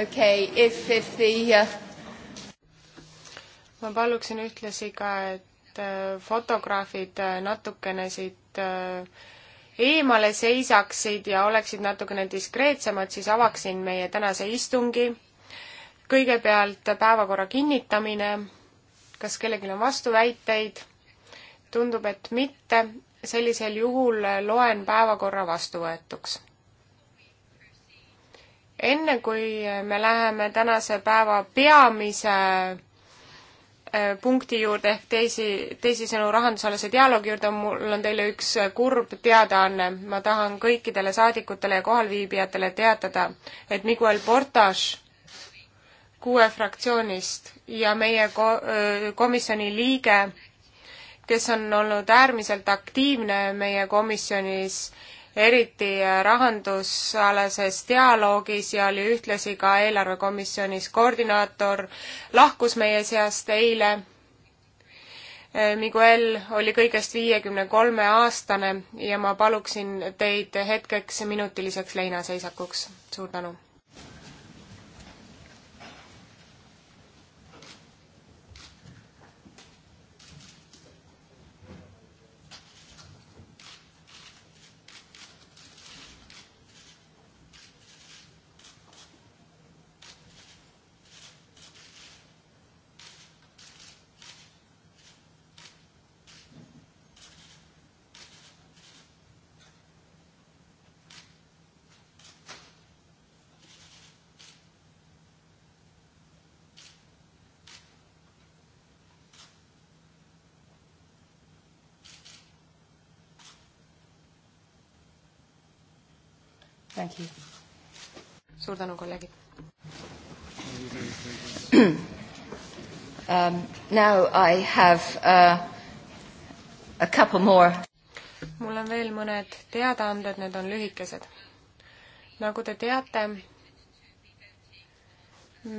okei okay,, if, if the uh... ma paluksin ühtlasi ka, et uh, fotograafid uh, natukene siit uh, eemale seisaksid ja oleksid natukene diskreetsemad, siis avaksin meie tänase istungi. kõigepealt päevakorra kinnitamine. kas kellelgi on vastuväiteid? tundub, et mitte. sellisel juhul loen päevakorra vastuvõetuks enne kui me läheme tänase päeva peamise äh, punkti juurde ehk teisi, teisisõnu rahandusalase dialoogi juurde, mul on teile üks äh, kurb teadaanne. ma tahan kõikidele saadikutele ja kohalviibijatele teatada, et Miguel Portas kuue fraktsioonist ja meie ko-, äh, komisjoni liige, kes on olnud äärmiselt aktiivne meie komisjonis eriti rahandusalases dialoogis ja oli ühtlasi ka eelarvekomisjonis koordinaator, lahkus meie seast eile. Miguel oli kõigest viiekümne kolme aastane ja ma paluksin teid hetkeks minutiliseks leinaseisakuks. suur tänu! Thank you. suur tänu, kolleegid um,. Now I have uh, a couple more. mul on veel mõned teadaanded, need on lühikesed. nagu te teate,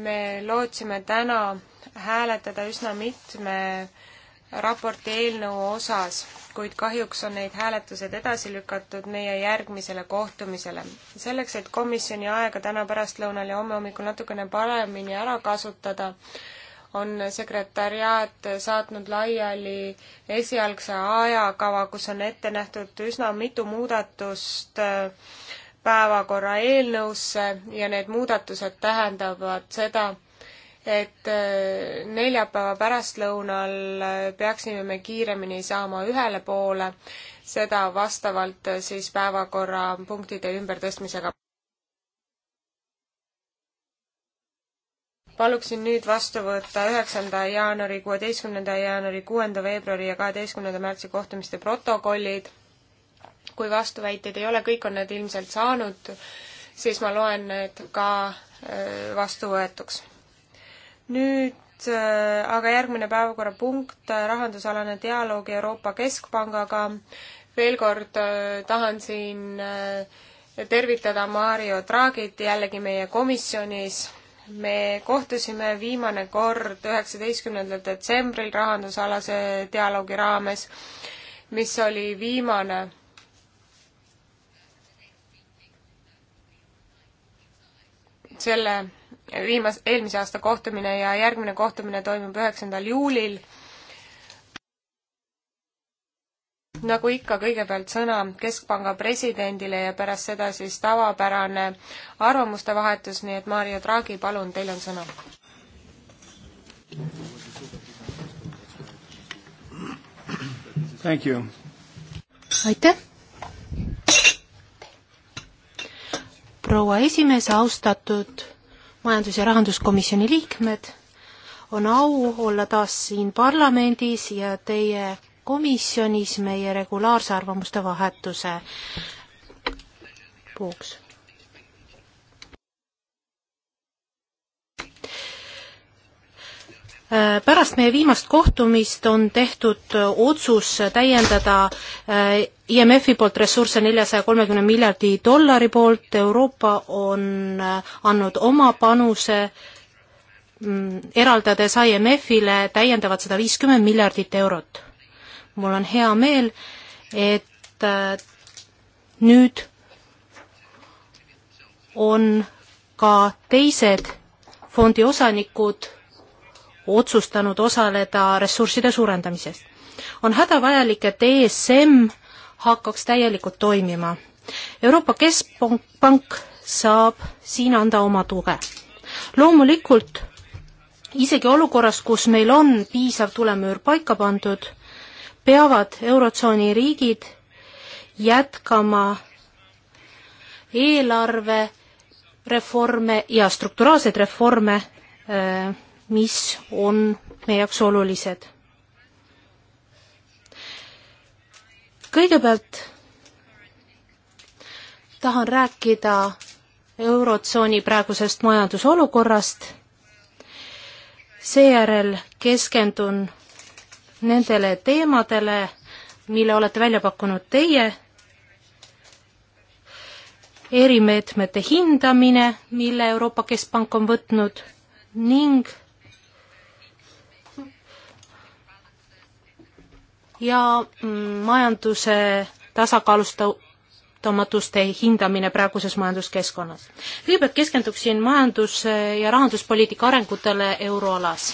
me lootsime täna hääletada üsna mitme äh, raporti eelnõu osas, kuid kahjuks on neid hääletused edasi lükatud meie järgmisele kohtumisele. selleks, et komisjoni aega täna pärastlõunal ja homme hommikul natukene paremini ära kasutada, on sekretariaat saatnud laiali esialgse ajakava, kus on ette nähtud üsna mitu muudatust äh, päevakorra eelnõusse ja need muudatused tähendavad seda, et äh, neljapäeva pärastlõunal äh, peaksime me kiiremini saama ühele poole, seda vastavalt äh, siis päevakorrapunktide ümbertõstmisega. paluksin nüüd vastu võtta üheksanda jaanuari, kuueteistkümnenda jaanuari, kuuenda veebruari ja kaheteistkümnenda märtsi kohtumiste protokollid. kui vastuväiteid ei ole, kõik on need ilmselt saanud, siis ma loen need ka vastu võetuks nüüd äh, aga järgmine päevakorrapunkt, äh, rahandusalane dialoog Euroopa Keskpangaga. veel kord äh, tahan siin tervitada Mario Draghit jällegi meie komisjonis. me kohtusime viimane kord üheksateistkümnendal detsembril rahandusalase dialoogi raames, mis oli viimane selle viimas-, eelmise aasta kohtumine ja järgmine kohtumine toimub üheksandal juulil. nagu ikka, kõigepealt sõna Keskpanga presidendile ja pärast seda siis tavapärane arvamuste vahetus, nii et Mario Draghi, palun, teil on sõna. aitäh! proua esimees, austatud majandus- ja rahanduskomisjoni liikmed, on au olla taas siin parlamendis ja teie komisjonis meie regulaarse arvamuste vahetuse puuks. Äh, pärast meie viimast kohtumist on tehtud äh, otsus täiendada äh, IMF-i poolt ressursse neljasaja kolmekümne miljardi dollari poolt, Euroopa on andnud oma panuse mm, eraldades IMF-ile täiendavad sada viiskümmend miljardit eurot. mul on hea meel, et nüüd on ka teised fondi osanikud otsustanud osaleda ressursside suurendamises. on hädavajalik, et ESM hakkaks täielikult toimima. Euroopa Keskpank saab siin anda oma tuge. loomulikult isegi olukorras, kus meil on piisav tulemüür paika pandud, peavad Eurotsooni riigid jätkama eelarve reforme ja strukturaalseid reforme äh, mis on meie jaoks olulised. kõigepealt tahan rääkida Eurotsooni praegusest majandusolukorrast, seejärel keskendun nendele teemadele, mille olete välja pakkunud teie, erimeetmete hindamine, mille Euroopa Keskpank on võtnud ning ja mm, majanduse tasakaalustamatuste hindamine praeguses majanduskeskkonnas. kõigepealt keskenduksin majandus- ja rahanduspoliitika arengutele euroalas.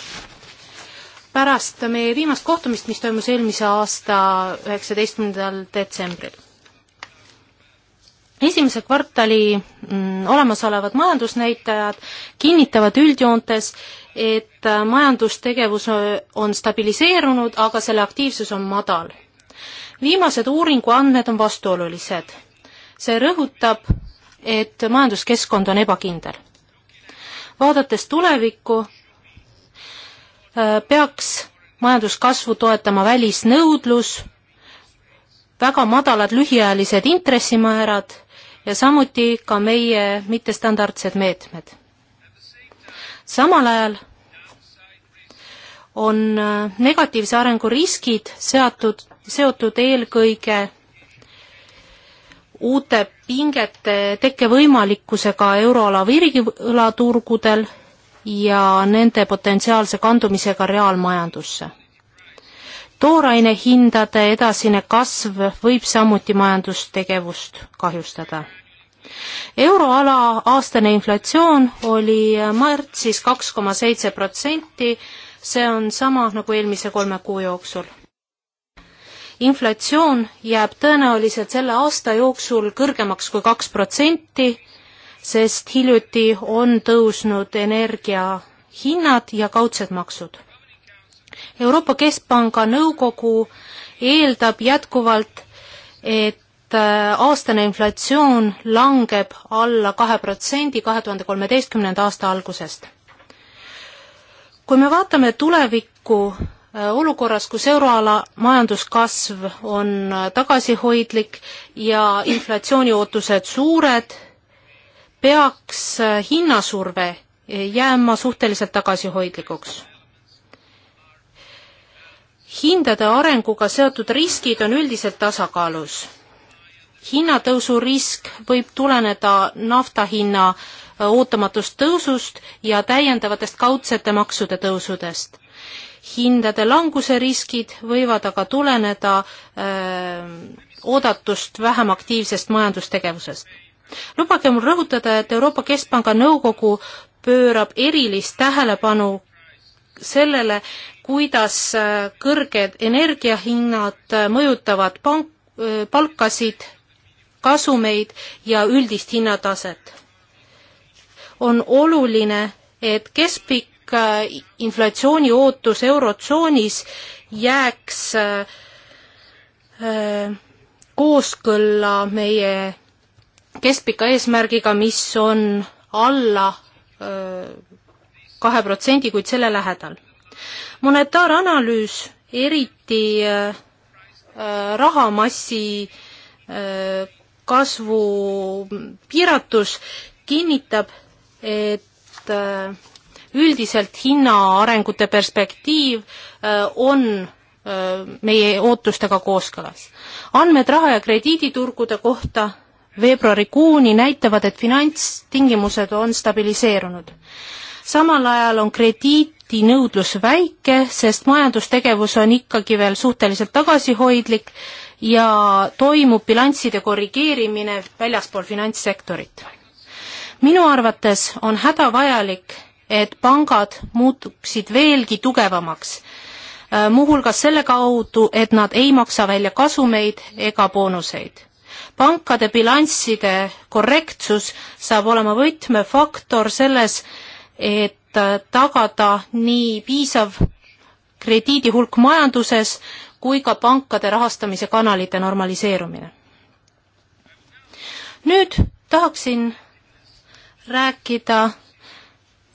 pärast meie viimast kohtumist, mis toimus eelmise aasta üheksateistkümnendal detsembril. esimese kvartali mm, olemasolevad majandusnäitajad kinnitavad üldjoontes, et äh, majandustegevus äh, on stabiliseerunud, aga selle aktiivsus on madal. viimased uuringu andmed on vastuolulised. see rõhutab, et majanduskeskkond on ebakindel. vaadates tulevikku, äh, peaks majanduskasvu toetama välisnõudlus, väga madalad lühiajalised intressimäärad ja samuti ka meie mittestandardsed meetmed. samal ajal on äh, negatiivse arengu riskid seatud, seotud eelkõige uute pingete tekke võimalikkusega euroala virgilaturgudel ja nende potentsiaalse kandumisega reaalmajandusse. tooraine hindade edasine kasv võib samuti majandustegevust kahjustada. euroala aastane inflatsioon oli märtsis kaks koma seitse protsenti see on sama nagu eelmise kolme kuu jooksul. inflatsioon jääb tõenäoliselt selle aasta jooksul kõrgemaks kui kaks protsenti, sest hiljuti on tõusnud energia hinnad ja kaudsed maksud. Euroopa Keskpanga nõukogu eeldab jätkuvalt, et äh, aastane inflatsioon langeb alla kahe protsendi kahe tuhande kolmeteistkümnenda aasta algusest kui me vaatame tulevikku äh, olukorras, kus euroala majanduskasv on äh, tagasihoidlik ja inflatsiooniootused suured, peaks äh, hinnasurve jääma suhteliselt tagasihoidlikuks. hindade arenguga seotud riskid on üldiselt tasakaalus. hinnatõusu risk võib tuleneda nafta hinna Äh, ootamatust tõusust ja täiendavatest kaudsete maksude tõusudest. hindade languse riskid võivad aga tuleneda öö, äh, oodatust vähem aktiivsest majandustegevusest. lubage mul rõhutada, et Euroopa Keskpanga nõukogu pöörab erilist tähelepanu sellele, kuidas äh, kõrged energiahinnad mõjutavad pank, palkasid, kasumeid ja üldist hinnataset on oluline, et keskpikk äh, inflatsiooni ootus Eurotsoonis jääks äh, äh, kooskõlla meie keskpika eesmärgiga, mis on alla kahe protsendi, kuid selle lähedal. monetaaranalüüs, eriti rahamassi kasvu piiratus kinnitab, et äh, üldiselt hinna arengute perspektiiv äh, on äh, meie ootustega kooskõlas. andmed raha- ja krediiditurgude kohta veebruarikuuni näitavad, et finantstingimused on stabiliseerunud. samal ajal on krediidinõudlus väike, sest majandustegevus on ikkagi veel suhteliselt tagasihoidlik ja toimub bilansside korrigeerimine väljaspool finantssektorit minu arvates on hädavajalik, et pangad muutuksid veelgi tugevamaks, äh, muuhulgas selle kaudu, et nad ei maksa välja kasumeid ega boonuseid. pankade bilansside korrektsus saab olema võtmefaktor selles, et äh, tagada nii piisav krediidi hulk majanduses kui ka pankade rahastamise kanalite normaliseerumine. nüüd tahaksin rääkida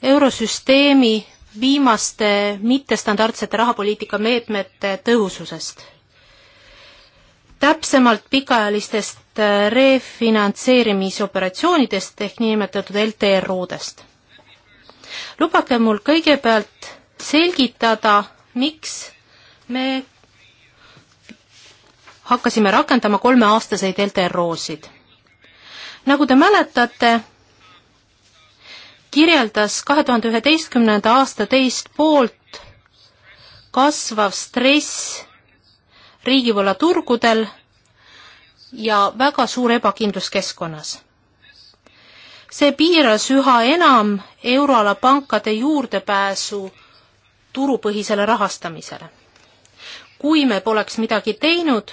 eurosüsteemi viimaste mittestandardsete rahapoliitika meetmete tõhususest. täpsemalt pikaajalistest äh, refinantseerimisoperatsioonidest ehk niinimetatud LTRU-dest. lubage mul kõigepealt selgitada, miks me hakkasime rakendama kolmeaastaseid LTRO-sid. nagu te mäletate, kirjeldas kahe tuhande üheteistkümnenda aasta teist poolt kasvav stress riigivõlaturgudel ja väga suur ebakindlus keskkonnas. see piiras üha enam euroala pankade juurdepääsu turupõhisele rahastamisele. kui me poleks midagi teinud,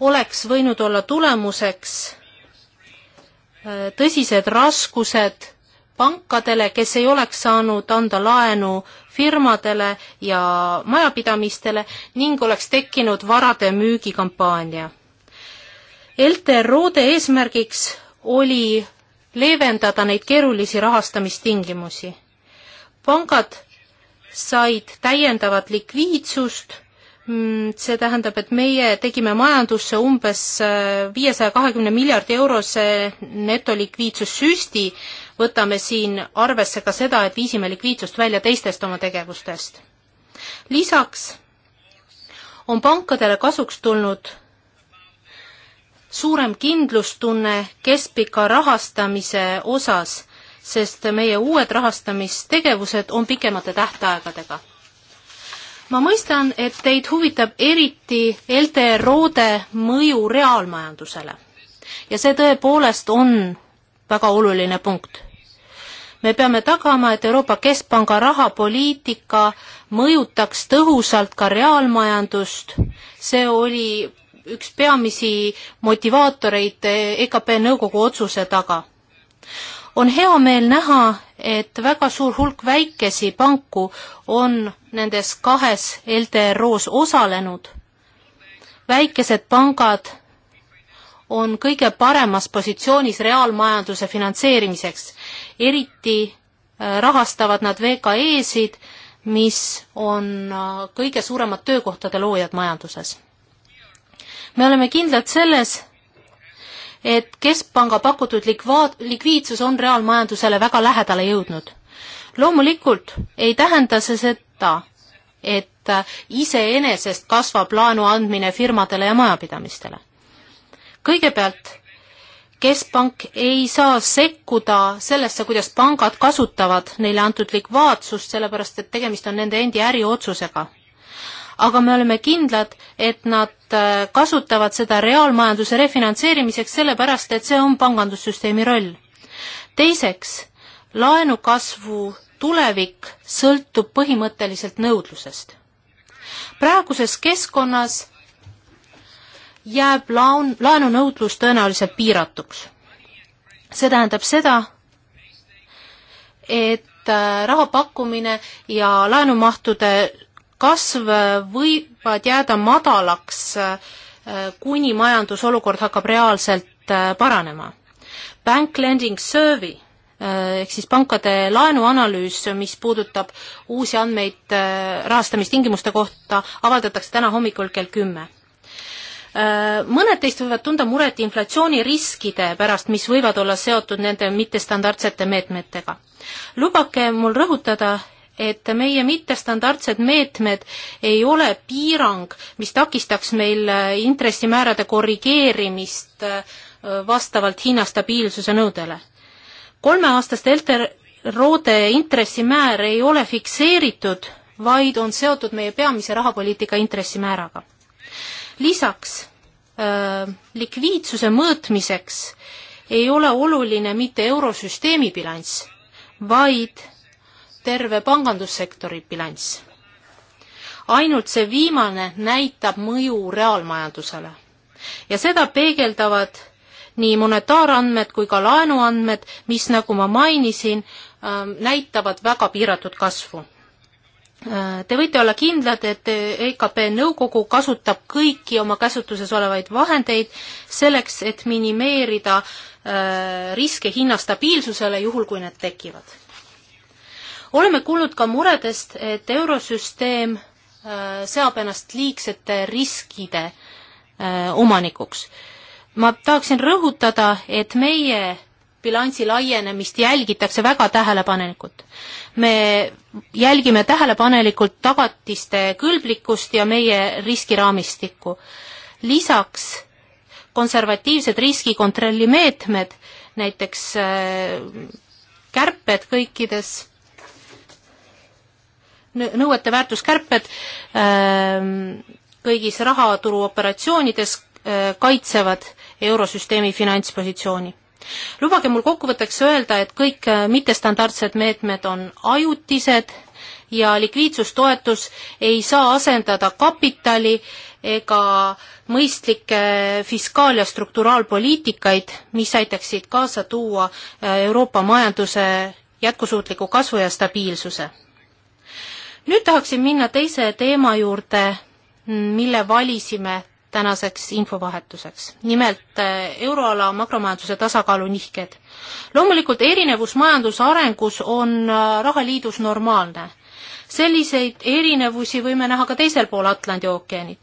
oleks võinud olla tulemuseks äh, tõsised raskused pankadele, kes ei oleks saanud anda laenu firmadele ja majapidamistele ning oleks tekkinud varade müügikampaania. LTRO-de eesmärgiks oli leevendada neid keerulisi rahastamistingimusi. pangad said täiendavat likviidsust mm, see tähendab, et meie tegime majandusse umbes äh, viiesaja kahekümne miljardi eurose netoliikviidsussüsti võtame siin arvesse ka seda, et viisime likviidsust välja teistest oma tegevustest. lisaks on pankadele kasuks tulnud suurem kindlustunne keskpika rahastamise osas, sest meie uued rahastamistegevused on pikemate tähtaegadega ma mõistan, et teid huvitab eriti LTRO-de mõju reaalmajandusele ja see tõepoolest on väga oluline punkt. me peame tagama, et Euroopa Keskpanga rahapoliitika mõjutaks tõhusalt ka reaalmajandust, see oli üks peamisi motivaatoreid EKP nõukogu otsuse taga. on hea meel näha, et väga suur hulk väikesi panku on nendes kahes LTRO-s osalenud. väikesed pangad on kõige paremas positsioonis reaalmajanduse finantseerimiseks. eriti äh, rahastavad nad VKE-sid, mis on äh, kõige suuremad töökohtade loojad majanduses. me oleme kindlad selles, et Keskpanga pakutud likvaad-, likviidsus on reaalmajandusele väga lähedale jõudnud. loomulikult ei tähenda see seda, et äh, iseenesest kasvab laenu andmine firmadele ja majapidamistele kõigepealt keskpank ei saa sekkuda sellesse, kuidas pangad kasutavad neile antud likvaatsust, sellepärast et tegemist on nende endi äriotsusega. aga me oleme kindlad, et nad äh, kasutavad seda reaalmajanduse refinantseerimiseks, sellepärast et see on pangandussüsteemi roll. teiseks, laenukasvu tulevik sõltub põhimõtteliselt nõudlusest. praeguses keskkonnas jääb laun, laenunõudlus tõenäoliselt piiratuks. see tähendab seda, et äh, raha pakkumine ja laenumahtude kasv võivad jääda madalaks, äh, kuni majandusolukord hakkab reaalselt äh, paranema. Bank Lending Survey ehk siis pankade laenuanalüüs, mis puudutab uusi andmeid rahastamistingimuste kohta, avaldatakse täna hommikul kell kümme Äh, mõned teist võivad tunda muret inflatsiooniriskide pärast, mis võivad olla seotud nende mittestandardsete meetmetega. lubage mul rõhutada, et meie mittestandardsed meetmed ei ole piirang, mis takistaks meil äh, intressimäärade korrigeerimist äh, vastavalt Hiina stabiilsuse nõudele. kolmeaastaste LTRO-de intressimäär ei ole fikseeritud, vaid on seotud meie peamise rahapoliitika intressimääraga lisaks äh, likviidsuse mõõtmiseks ei ole oluline mitte eurosüsteemi bilanss, vaid terve pangandussektori bilanss. ainult see viimane näitab mõju reaalmajandusele ja seda peegeldavad nii monetaarandmed kui ka laenuandmed, mis, nagu ma mainisin, äh, näitavad väga piiratud kasvu Äh, te võite olla kindlad, et EKP nõukogu kasutab kõiki oma käsutuses olevaid vahendeid selleks, et minimeerida äh, riske hinna stabiilsusele, juhul kui need tekivad. oleme kuulnud ka muredest, et eurosüsteem äh, seab ennast liigsete riskide omanikuks. ma tahaksin rõhutada, et meie bilansi laienemist jälgitakse väga tähelepanelikult. me jälgime tähelepanelikult tagatiste kõlblikkust ja meie riskiraamistikku. lisaks konservatiivsed riskikontrolli meetmed, näiteks äh, kärped kõikides nõuete väärtuskärped ähm, kõigis rahaturuoperatsioonides äh, kaitsevad eurosüsteemi finantspositsiooni lubage mul kokkuvõtteks öelda, et kõik äh, mittestandardsed meetmed on ajutised ja likviidsustoetus ei saa asendada kapitali ega mõistlikke fiskaal- ja strukturaalpoliitikaid, mis aitaksid kaasa tuua äh, Euroopa majanduse jätkusuutliku kasvu ja stabiilsuse. nüüd tahaksin minna teise teema juurde, mm, mille valisime tänaseks infovahetuseks. nimelt äh, euroala makromajanduse tasakaalu nihked. loomulikult erinevus majanduse arengus on äh, rahaliidus normaalne. selliseid erinevusi võime näha ka teisel pool Atlandi ookeanit,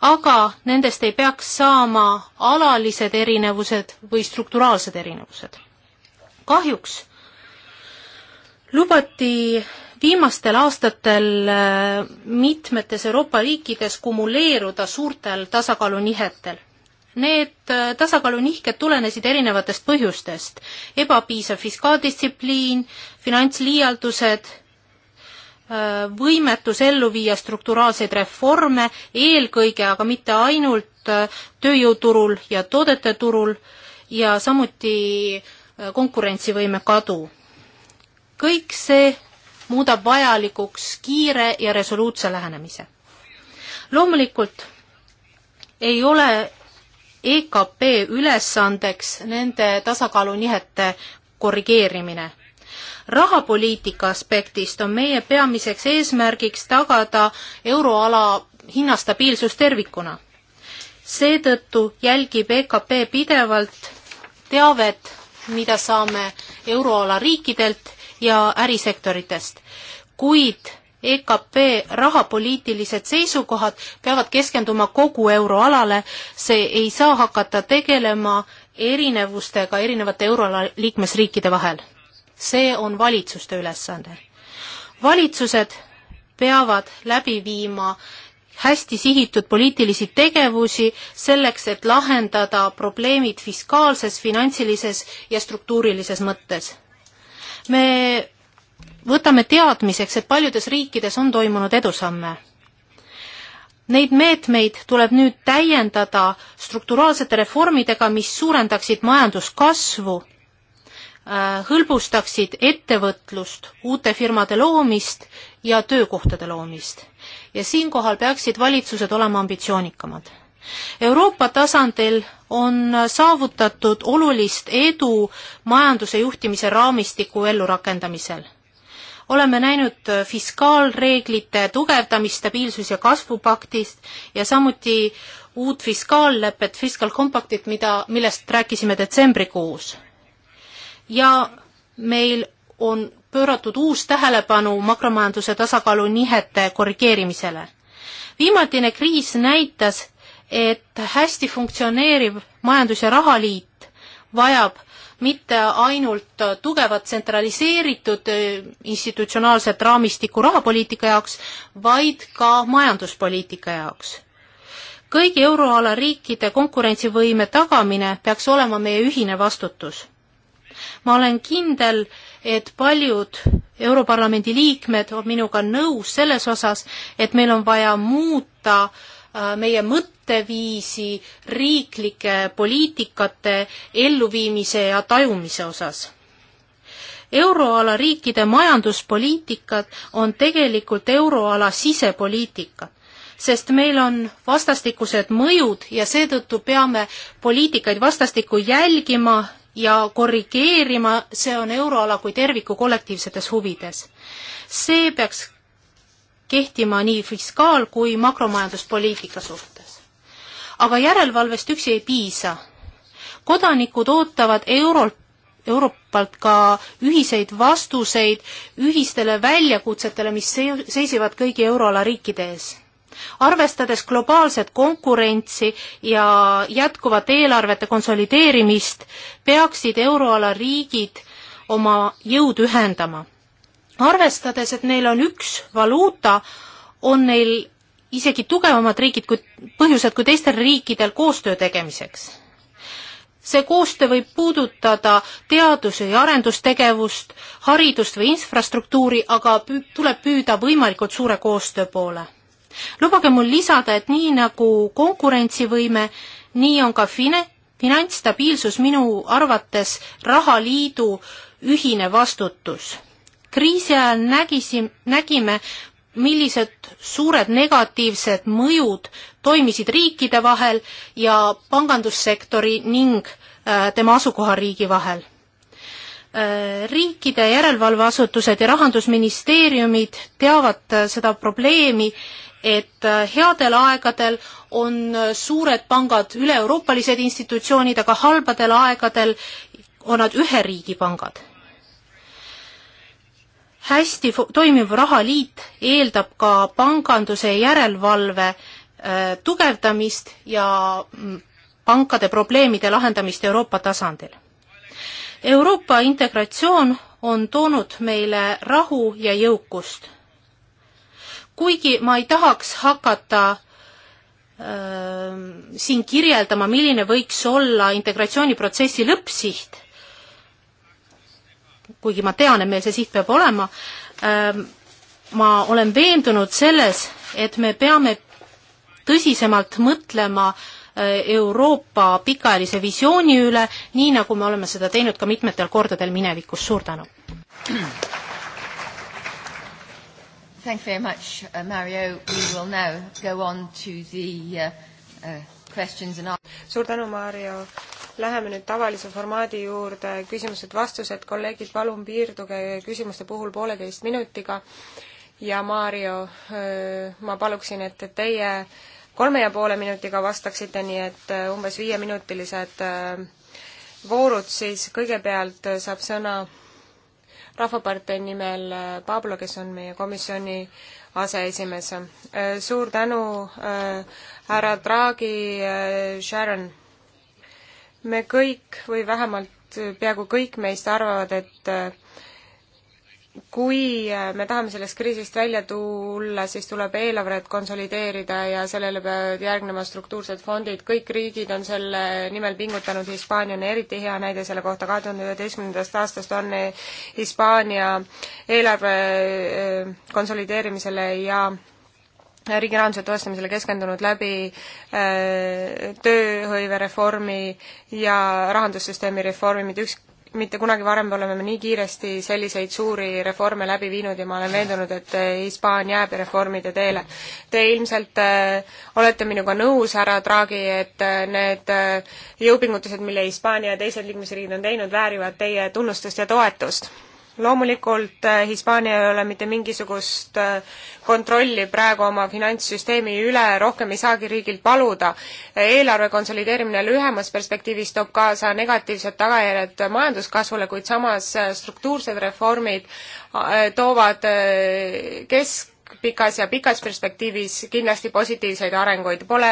aga nendest ei peaks saama alalised erinevused või strukturaalsed erinevused. kahjuks lubati viimastel aastatel äh, mitmetes Euroopa riikides kumuleeruda suurtel tasakaalunihetel. Need äh, tasakaalunihked tulenesid erinevatest põhjustest, ebapiisav fiskaaldistsipliin, finantsliialdused, äh, võimetus ellu viia strukturaalseid reforme, eelkõige aga mitte ainult tööjõuturul ja toodete turul, ja samuti konkurentsivõime kadu. kõik see muudab vajalikuks kiire ja resoluutse lähenemise. loomulikult ei ole EKP ülesandeks nende tasakaalunihete korrigeerimine. rahapoliitika aspektist on meie peamiseks eesmärgiks tagada euroala hinnastabiilsus tervikuna. seetõttu jälgib EKP pidevalt teavet, mida saame euroala riikidelt ja ärisektoritest, kuid EKP rahapoliitilised seisukohad peavad keskenduma kogu euroalale, see ei saa hakata tegelema erinevustega erinevate euroala liikmesriikide vahel. see on valitsuste ülesanne. valitsused peavad läbi viima hästi sihitud poliitilisi tegevusi selleks, et lahendada probleemid fiskaalses, finantsilises ja struktuurilises mõttes me võtame teadmiseks, et paljudes riikides on toimunud edusamme. Neid meetmeid tuleb nüüd täiendada strukturaalsete reformidega, mis suurendaksid majanduskasvu, äh, hõlbustaksid ettevõtlust, uute firmade loomist ja töökohtade loomist. ja siinkohal peaksid valitsused olema ambitsioonikamad Euroopa tasandil on saavutatud olulist edu majanduse juhtimise raamistiku ellurakendamisel. oleme näinud fiskaalreeglite tugevdamist stabiilsus- ja kasvupaktist ja samuti uut fiskaallepet, fiscal compactit, mida, millest rääkisime detsembrikuus. ja meil on pööratud uus tähelepanu makromajanduse tasakaalu nihete korrigeerimisele. viimatine kriis näitas, et hästi funktsioneeriv majandus- ja rahaliit vajab mitte ainult tugevat tsentraliseeritud äh, institutsionaalset raamistikku rahapoliitika jaoks, vaid ka majanduspoliitika jaoks. kõigi euroala riikide konkurentsivõime tagamine peaks olema meie ühine vastutus. ma olen kindel, et paljud Europarlamendi liikmed on minuga nõus selles osas, et meil on vaja muuta äh, meie mõtteid, mõtteviisi riiklike poliitikate elluviimise ja tajumise osas euroala riikide majanduspoliitikad on tegelikult euroala sisepoliitikad, sest meil on vastastikused mõjud ja seetõttu peame poliitikaid vastastikku jälgima ja korrigeerima, see on euroala kui terviku kollektiivsetes huvides. see peaks kehtima nii fiskaal- kui makromajanduspoliitika suhtes aga järelevalvest üksi ei piisa. kodanikud ootavad eurolt, Euroopalt ka ühiseid vastuseid ühistele väljakutsetele, mis seisivad kõigi euroala riikide ees arvestades globaalset konkurentsi ja jätkuvat eelarvete konsolideerimist, peaksid euroala riigid oma jõud ühendama. arvestades, et neil on üks valuuta, on neil isegi tugevamad riigid kui, põhjused kui teistel riikidel koostöö tegemiseks. see koostöö võib puudutada teadus- ja arendustegevust, haridust või infrastruktuuri, aga püü, tuleb püüda võimalikult suure koostöö poole. lubage mul lisada, et nii nagu konkurentsivõime, nii on ka fine, finantsstabiilsus minu arvates rahaliidu ühine vastutus kriisi ajal nägisin, nägime, millised suured negatiivsed mõjud toimisid riikide vahel ja pangandussektori ning äh, tema asukohariigi vahel. Äh, riikide järelevalveasutused ja rahandusministeeriumid teavad äh, seda probleemi, et headel aegadel on suured pangad üle-euroopalised institutsioonid, aga halbadel aegadel on nad ühe riigi pangad hästi toimiv rahaliit eeldab ka panganduse järelevalve äh, tugevdamist ja mm, pankade probleemide lahendamist Euroopa tasandil. Euroopa integratsioon on toonud meile rahu ja jõukust. kuigi ma ei tahaks hakata äh, siin kirjeldama, milline võiks olla integratsiooniprotsessi lõppsiht kuigi ma tean, et meil see siht peab olema, ähm, ma olen veendunud selles, et me peame tõsisemalt mõtlema äh, Euroopa pikaajalise visiooni üle, nii nagu me oleme seda teinud ka mitmetel kordadel minevikus, suur tänu! Thank you very much, uh, Mario. We will now go on to the uh, uh, questions and answers. Suur tänu, Mario. Läheme nüüd tavalise formaadi juurde, küsimused-vastused, kolleegid, palun piirduge küsimuste puhul pooleteist minutiga ja Mario, äh, ma paluksin, et teie kolme ja poole minutiga vastaksite, nii et äh, umbes viieminutilised äh, voorud siis, kõigepealt saab sõna Rahvapartei nimel Pablo, kes on meie komisjoni aseesimees. suur tänu, härra Draghi, Sharon me kõik või vähemalt peaaegu kõik meist arvavad, et äh, kui äh, me tahame sellest kriisist välja tulla, siis tuleb eelarvet konsolideerida ja sellele peavad järgnema struktuursed fondid. kõik riigid on selle nimel pingutanud, Hispaania on eriti hea näide selle kohta, kahe tuhande üheteistkümnendast aastast on Hispaania eelarve äh, konsolideerimisele ja riigi rahanduse toestamisele keskendunud läbi äh, tööhõivereformi ja rahandussüsteemi reformi, mitte üks, mitte kunagi varem pole me nii kiiresti selliseid suuri reforme läbi viinud ja ma olen veendunud, et äh, Hispaan jääb reformide teele. Te ilmselt äh, olete minuga nõus, härra Draghi, et äh, need äh, jõupingutused, mille Hispaania ja teised liikmesriigid on teinud, väärivad teie tunnustust ja toetust loomulikult äh, Hispaania ei ole mitte mingisugust äh, kontrolli praegu oma finantssüsteemi üle, rohkem ei saagi riigilt paluda. eelarve konsolideerimine lühemas perspektiivis toob kaasa negatiivsed tagajärjed majanduskasvule, kuid samas äh, struktuursed reformid toovad keskpikas ja pikas perspektiivis kindlasti positiivseid arenguid. Pole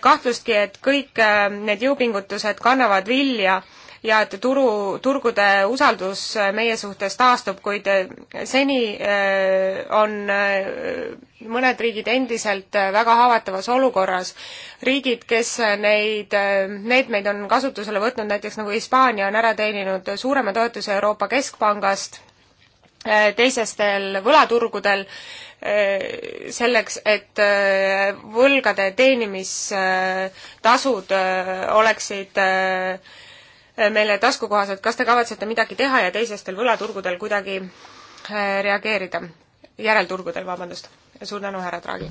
kahtlustki, et kõik need jõupingutused kannavad vilja ja et turu, turgude usaldus äh, meie suhtes taastub, kuid äh, seni äh, on mõned riigid endiselt väga haavatavas olukorras. riigid, kes neid meetmeid on kasutusele võtnud, näiteks nagu Hispaania on ära teeninud suurema toetuse Euroopa Keskpangast, teisestel võlaturgudel selleks, et võlgade teenimistasud oleksid Äh, meile taskukohased, kas te kavatsete midagi teha ja teisestel võlaturgudel kuidagi äh, reageerida? järelturgudel, vabandust. suur tänu, härra Draghi!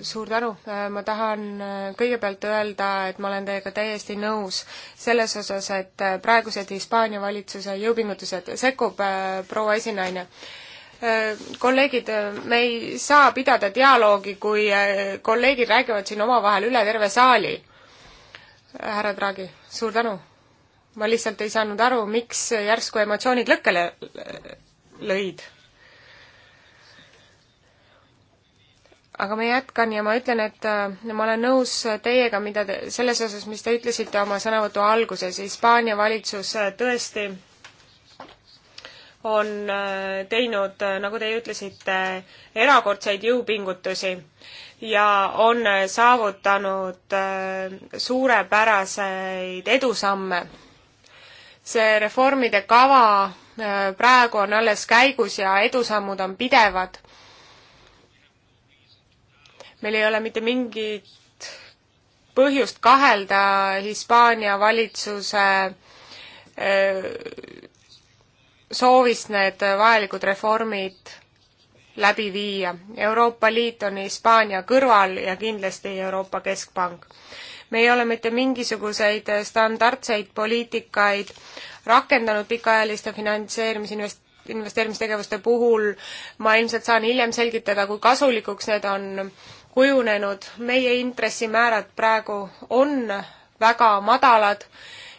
suur tänu, äh, ma tahan äh, kõigepealt öelda, et ma olen teiega täiesti nõus selles osas, et äh, praegused Hispaania valitsuse jõupingutused, sekkub proua esinaine kolleegid, me ei saa pidada dialoogi, kui kolleegid räägivad siin omavahel üle terve saali. härra Draghi, suur tänu. ma lihtsalt ei saanud aru, miks järsku emotsioonid lõkkele lõid aga ma jätkan ja ma ütlen, et äh, ma olen nõus teiega, mida te, selles osas, mis te ütlesite oma sõnavõtu alguses, Hispaania valitsus äh, tõesti on äh, teinud, nagu teie ütlesite, erakordseid jõupingutusi ja on saavutanud suurepäraseid edusamme. see reformide kava praegu on alles käigus ja edusammud on pidevad meil ei ole mitte mingit põhjust kahelda Hispaania valitsuse soovist need vajalikud reformid läbi viia. Euroopa Liit on Hispaania kõrval ja kindlasti Euroopa Keskpank. me ei ole mitte mingisuguseid standardseid poliitikaid rakendanud pikaajaliste finantseerimisinvest-, investeerimistegevuste puhul, ma ilmselt saan hiljem selgitada, kui kasulikuks need on kujunenud, meie intressimäärad praegu on väga madalad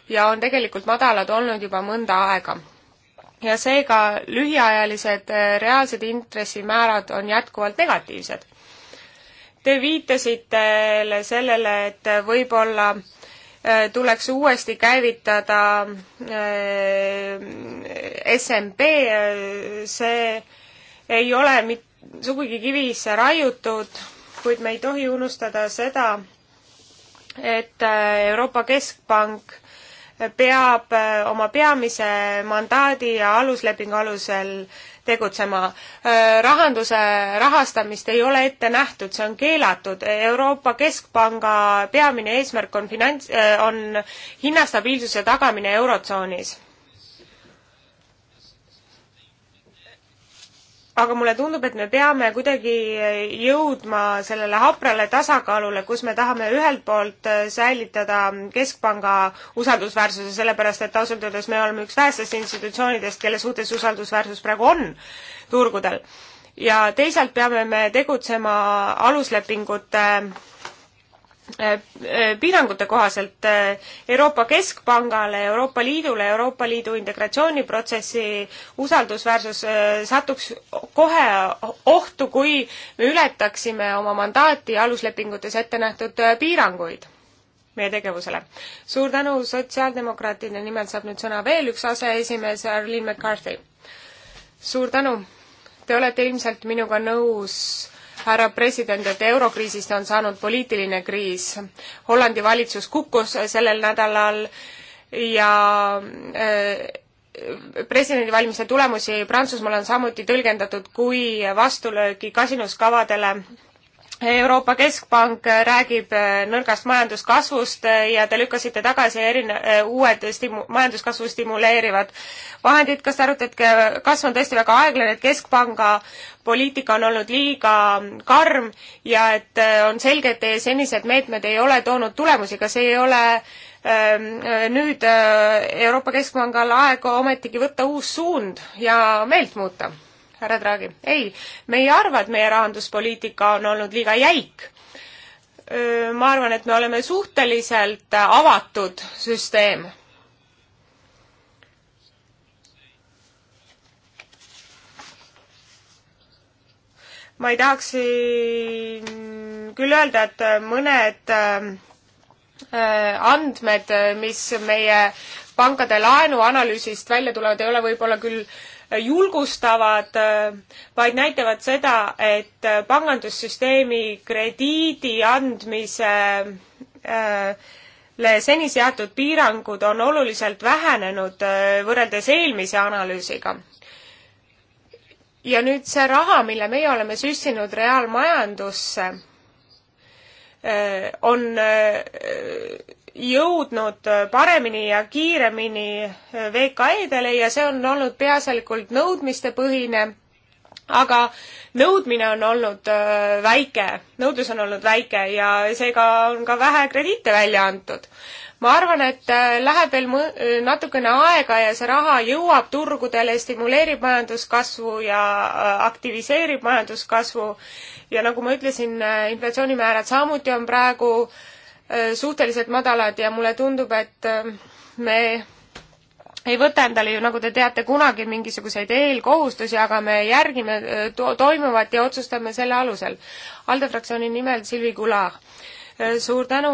ja on tegelikult madalad olnud juba mõnda aega. ja seega lühiajalised eh, reaalsed intressimäärad on jätkuvalt negatiivsed. Te viitasite sellele, et võib-olla eh, tuleks uuesti käivitada eh, SMP, see ei ole mit-, sugugi kivisse raiutud, kuid me ei tohi unustada seda, et äh, Euroopa Keskpank peab äh, oma peamise mandaadi ja aluslepingu alusel tegutsema. Äh, rahanduse rahastamist ei ole ette nähtud, see on keelatud. Euroopa Keskpanga peamine eesmärk on finants, on hinnastabiilsuse tagamine Eurotsoonis aga mulle tundub, et me peame kuidagi jõudma sellele haprale tasakaalule, kus me tahame ühelt poolt äh, säilitada Keskpanga usaldusväärsuse, sellepärast et ausalt öeldes me oleme üks vähestest institutsioonidest, kelle suhtes usaldusväärsus praegu on turgudel. ja teisalt peame me tegutsema aluslepingute äh, Äh, äh, piirangute kohaselt äh, Euroopa Keskpangale, Euroopa Liidule, Euroopa Liidu integratsiooniprotsessi usaldusväärsus satuks kohe ohtu, kui me ületaksime oma mandaati aluslepingutes ette nähtud piiranguid meie tegevusele. suur tänu, sotsiaaldemokraatide nimel saab nüüd sõna veel üks aseesimees, Arlene McCarthy. suur tänu, te olete ilmselt minuga nõus härra president, et eurokriisist on saanud poliitiline kriis. Hollandi valitsus kukkus sellel nädalal ja äh, presidendivalimiste tulemusi Prantsusmaal on samuti tõlgendatud kui vastulööki kasinuskavadele Euroopa Keskpank räägib äh, nõrgast majanduskasvust äh, ja te lükkasite tagasi erine-, äh, uued stimu-, majanduskasvu stimuleerivad vahendid. kas te arvate, et kasv on tõesti väga aeglane, et Keskpanga poliitika on olnud liiga karm ja et on selge, et teie senised meetmed ei ole toonud tulemusi, kas ei ole ähm, nüüd Euroopa Keskpangal aeg ometigi võtta uus suund ja meelt muuta? härra Draghi. ei, me ei arva, et meie rahanduspoliitika on olnud liiga jäik. ma arvan, et me oleme suhteliselt avatud süsteem. ma ei tahaks küll öelda, et mõned andmed, mis meie pankade laenuanalüüsist välja tulevad, ei ole võib-olla küll äh, julgustavad, vaid näitavad seda, et pangandussüsteemi krediidi andmise äh, seni seatud piirangud on oluliselt vähenenud äh, võrreldes eelmise analüüsiga. ja nüüd see raha, mille meie oleme süstinud reaalmajandusse, äh, on jõudnud paremini ja kiiremini VKE-dele ja see on olnud peaasjalikult nõudmistepõhine, aga nõudmine on olnud äh, väike, nõudlus on olnud väike ja seega on ka vähe krediite välja antud. ma arvan, et äh, läheb veel natukene aega ja see raha jõuab turgudele, stimuleerib majanduskasvu ja äh, aktiviseerib majanduskasvu ja nagu ma ütlesin, inflatsioonimäärad samuti on praegu äh, Äh, suhteliselt madalad ja mulle tundub, et äh, me ei võta endale ju, nagu te teate, kunagi mingisuguseid eelkohustusi, aga me järgime äh, to toimuvat ja otsustame selle alusel. ALDE fraktsiooni nimel Silvi Kula. suur tänu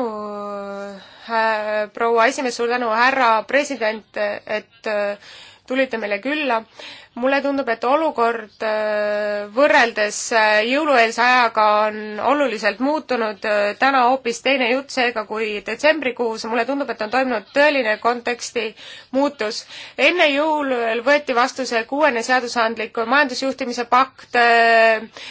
äh,, proua esimees, suur tänu, härra president, et äh, tulite meile külla äh, mulle tundub, et olukord äh, võrreldes äh, jõulueelse ajaga on oluliselt muutunud, äh, täna hoopis teine jutt seega kui detsembrikuus, mulle tundub, et on toimunud tõeline konteksti muutus. enne jõuluööl võeti vastu see kuuene seadusandlik majandusjuhtimise pakt,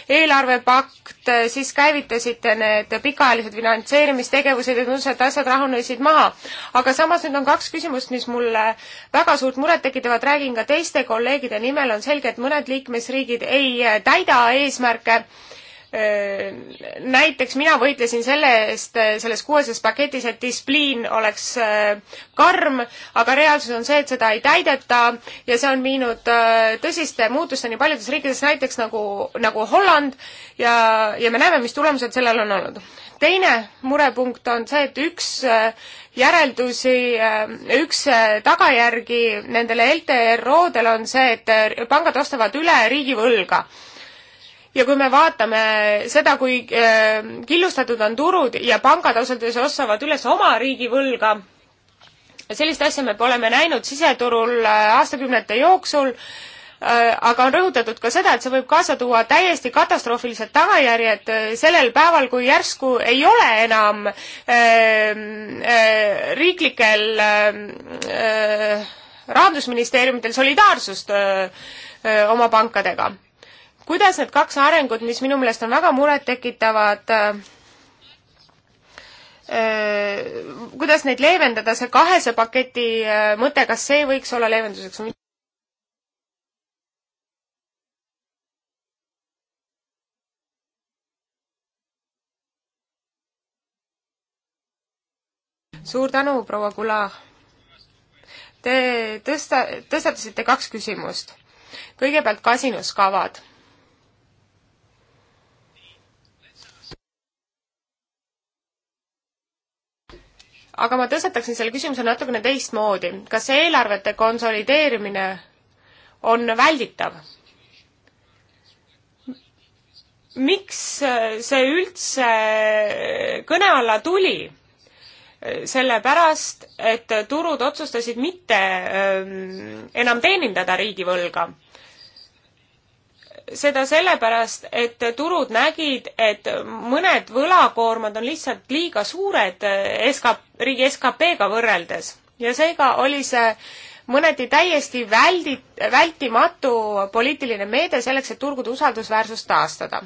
eelarvepakt, siis käivitasite need pikaajalised finantseerimistegevused ja tundus, et asjad rahunesid maha. aga samas nüüd on kaks küsimust, mis mulle väga suurt muret tekitavad, räägin ka teiste kolleegide nimel, nimel on selge, et mõned liikmesriigid ei äh, täida eesmärke Äh, näiteks mina võitlesin selle eest äh, selles kuueses paketis, et distsipliin oleks äh, karm, aga reaalsus on see, et seda ei täideta ja see on viinud tõsiste muutusteni paljudes riikides, näiteks nagu, nagu Holland ja, ja me näeme, mis tulemused sellel on olnud. teine murepunkt on see, et üks järeldusi, üks tagajärgi nendele LTRO-del on see, et pangad ostavad üle riigivõlga ja kui me vaatame seda, kui äh, killustatud on turud ja pangad ausalt öeldes ostavad üles oma riigivõlga, sellist asja me pole me näinud siseturul äh, aastakümnete jooksul, äh, aga on rõhutatud ka seda, et see võib kaasa tuua täiesti katastroofilised tagajärjed sellel päeval, kui järsku ei ole enam äh, äh, riiklikel äh, rahandusministeeriumidel solidaarsust öö, öö, oma pankadega kuidas need kaks arengut, mis minu meelest on väga murettekitavad, äh, kuidas neid leevendada, see kahese paketi äh, mõte, kas see võiks olla leevenduseks või mitte? suur tänu, proua Kula. Te tõsta, tõstatasite kaks küsimust. kõigepealt kasinuskavad aga ma tõstataksin selle küsimuse natukene teistmoodi. kas eelarvete konsolideerimine on välditav? miks see üldse kõne alla tuli? sellepärast, et turud otsustasid mitte öö, ähm, enam teenindada riigivõlga seda sellepärast, et turud nägid, et mõned võlakoormad on lihtsalt liiga suured SK, riigi SKP-ga võrreldes ja seega oli see mõneti täiesti väldi-, vältimatu poliitiline meede selleks, et turgude usaldusväärsust taastada.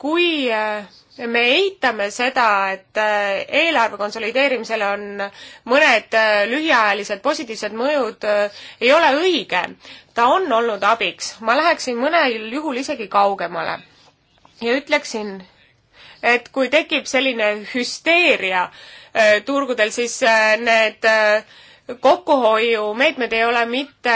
kui äh, me eitame seda, et äh, eelarve konsolideerimisel on mõned äh, lühiajalised positiivsed mõjud, äh, ei ole õige. ta on olnud abiks, ma läheksin mõnel juhul isegi kaugemale ja ütleksin, et kui tekib selline hüsteeria turgudel, siis need äh, kokkuhoiumeetmed ei ole mitte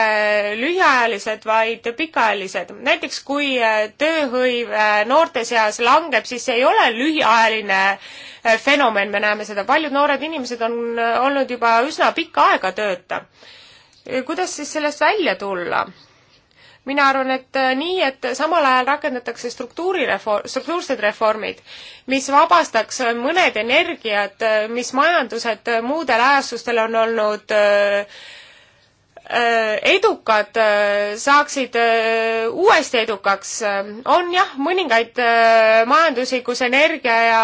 lühiajalised, vaid pikaajalised. näiteks kui äh, tööhõive äh, noorte seas langeb, siis see ei ole lühiajaline äh, fenomen, me näeme seda. paljud noored inimesed on olnud juba üsna pikka aega tööta. kuidas siis sellest välja tulla? mina arvan, et äh, nii, et samal ajal rakendatakse struktuurireform, struktuursed reformid, mis vabastaks äh, mõned energiad, äh, mis majandused muudel ajastustel on olnud edukad, saaksid uuesti edukaks. on jah, mõningaid majandusi, kus energia ja,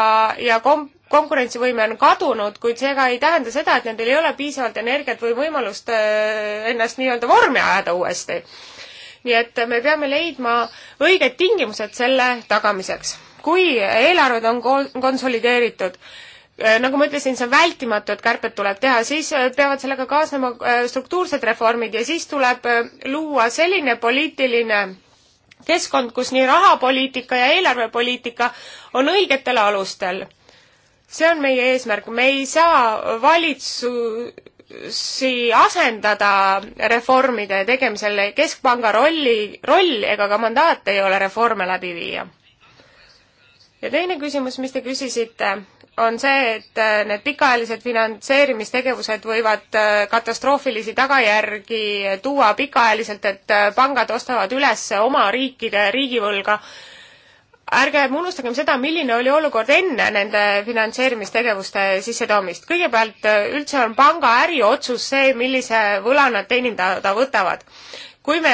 ja komp-, konkurentsivõime on kadunud, kuid see ka ei tähenda seda, et nendel ei ole piisavalt energiat või võimalust ennast nii-öelda vormi ajada uuesti nii et me peame leidma õiged tingimused selle tagamiseks. kui eelarved on konsolideeritud, äh, nagu ma ütlesin, see on vältimatu, et kärped tuleb teha, siis äh, peavad sellega kaasnema äh, struktuursed reformid ja siis tuleb luua selline poliitiline keskkond, kus nii rahapoliitika ja eelarvepoliitika on õigetel alustel see on meie eesmärk, me ei saa valitsu-, ressurssi asendada reformide tegemisel, keskpanga rolli, roll ega ka mandaat ei ole reforme läbi viia. ja teine küsimus, mis te küsisite, on see, et äh, need pikaajalised finantseerimistegevused võivad äh, katastroofilisi tagajärgi tuua pikaajaliselt, et äh, pangad ostavad üles oma riikide riigivõlga ärgem unustagem seda, milline oli olukord enne nende finantseerimistegevuste sissetoomist. kõigepealt äh, üldse on panga äriotsus see, millise võla nad teenindada võtavad. kui me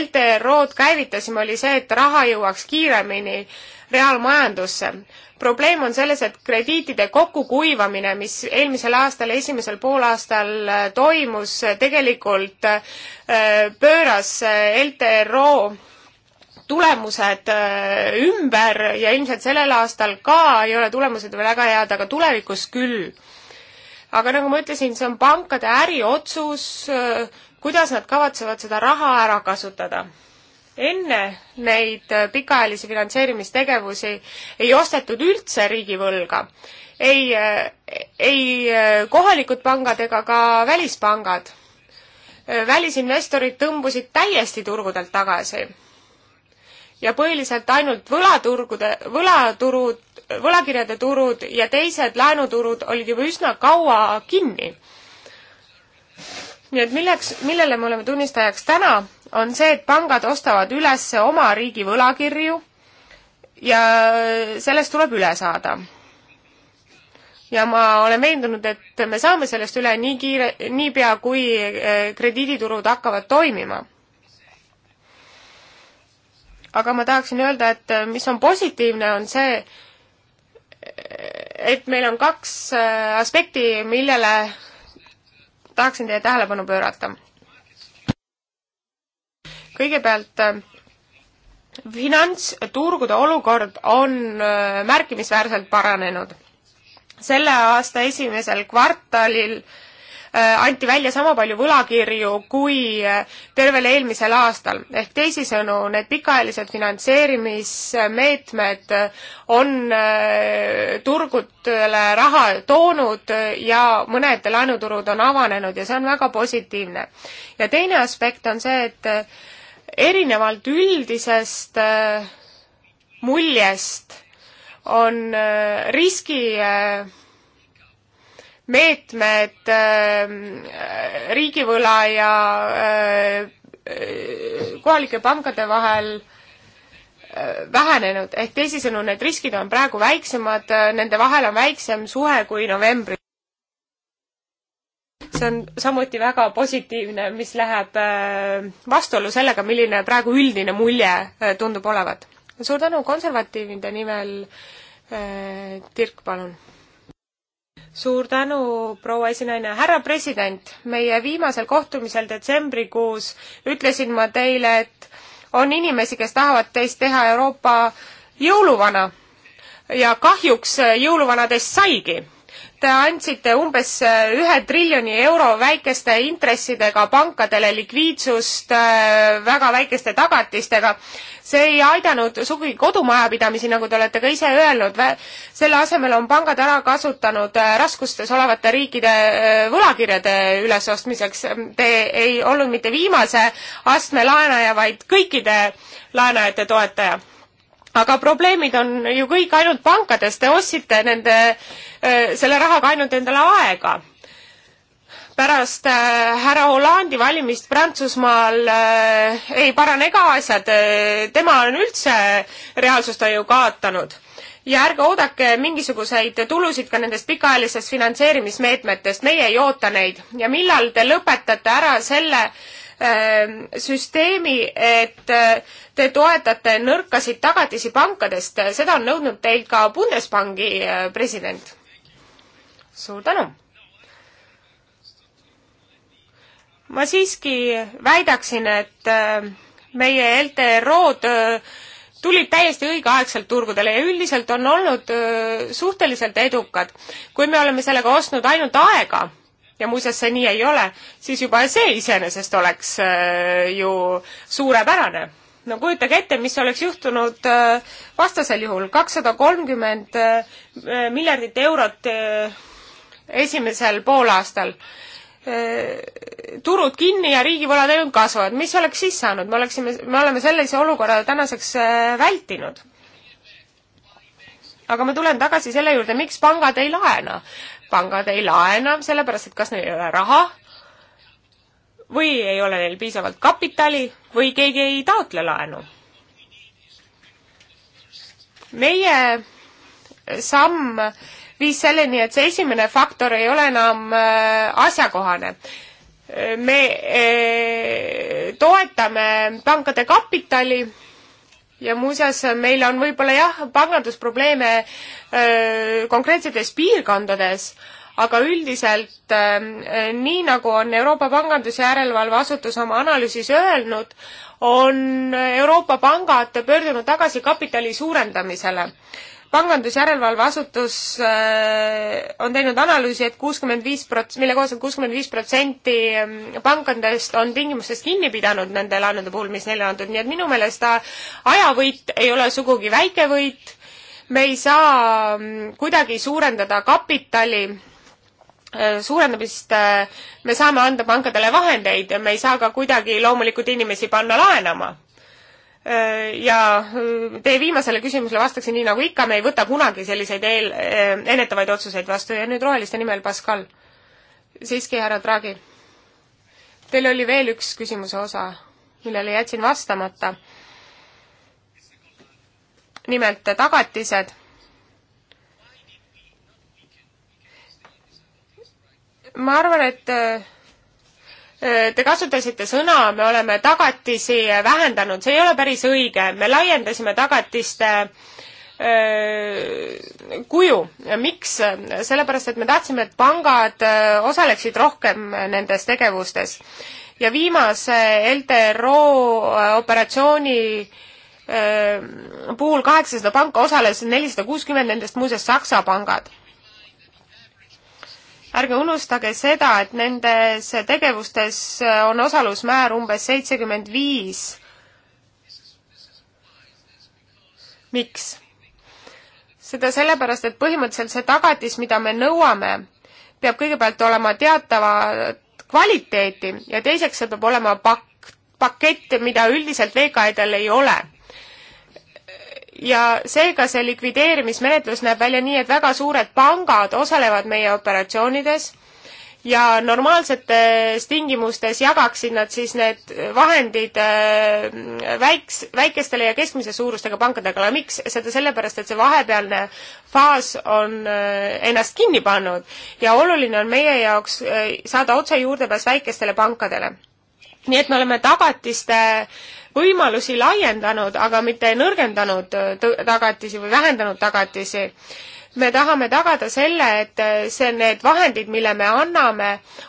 LTRO-d käivitasime, oli see, et raha jõuaks kiiremini reaalmajandusse. probleem on selles, et krediitide kokkukuivamine, mis eelmisel aastal, esimesel poolaastal äh, toimus, äh, tegelikult pööras LTRO tulemused äh, ümber ja ilmselt sellel aastal ka ei ole tulemused veel väga head, aga tulevikus küll. aga nagu ma ütlesin, see on pankade äriotsus, äh, kuidas nad kavatsevad seda raha ära kasutada. enne neid äh, pikaajalisi finantseerimistegevusi ei ostetud üldse riigivõlga. ei, ei kohalikud pangad ega ka välispangad. välisinvestorid tõmbusid täiesti turgudelt tagasi ja põhiliselt ainult võlaturgude, võlaturud, võlakirjade turud ja teised laenuturud olid juba üsna kaua kinni. nii et milleks, millele me oleme tunnistajaks täna, on see, et pangad ostavad üles oma riigi võlakirju ja sellest tuleb üle saada. ja ma olen veendunud, et me saame sellest üle nii kiire, niipea kui eh, krediiditurud hakkavad toimima aga ma tahaksin öelda, et äh, mis on positiivne, on see, et meil on kaks äh, aspekti, millele tahaksin teie tähelepanu pöörata. kõigepealt äh, finantsturgude olukord on märkimisväärselt paranenud. selle aasta esimesel kvartalil äh, Äh, anti välja sama palju võlakirju kui äh, tervel eelmisel aastal. ehk teisisõnu, need pikaajalised finantseerimismeetmed äh, on turgudele raha toonud ja mõned laenuturud on avanenud ja see on väga positiivne. ja teine aspekt on see, et erinevalt üldisest muljest on riski meetmed ähm, riigivõla ja äh, kohalike pankade vahel äh, vähenenud, ehk teisisõnu, need riskid on praegu väiksemad, äh, nende vahel on väiksem suhe kui novembris. see on samuti väga positiivne, mis läheb vastuollu sellega, milline praegu üldine mulje tundub olevat. suur tänu konservatiivide nimel, Dirk, palun suur tänu, proua esinaine. härra president, meie viimasel kohtumisel detsembrikuus ütlesin ma teile, et on inimesi, kes tahavad teist teha Euroopa jõuluvana ja kahjuks jõuluvanadest saigi Te andsite umbes äh, ühe triljoni euro väikeste intressidega pankadele likviidsust äh, väga väikeste tagatistega. see ei aidanud sugugi kodumajapidamisi, nagu te olete ka ise öelnud. selle asemel on pangad ära kasutanud äh, raskustes olevate riikide võlakirjade ülesostmiseks. Te ei olnud mitte viimase astme laenaja, vaid kõikide laenajate toetaja aga probleemid on ju kõik ainult pankades, te ostsite nende, äh, selle rahaga ainult endale aega. pärast äh, härra Hollandi valimist Prantsusmaal äh, ei parane ka asjad, tema on üldse reaalsust on ju kaotanud ja ärge oodake mingisuguseid tulusid ka nendest pikaajalisest finantseerimismeetmetest, meie ei oota neid ja millal te lõpetate ära selle äh, Ähm, süsteemi, et äh, te toetate nõrkasid tagatisi pankadest, seda on nõudnud teilt ka Bundesbanki äh, president. suur tänu! ma siiski väidaksin, et äh, meie LTRO-d tulid täiesti õigeaegselt turgudele ja üldiselt on olnud suhteliselt edukad. kui me oleme sellega ostnud ainult aega, ja muuseas see nii ei ole, siis juba see iseenesest oleks äh, ju suurepärane. no kujutage ette, mis oleks juhtunud äh, vastasel juhul, kakssada kolmkümmend äh, miljardit eurot esimesel poolaastal turud kinni ja riigivõlad ainult kasvavad, mis oleks siis saanud, me oleksime, me oleme sellise olukorra tänaseks vältinud. aga ma tulen tagasi selle juurde, miks pangad ei laena pangad ei laena, sellepärast et kas neil ei ole raha või ei ole neil piisavalt kapitali või keegi ei taotle laenu. meie samm viis selleni, et see esimene faktor ei ole enam äh, asjakohane. me äh, toetame pankade kapitali ja muuseas, meil on võib-olla jah, pangandusprobleeme öö, konkreetsetes piirkondades, aga üldiselt öö, nii, nagu on Euroopa Pangandusjärelevalve Asutus oma analüüsis öelnud, on Euroopa pangad pöördunud tagasi kapitali suurendamisele pangandusjärelevalveasutus äh, on teinud analüüsi et, et kuuskümmend viis prots-, mille kohaselt kuuskümmend viis protsenti ähm, pankadest on tingimustest kinni pidanud nende laenude puhul, mis neile on antud, nii et minu meelest ajavõit ei ole sugugi väike võit, me ei saa ähm, kuidagi suurendada kapitali, äh, suurendamist, äh, me saame anda pankadele vahendeid ja me ei saa ka kuidagi loomulikult inimesi panna laenama Äh, ja äh, teie viimasele küsimusele vastaksin nii nagu ikka, me ei võta kunagi selliseid eel, äh, ennetavaid otsuseid vastu ja nüüd roheliste nimel Pascal. siiski, härra Draghi. Teil oli veel üks küsimuse osa, millele jätsin vastamata. nimelt tagatised. ma arvan, et Äh, te kasutasite sõna, me oleme tagatisi vähendanud, see ei ole päris õige, me laiendasime tagatiste äh, kuju, miks? sellepärast, et me tahtsime, et pangad äh, osaleksid rohkem nendes tegevustes. ja viimase LTRO operatsiooni puhul kaheksasada panka osales, nelisada kuuskümmend nendest muuseas Saksa pangad ärge unustage seda, et nendes tegevustes äh, on osalusmäär umbes seitsekümmend viis. miks? seda sellepärast, et põhimõtteliselt see tagatis, mida me nõuame, peab kõigepealt olema teatava kvaliteeti ja teiseks see peab olema pakk, pakett, mida üldiselt VKE-del ei ole ja seega see likvideerimismenetlus näeb välja nii, et väga suured pangad osalevad meie operatsioonides ja normaalsetes tingimustes jagaksid nad siis need vahendid äh, väiks, väikestele ja keskmise suurustega pankadega, aga miks? seda sellepärast, et see vahepealne faas on äh, ennast kinni pannud ja oluline on meie jaoks äh, saada otse juurdepääs väikestele pankadele. nii et me oleme tagatiste äh, võimalusi laiendanud, aga mitte nõrgendanud äh, tagatisi või vähendanud tagatisi. me tahame tagada selle, et äh, see, need vahendid, mille me anname,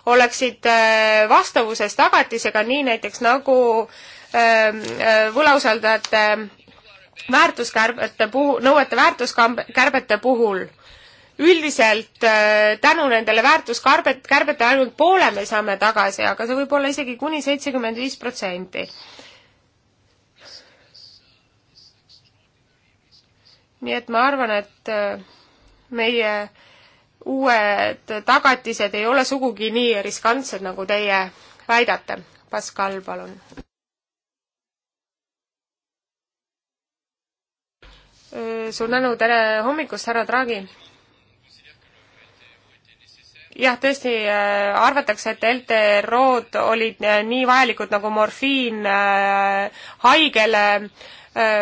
oleksid äh, vastavuses tagatisega, nii näiteks nagu ähm, võlausaldajate väärtuskärbete puhul, nõuete väärtuskärbete puhul üldiselt tänu nendele väärtuskärbete ainult poole me saame tagasi, aga see võib olla isegi kuni seitsekümmend viis protsenti. nii et ma arvan, et äh, meie uued tagatised ei ole sugugi nii riskantsed, nagu teie väidate. Pascal, palun. Äh, suur tänu, tere hommikust, härra Draghi! jah, tõesti äh, arvatakse, et LTRO-d olid nii vajalikud nagu morfiin haigele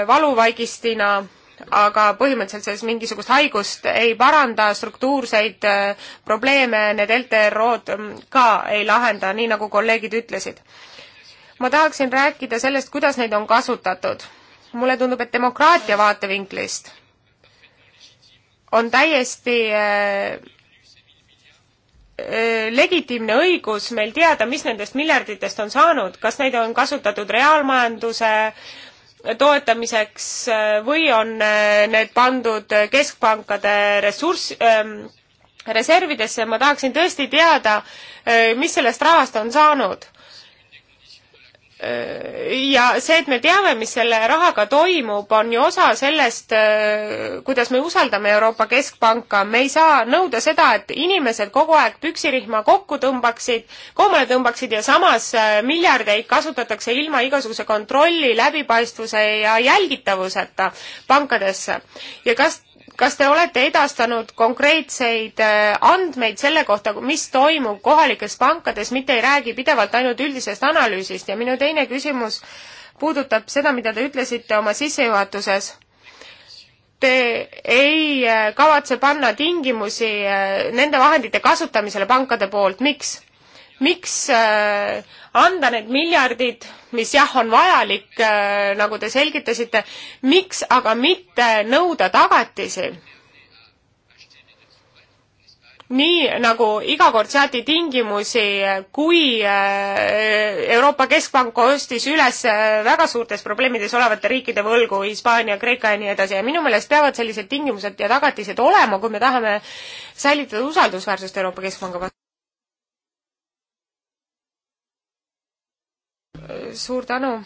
valuvaigistina aga põhimõtteliselt selles mingisugust haigust ei paranda, struktuurseid äh, probleeme need LTRO-d mm, ka ei lahenda, nii nagu kolleegid ütlesid. ma tahaksin rääkida sellest, kuidas neid on kasutatud. mulle tundub, et demokraatia vaatevinklist on täiesti äh, äh, legitiimne õigus meil teada, mis nendest miljarditest on saanud, kas neid on kasutatud reaalmajanduse äh, toetamiseks äh, või on äh, need pandud keskpankade ressurss ähm,, reservidesse, ma tahaksin tõesti teada, äh, mis sellest rahast on saanud ja see, et me teame, mis selle rahaga toimub, on ju osa sellest, äh, kuidas me usaldame Euroopa Keskpanka. me ei saa nõuda seda, et inimesed kogu aeg püksirihma kokku tõmbaksid, koomale tõmbaksid ja samas äh, miljardeid kasutatakse ilma igasuguse kontrolli, läbipaistvuse ja jälgitavuseta pankadesse. ja kas kas te olete edastanud konkreetseid äh, andmeid selle kohta, mis toimub kohalikes pankades, mitte ei räägi pidevalt ainult üldisest analüüsist ja minu teine küsimus puudutab seda, mida te ütlesite oma sissejuhatuses. Te ei äh, kavatse panna tingimusi äh, nende vahendite kasutamisele pankade poolt, miks? miks äh, anda need miljardid, mis jah, on vajalik, äh, nagu te selgitasite, miks aga mitte nõuda tagatisi? nii nagu iga kord seati tingimusi, kui äh, Euroopa Keskpank ostis üles äh, väga suurtes probleemides olevate riikide võlgu, Hispaania, Kreeka ja nii edasi ja minu meelest peavad sellised tingimused ja tagatised olema, kui me tahame säilitada usaldusväärsust Euroopa Keskpanga vastu. suur tänu.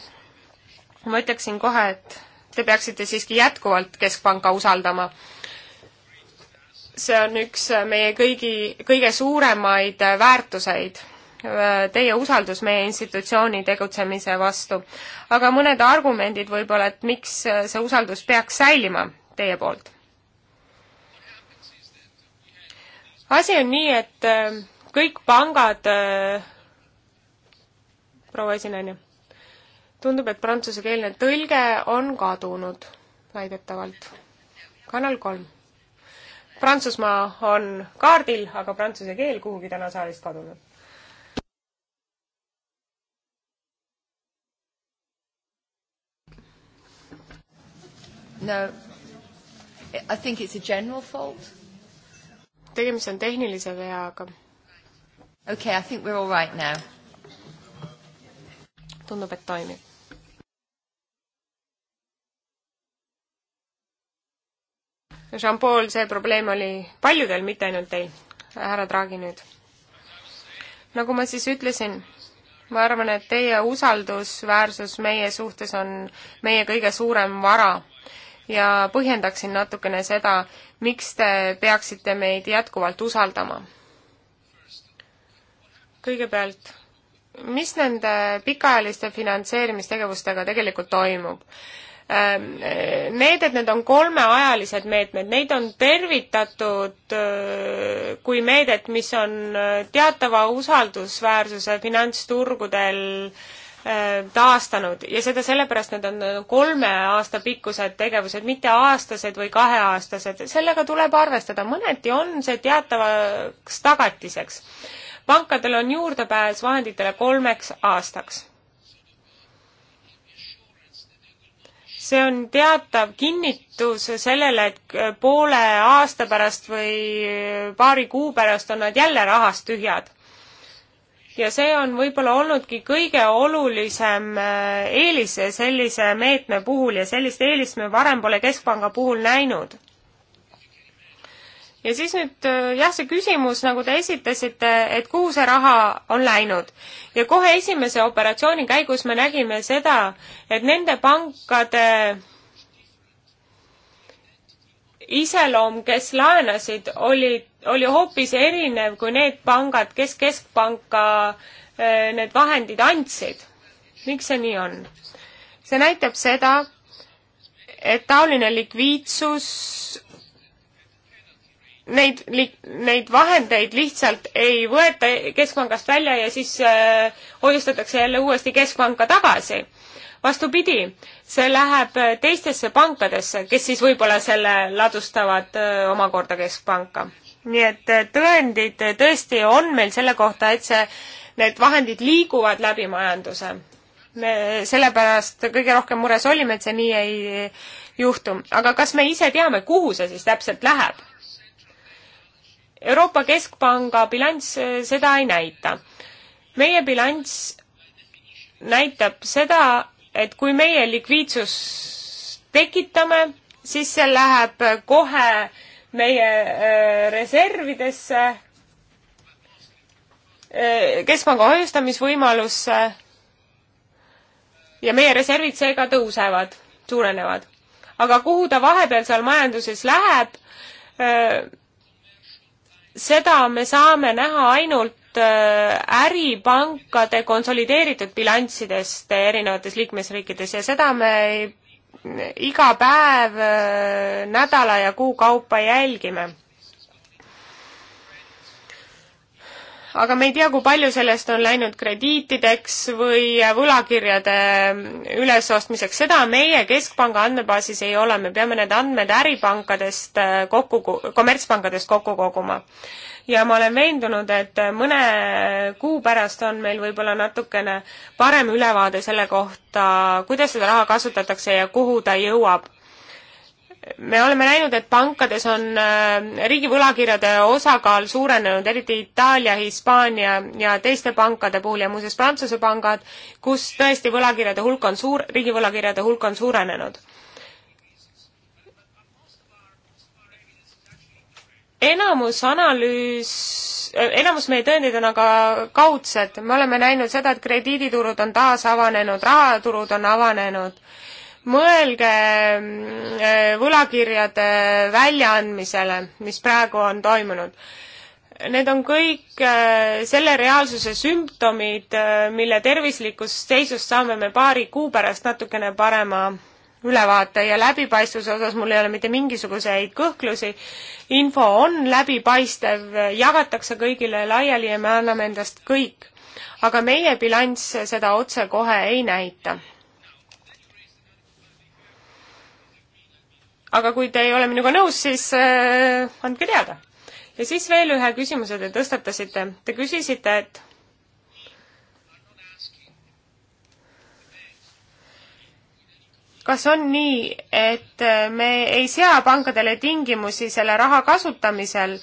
ma ütleksin kohe, et te peaksite siiski jätkuvalt Keskpanka usaldama. see on üks meie kõigi, kõige suuremaid väärtuseid, äh, teie usaldus meie institutsiooni tegutsemise vastu. aga mõned argumendid võib-olla, et miks see usaldus peaks säilima teie poolt? asi on nii, et äh, kõik pangad äh, proua esinaine. tundub, et prantsusekeelne tõlge on kadunud väidetavalt. kanal kolm. Prantsusmaa on kaardil, aga prantsuse keel kuhugi täna saalist kadunud. No I think it's a general fault. tegemist on tehnilise veaga. Okay, I think we are all right now tundub, et toimib. Jean-Paul, see probleem oli paljudel, mitte ainult teil. härra Draghi nüüd. nagu ma siis ütlesin, ma arvan, et teie usaldusväärsus meie suhtes on meie kõige suurem vara ja põhjendaksin natukene seda, miks te peaksite meid jätkuvalt usaldama. kõigepealt mis nende pikaajaliste finantseerimistegevustega tegelikult toimub? Ähm, äh, need, et need on kolmeajalised meetmed, neid on tervitatud äh, kui meedet, mis on äh, teatava usaldusväärsuse finantsturgudel taastanud ja seda sellepärast, need on kolme aasta pikkused tegevused, mitte aastased või kaheaastased. sellega tuleb arvestada, mõneti on see teatavaks tagatiseks pankadel on juurdepääs vahenditele kolmeks aastaks. see on teatav kinnitus sellele, et poole aasta pärast või paari kuu pärast on nad jälle rahast tühjad ja see on võib-olla olnudki kõige olulisem äh, eelis sellise meetme puhul ja sellist eelist me varem pole Keskpanga puhul näinud ja siis nüüd äh, jah, see küsimus, nagu te esitasite, et kuhu see raha on läinud. ja kohe esimese operatsiooni käigus me nägime seda, et nende pankade iseloom, kes laenasid, oli, oli hoopis erinev kui need pangad, kes keskpanka äh, need vahendid andsid. miks see nii on? see näitab seda, et taoline likviidsus neid, neid vahendeid lihtsalt ei võeta keskpangast välja ja siis äh, hoiustatakse jälle uuesti keskpanka tagasi. vastupidi, see läheb teistesse pankadesse, kes siis võib-olla selle ladustavad äh, omakorda keskpanka. nii et äh, tõendid tõesti on meil selle kohta, et see, need vahendid liiguvad läbi majanduse. me sellepärast kõige rohkem mures olime, et see nii ei juhtu. aga kas me ise teame, kuhu see siis täpselt läheb? Euroopa Keskpanga bilanss eh, seda ei näita. meie bilanss näitab seda, et kui meie likviidsust tekitame, siis see läheb kohe meie eh, reservidesse, eh, keskpanga hoiustamisvõimalusse ja meie reservid seega tõusevad, suurenevad. aga kuhu ta vahepeal seal majanduses läheb, seda me saame näha ainult äh, äripankade konsolideeritud bilanssidest erinevates liikmesriikides ja seda me iga päev äh, nädala ja kuu kaupa jälgime. aga me ei tea, kui palju sellest on läinud krediitideks või võlakirjade ülesostmiseks, seda meie Keskpanga andmebaasis ei ole, me peame need andmed äripankadest äh, kokku, kommertspankadest kokku koguma. ja ma olen veendunud, et mõne kuu pärast on meil võib-olla natukene parem ülevaade selle kohta, kuidas seda raha kasutatakse ja kuhu ta jõuab me oleme näinud, et pankades on äh, riigi võlakirjade osakaal suurenenud, eriti Itaalia, Hispaania ja teiste pankade puhul ja muuseas Prantsuse pangad, kus tõesti võlakirjade hulk on suur, riigi võlakirjade hulk on suurenenud. enamus analüüs, äh, enamus meie tõendid on aga kaudsed, me oleme näinud seda, et krediiditurud on taas avanenud, rahaturud on avanenud mõelge mm, äh, võlakirjade väljaandmisele, mis praegu on toimunud. Need on kõik äh, selle reaalsuse sümptomid, äh, mille tervislikust seisust saame me paari kuu pärast natukene parema ülevaate ja läbipaistvuse osas mul ei ole mitte mingisuguseid kõhklusi. info on läbipaistev, jagatakse kõigile laiali ja me anname endast kõik. aga meie bilanss seda otsekohe ei näita aga kui te ei ole minuga nõus, siis äh, andke teada. ja siis veel ühe küsimuse te tõstatasite. Te küsisite, et kas on nii, et äh, me ei sea pankadele tingimusi selle raha kasutamisel,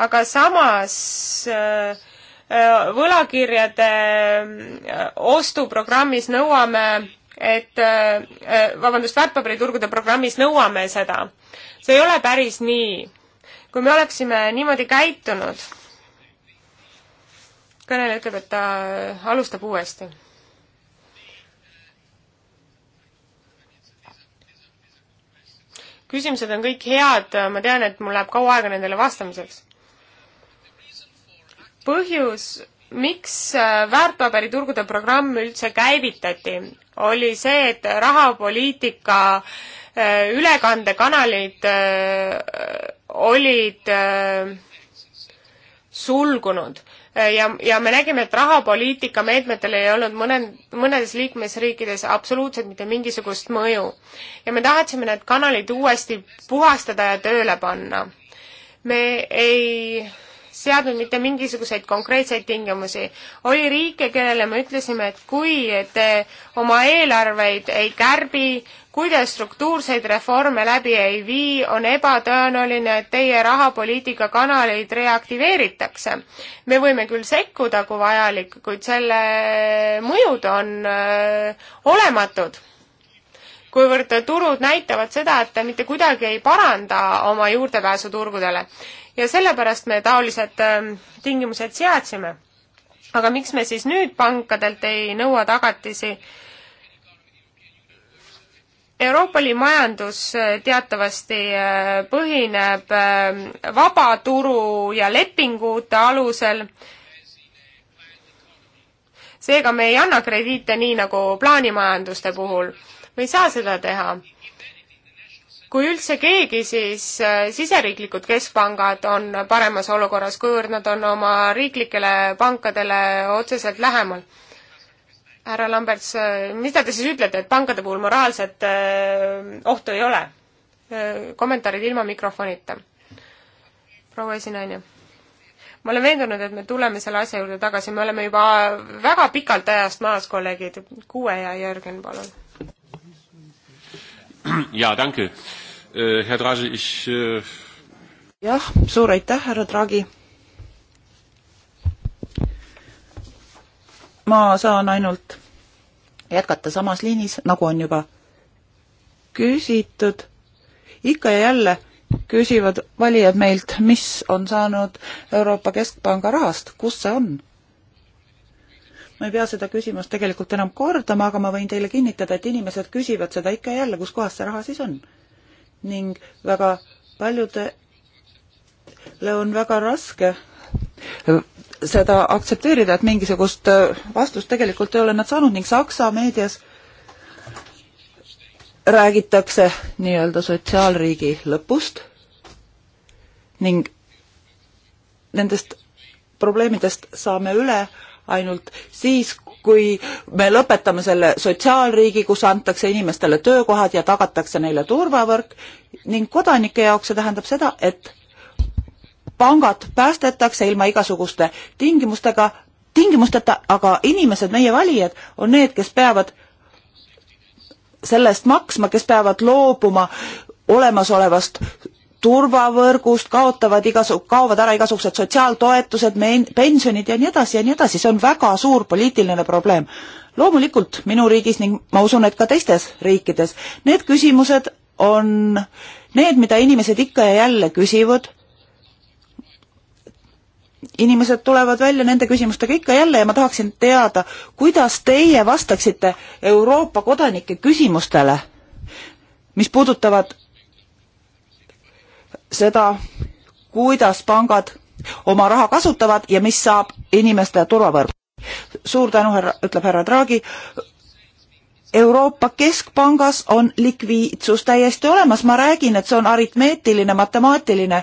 aga samas äh, äh, võlakirjade ostuprogrammis nõuame et äh, äh, vabandust, väärtpaberiturgude programmis nõuame seda. see ei ole päris nii. kui me oleksime niimoodi käitunud, kõneleja ütleb, et ta alustab uuesti. küsimused on kõik head, ma tean, et mul läheb kaua aega nendele vastamiseks. põhjus miks äh, väärtpaberiturgude programm üldse käivitati, oli see, et rahapoliitika äh, ülekandekanalid äh, olid sulgunud ja, ja me nägime, et rahapoliitika meetmetel ei olnud mõned, mõnedes liikmesriikides absoluutselt mitte mingisugust mõju. ja me tahtsime need kanalid uuesti puhastada ja tööle panna. me ei seadnud mitte mingisuguseid konkreetseid tingimusi. oli riike, kellele me ütlesime, et kui te oma eelarveid ei kärbi, kui te struktuurseid reforme läbi ei vii, on ebatõenäoline, et teie rahapoliitika kanaleid reaktiveeritakse. me võime küll sekkuda, kui vajalik, kuid selle mõjud on öö, äh, olematud kuivõrd turud näitavad seda, et te mitte kuidagi ei paranda oma juurdepääsu turgudele ja sellepärast me taolised ähm, tingimused seadsime. aga miks me siis nüüd pankadelt ei nõua tagatisi? Euroopa Liidu majandus äh, teatavasti äh, põhineb ähm, vabaturu ja lepingute alusel. seega me ei anna krediite nii nagu plaanimajanduste puhul. me ei saa seda teha kui üldse keegi, siis äh, siseriiklikud keskpangad on paremas olukorras, kuivõrd nad on oma riiklikele pankadele otseselt lähemal. härra Lamberts, äh, mida te siis ütlete, et pankade puhul moraalset äh, ohtu ei ole? kommentaarid ilma mikrofonita. proua esinaine ma olen veendunud, et me tuleme selle asja juurde tagasi, me oleme juba väga pikalt ajast maas, kolleegid. Kuue ja Jörgen, palun. jaa, tänku. Äh, Herr Draghi, ich äh, jah, suur aitäh, härra Draghi. ma saan ainult jätkata samas liinis, nagu on juba küsitud. ikka ja jälle küsivad valijad meilt, mis on saanud Euroopa Keskpanga rahast, kus see on? ma ei pea seda küsimust tegelikult enam kordama, aga ma võin teile kinnitada, et inimesed küsivad seda ikka ja jälle, kus kohas see raha siis on ning väga paljudele on väga raske seda aktsepteerida, et mingisugust äh, vastust tegelikult ei ole nad saanud ning Saksa meedias räägitakse nii-öelda sotsiaalriigi lõpust ning nendest probleemidest saame üle ainult siis, kui me lõpetame selle sotsiaalriigi, kus antakse inimestele töökohad ja tagatakse neile turvavõrk ning kodanike jaoks see tähendab seda, et pangad päästetakse ilma igasuguste tingimustega, tingimusteta, aga inimesed, meie valijad, on need, kes peavad selle eest maksma, kes peavad loobuma olemasolevast turvavõrgust, kaotavad igasu-, kaovad ära igasugused sotsiaaltoetused, mein-, pensionid ja nii edasi ja nii edasi, see on väga suur poliitiline probleem. loomulikult minu riigis ning ma usun, et ka teistes riikides, need küsimused on need, mida inimesed ikka ja jälle küsivad, inimesed tulevad välja nende küsimustega ikka jälle ja ma tahaksin teada, kuidas teie vastaksite Euroopa kodanike küsimustele, mis puudutavad seda, kuidas pangad oma raha kasutavad ja mis saab inimeste turvavõrgu. suur tänu, härra, ütleb härra Draghi. Euroopa Keskpangas on likviidsus täiesti olemas, ma räägin, et see on aritmeetiline, matemaatiline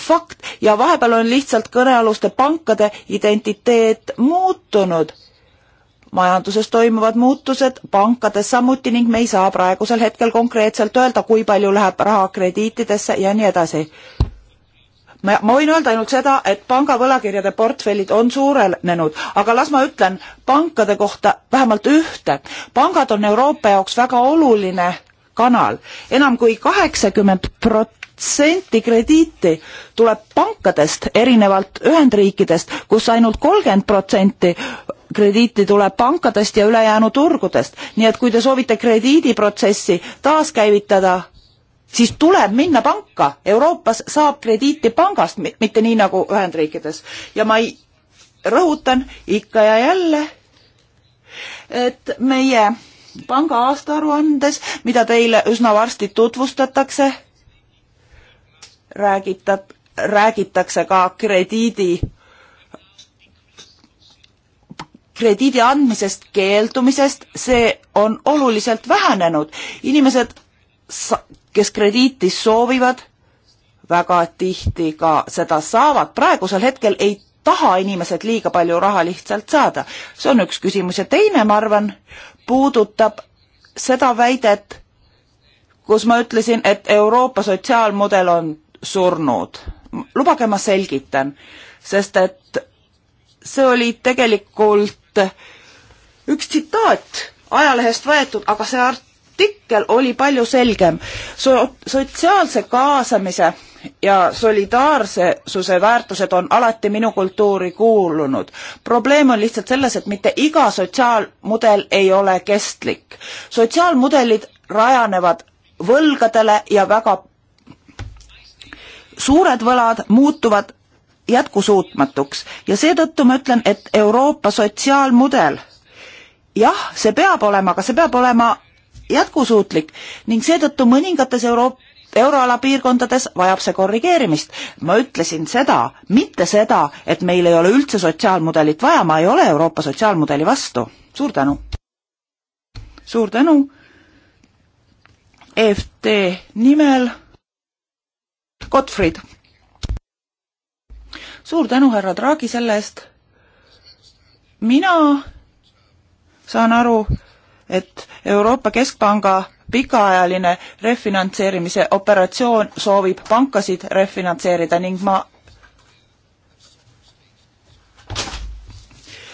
fakt ja vahepeal on lihtsalt kõnealuste pankade identiteet muutunud majanduses toimuvad muutused, pankades samuti ning me ei saa praegusel hetkel konkreetselt öelda, kui palju läheb raha krediitidesse ja nii edasi. ma, ma võin öelda ainult seda, et panga võlakirjade portfellid on suurenenud, aga las ma ütlen pankade kohta vähemalt ühte. pangad on Euroopa jaoks väga oluline kanal enam, enam kui kaheksakümmend protsenti krediiti tuleb pankadest, erinevalt Ühendriikidest, kus ainult kolmkümmend protsenti krediiti tuleb pankadest ja ülejäänu turgudest. nii et kui te soovite krediidiprotsessi taaskäivitada, siis tuleb minna panka. Euroopas saab krediiti pangast, mitte nii nagu Ühendriikides. ja ma ei, rõhutan ikka ja jälle, et meie panga aastaaruandes, mida teile üsna varsti tutvustatakse, räägitab, räägitakse ka krediidi krediidi andmisest keeldumisest, see on oluliselt vähenenud. inimesed, kes krediiti soovivad, väga tihti ka seda saavad, praegusel hetkel ei taha inimesed liiga palju raha lihtsalt saada. see on üks küsimus ja teine, ma arvan, puudutab seda väidet, kus ma ütlesin, et Euroopa sotsiaalmudel on surnud. lubage, ma selgitan, sest et see oli tegelikult üks tsitaat ajalehest võetud, aga see artikkel oli palju selgem so. sotsiaalse kaasamise ja solidaarsuse väärtused on alati minu kultuuri kuulunud. probleem on lihtsalt selles, et mitte iga sotsiaalmudel ei ole kestlik. sotsiaalmudelid rajanevad võlgadele ja väga suured võlad muutuvad jätkusuutmatuks ja seetõttu ma ütlen, et Euroopa sotsiaalmudel, jah, see peab olema, aga see peab olema jätkusuutlik ning seetõttu mõningates Euroopa euroala piirkondades vajab see korrigeerimist. ma ütlesin seda, mitte seda, et meil ei ole üldse sotsiaalmudelit vaja, ma ei ole Euroopa sotsiaalmudeli vastu. suur tänu! suur tänu! EFT nimel Gottfried suur tänu, härra Draghi, selle eest. mina saan aru, et Euroopa Keskpanga pikaajaline refinantseerimise operatsioon soovib pankasid refinantseerida ning ma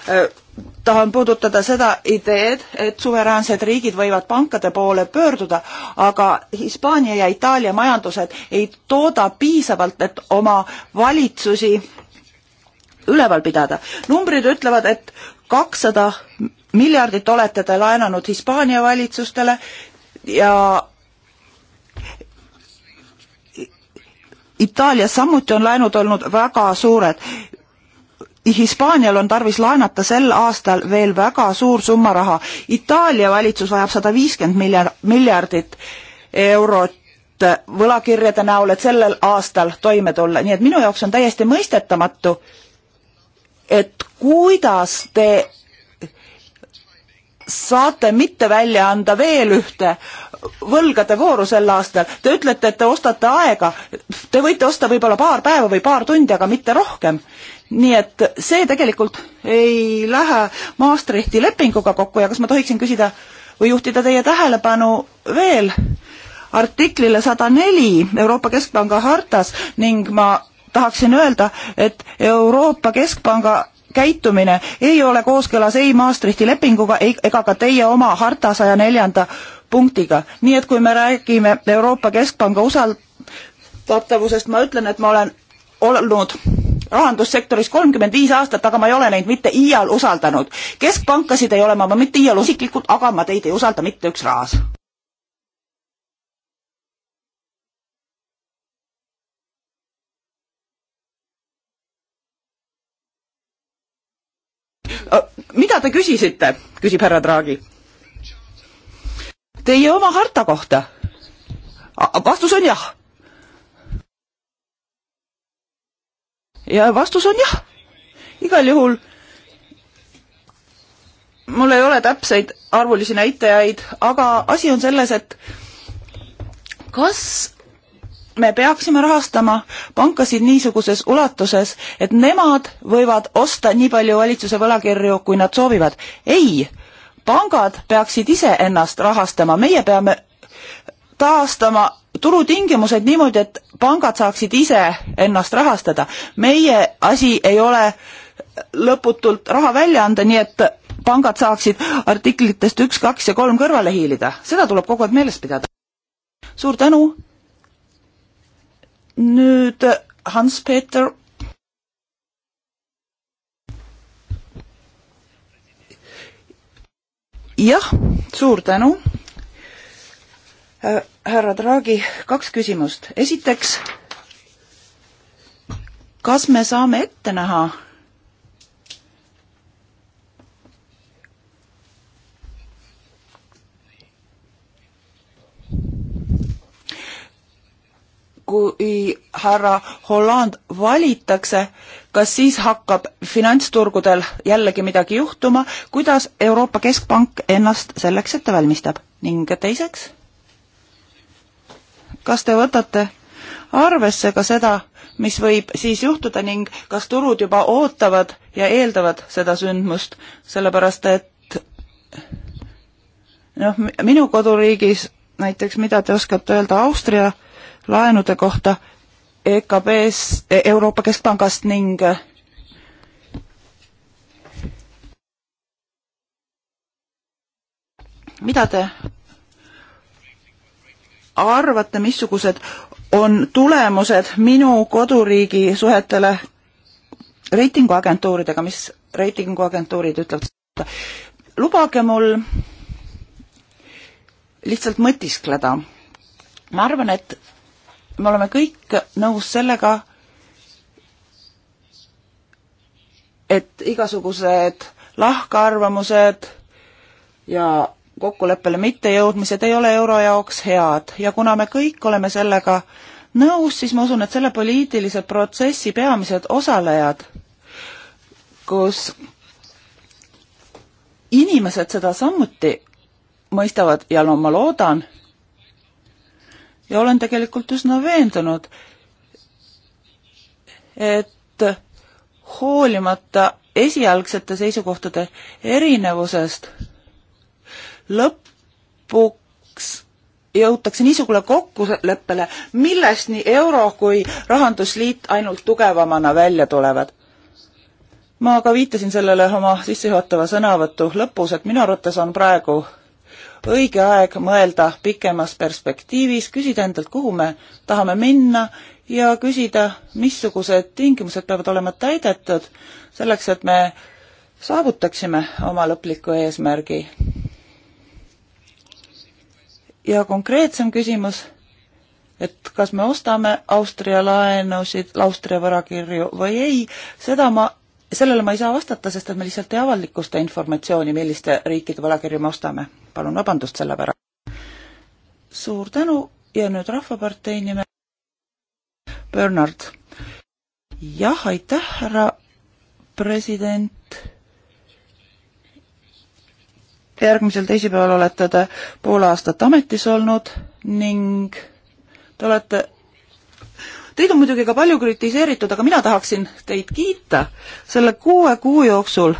äh, tahan puudutada seda ideed, et suveräänsed riigid võivad pankade poole pöörduda, aga Hispaania ja Itaalia majandused ei tooda piisavalt, et oma valitsusi üleval pidada. numbrid ütlevad, et kakssada miljardit olete te laenanud Hispaania valitsustele ja Itaalias samuti on laenud olnud väga suured Hispaanial on tarvis laenata sel aastal veel väga suur summa raha. Itaalia valitsus vajab sada viiskümmend miljardit eurot võlakirjade näol, et sellel aastal toime tulla, nii et minu jaoks on täiesti mõistetamatu, et kuidas te saate mitte välja anda veel ühte võlgade vooru sel aastal, te ütlete, et te ostate aega, te võite osta võib-olla paar päeva või paar tundi, aga mitte rohkem nii et see tegelikult ei lähe Maastrichti lepinguga kokku ja kas ma tohiksin küsida või juhtida teie tähelepanu veel artiklile sada neli Euroopa Keskpanga hartas ning ma tahaksin öelda, et Euroopa Keskpanga käitumine ei ole kooskõlas ei Maastrichti lepinguga ega ka teie oma harta saja neljanda punktiga. nii et kui me räägime Euroopa Keskpanga usaldatavusest, ma ütlen, et ma olen olnud rahandussektoris kolmkümmend viis aastat, aga ma ei ole neid mitte iial usaldanud. keskpankasid ei ole ma, ma mitte iial isiklikult, aga ma teid ei usalda mitte üks raas. mida te küsisite, küsib härra Draagi. Teie oma harta kohta. vastus on jah ja vastus on jah. igal juhul mul ei ole täpseid arvulisi näitajaid, aga asi on selles, et kas me peaksime rahastama pankasid niisuguses ulatuses, et nemad võivad osta nii palju valitsuse võlakirju, kui nad soovivad. ei, pangad peaksid iseennast rahastama, meie peame taastama turutingimused niimoodi, et pangad saaksid ise ennast rahastada. meie asi ei ole lõputult raha välja anda, nii et pangad saaksid artiklitest üks, kaks ja kolm kõrvale hiilida. seda tuleb kogu aeg meeles pidada. suur tänu. nüüd Hans-Peeter. jah, suur tänu, Äh, härra Draghi, kaks küsimust. esiteks, kas me saame ette näha, kui härra Holland valitakse, kas siis hakkab finantsturgudel jällegi midagi juhtuma, kuidas Euroopa Keskpank ennast selleks ette valmistab ning teiseks kas te võtate arvesse ka seda, mis võib siis juhtuda ning kas turud juba ootavad ja eeldavad seda sündmust, sellepärast et noh, minu koduriigis näiteks, mida te oskate öelda Austria laenude kohta EKB-s, e-, Euroopa Keskpangast ning mida te arvate, missugused on tulemused minu koduriigi suhetele reitinguagentuuridega, mis reitinguagentuurid ütlevad? lubage mul lihtsalt mõtiskleda. ma arvan, et me oleme kõik nõus sellega, et igasugused lahkarvamused ja kokkuleppele mittejõudmised ei ole euro jaoks head ja kuna me kõik oleme sellega nõus, siis ma usun, et selle poliitilise protsessi peamised osalejad, kus inimesed seda samuti mõistavad ja no ma loodan ja olen tegelikult üsna veendunud, et hoolimata esialgsete seisukohtade erinevusest lõpuks jõutakse niisugule kokkuleppele, millest nii Euro kui Rahandusliit ainult tugevamana välja tulevad. ma ka viitasin sellele oma sissejuhatava sõnavõtu lõpus, et minu arvates on praegu õige aeg mõelda pikemas perspektiivis, küsida endalt, kuhu me tahame minna ja küsida, missugused tingimused peavad olema täidetud selleks, et me saavutaksime oma lõpliku eesmärgi ja konkreetsem küsimus, et kas me ostame Austria laenusid, Austria varakirju või ei, seda ma, sellele ma ei saa vastata, sest et me lihtsalt ei avalikusta informatsiooni, milliste riikide võlakirju me ostame. palun vabandust selle pärast. suur tänu ja nüüd Rahvapartei nimel Bernard. jah, aitäh, härra president järgmisel teisipäeval olete te pool aastat ametis olnud ning te olete Teid on muidugi ka palju kritiseeritud, aga mina tahaksin teid kiita. selle kuue kuu jooksul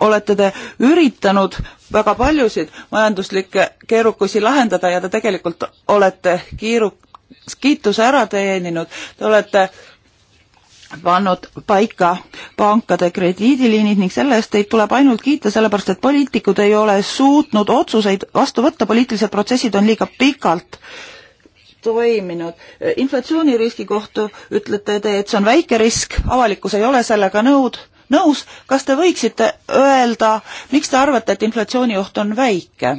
olete te üritanud väga paljusid majanduslikke keerukusi lahendada ja te tegelikult olete kiiru-, kiituse ära teeninud. Te olete pannud paika pankade krediidiliinid ning selle eest teid tuleb ainult kiita, sellepärast et poliitikud ei ole suutnud otsuseid vastu võtta, poliitilised protsessid on liiga pikalt toiminud. inflatsiooniriski kohta ütlete te, et see on väike risk, avalikkus ei ole sellega nõud, nõus. kas te võiksite öelda, miks te arvate, et inflatsioonioht on väike?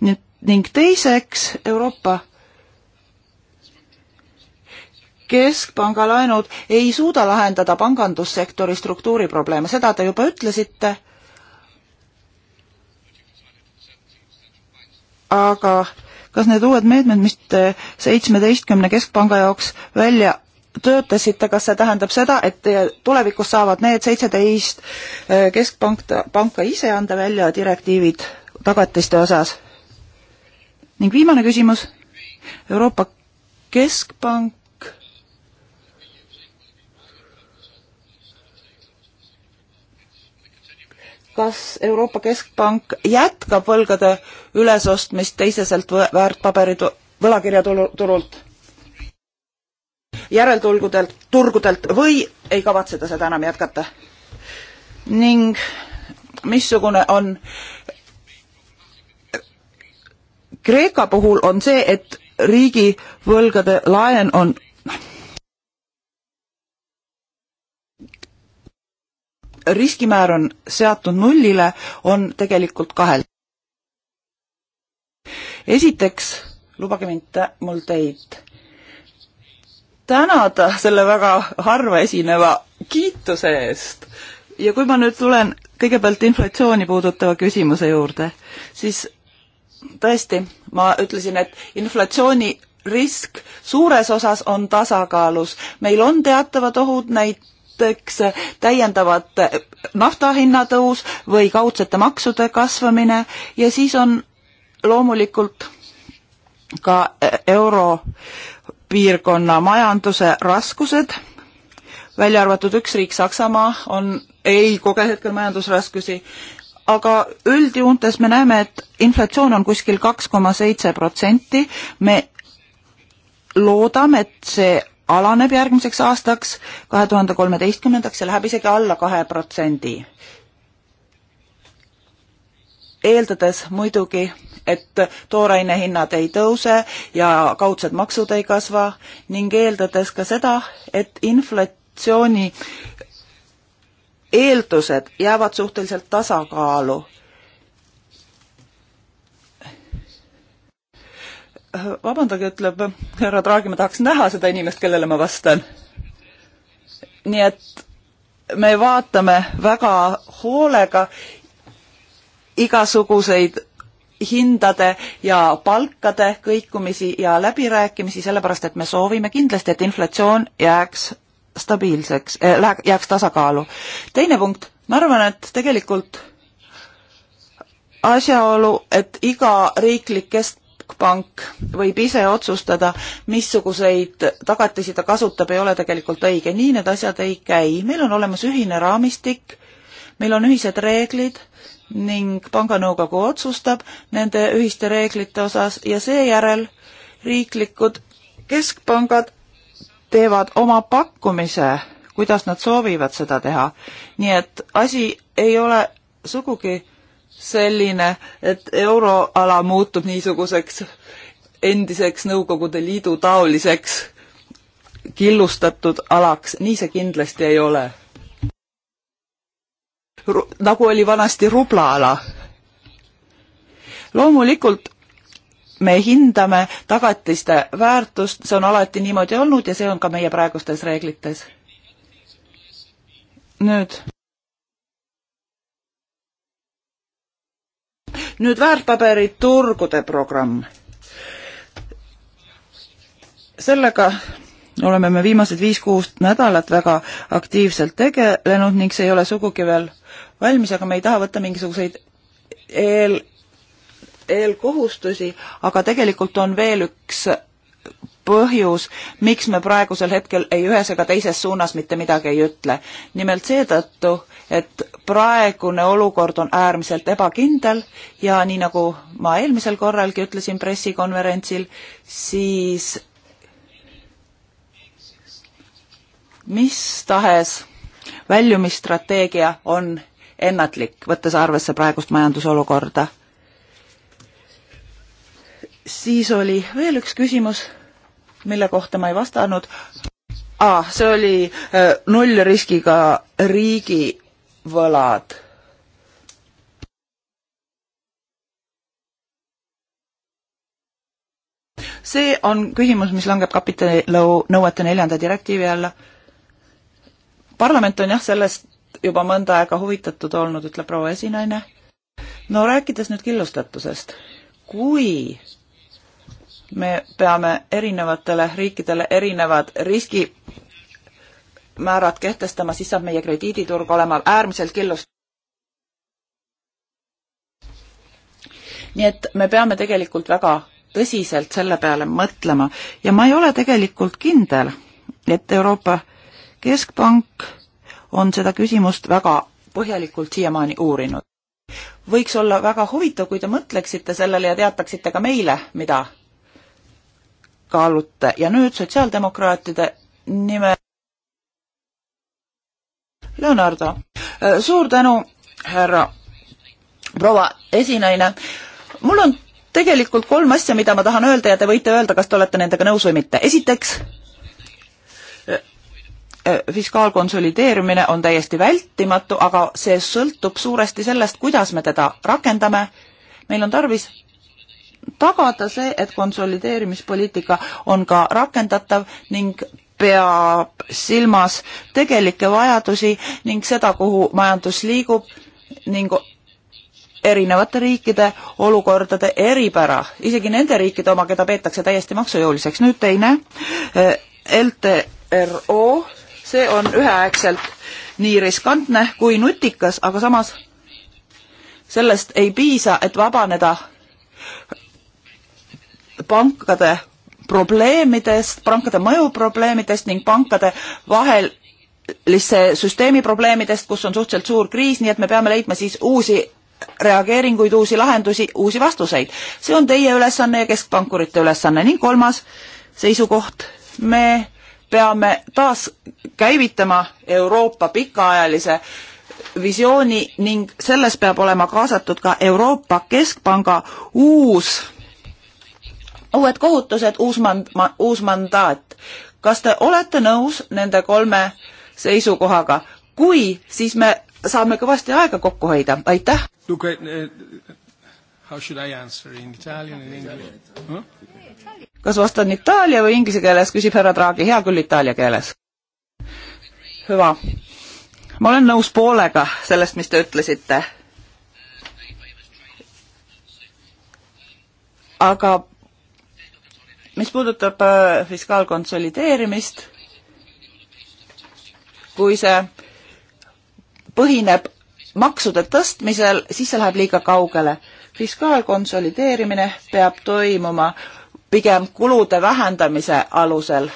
nüüd ning teiseks Euroopa keskpanga laenud ei suuda lahendada pangandussektori struktuuriprobleeme, seda te juba ütlesite. aga kas need uued meetmed, mis te seitsmeteistkümne keskpanga jaoks välja töötasite, kas see tähendab seda, et tulevikus saavad need seitseteist eh, keskpank, panka ise anda välja direktiivid tagatiste osas? ning viimane küsimus, Euroopa Keskpank kas Euroopa Keskpank jätkab võlgade ülesostmist teiseselt väärtpaberi võlakirjaturult, järeltulgudelt, turgudelt või ei kavatse ta seda enam jätkata? ning missugune on Kreeka puhul on see, et riigi võlgade laen on riskimäär on seatud nullile, on tegelikult kahel. esiteks, lubage mind, mul teid tänada selle väga harva esineva kiituse eest ja kui ma nüüd tulen kõigepealt inflatsiooni puudutava küsimuse juurde, siis tõesti, ma ütlesin, et inflatsiooni risk suures osas on tasakaalus. meil on teatavad ohud, näiteks näiteks täiendavad nafta hinnatõus või kaudsete maksude kasvamine ja siis on loomulikult ka europiirkonna majanduse raskused, välja arvatud üks riik, Saksamaa, on, ei koge hetkel majandusraskusi, aga üldjoontes me näeme, et inflatsioon on kuskil kaks koma seitse protsenti, me loodame, et see alaneb järgmiseks aastaks, kahe tuhande kolmeteistkümnendaks ja läheb isegi alla kahe protsendi. eeldades muidugi, et tooraine hinnad ei tõuse ja kaudsed maksud ei kasva ning eeldades ka seda, et inflatsiooni eeldused jäävad suhteliselt tasakaalu Äh, vabandage, ütleb härra Draagi, ma tahaks näha seda inimest, kellele ma vastan. nii et me vaatame väga hoolega igasuguseid hindade ja palkade kõikumisi ja läbirääkimisi, sellepärast et me soovime kindlasti, et inflatsioon jääks stabiilseks äh,, jääks tasakaalu. teine punkt, ma arvan, et tegelikult asjaolu, et iga riiklik kest-, keskpank võib ise otsustada, missuguseid tagatisi ta kasutab, ei ole tegelikult õige. nii need asjad ei käi. meil on olemas ühine raamistik, meil on ühised reeglid ning panganõukogu otsustab nende ühiste reeglite osas ja seejärel riiklikud keskpangad teevad oma pakkumise, kuidas nad soovivad seda teha. nii et asi ei ole sugugi selline, et euroala muutub niisuguseks endiseks Nõukogude Liidu taoliseks killustatud alaks, nii see kindlasti ei ole. nagu oli vanasti rublaala. loomulikult me hindame tagatiste väärtust, see on alati niimoodi olnud ja see on ka meie praegustes reeglites. nüüd nüüd väärtpaberiturgude programm. sellega oleme me viimased viis-kuus nädalat väga aktiivselt tegelenud ning see ei ole sugugi veel valmis, aga me ei taha võtta mingisuguseid eel, eelkohustusi, aga tegelikult on veel üks põhjus, miks me praegusel hetkel ei ühes ega teises suunas mitte midagi ei ütle. nimelt seetõttu, et praegune olukord on äärmiselt ebakindel ja nii nagu ma eelmisel korralgi ütlesin pressikonverentsil, siis mis tahes väljumisstrateegia on ennatlik, võttes arvesse praegust majandusolukorda. siis oli veel üks küsimus, mille kohta ma ei vastanud ah,. see oli äh, nullriskiga riigi võlad. see on küsimus, mis langeb kapitalinõuete neljanda direktiivi alla. parlament on jah, sellest juba mõnda aega huvitatud olnud, ütleb proua esinaine. no rääkides nüüd killustatusest, kui me peame erinevatele riikidele erinevad riski määrad kehtestama, siis saab meie krediiditurg olema äärmiselt killust-. nii et me peame tegelikult väga tõsiselt selle peale mõtlema ja ma ei ole tegelikult kindel, et Euroopa Keskpank on seda küsimust väga põhjalikult siiamaani uurinud. võiks olla väga huvitav, kui te mõtleksite sellele ja teataksite ka meile, mida kaalute ja nüüd sotsiaaldemokraatide nimel Leonardo, äh, suur tänu, härra proua esinaine. mul on tegelikult kolm asja, mida ma tahan öelda ja te võite öelda, kas te olete nendega nõus või mitte. esiteks, äh, äh, fiskaalkonsolideerimine on täiesti vältimatu, aga see sõltub suuresti sellest, kuidas me teda rakendame. meil on tarvis tagada see, et konsolideerimispoliitika on ka rakendatav ning peab silmas tegelikke vajadusi ning seda, kuhu majandus liigub ning erinevate riikide olukordade eripära, isegi nende riikide oma, keda peetakse täiesti maksujõuliseks. nüüd teine, eh, LTRO, see on üheaegselt nii riskantne kui nutikas, aga samas sellest ei piisa, et vabaneda pankade probleemidest, pankade mõjuprobleemidest ning pankade vahel sellise süsteemi probleemidest, kus on suhteliselt suur kriis, nii et me peame leidma siis uusi reageeringuid, uusi lahendusi, uusi vastuseid. see on teie ülesanne ja keskpankurite ülesanne ning kolmas seisukoht, me peame taas käivitama Euroopa pikaajalise visiooni ning selles peab olema kaasatud ka Euroopa Keskpanga uus uued kohutused, uus mand-, uus mandaat. kas te olete nõus nende kolme seisukohaga? kui, siis me saame kõvasti aega kokku hoida, aitäh! Eh, eh, kas vastan itaalia või inglise keeles, küsib härra Draghi, hea küll itaalia keeles. hüva. ma olen nõus poolega sellest, mis te ütlesite. aga mis puudutab äh, fiskaalkonsolideerimist, kui see põhineb maksude tõstmisel, siis see läheb liiga kaugele. fiskaalkonsolideerimine peab toimuma pigem kulude vähendamise alusel,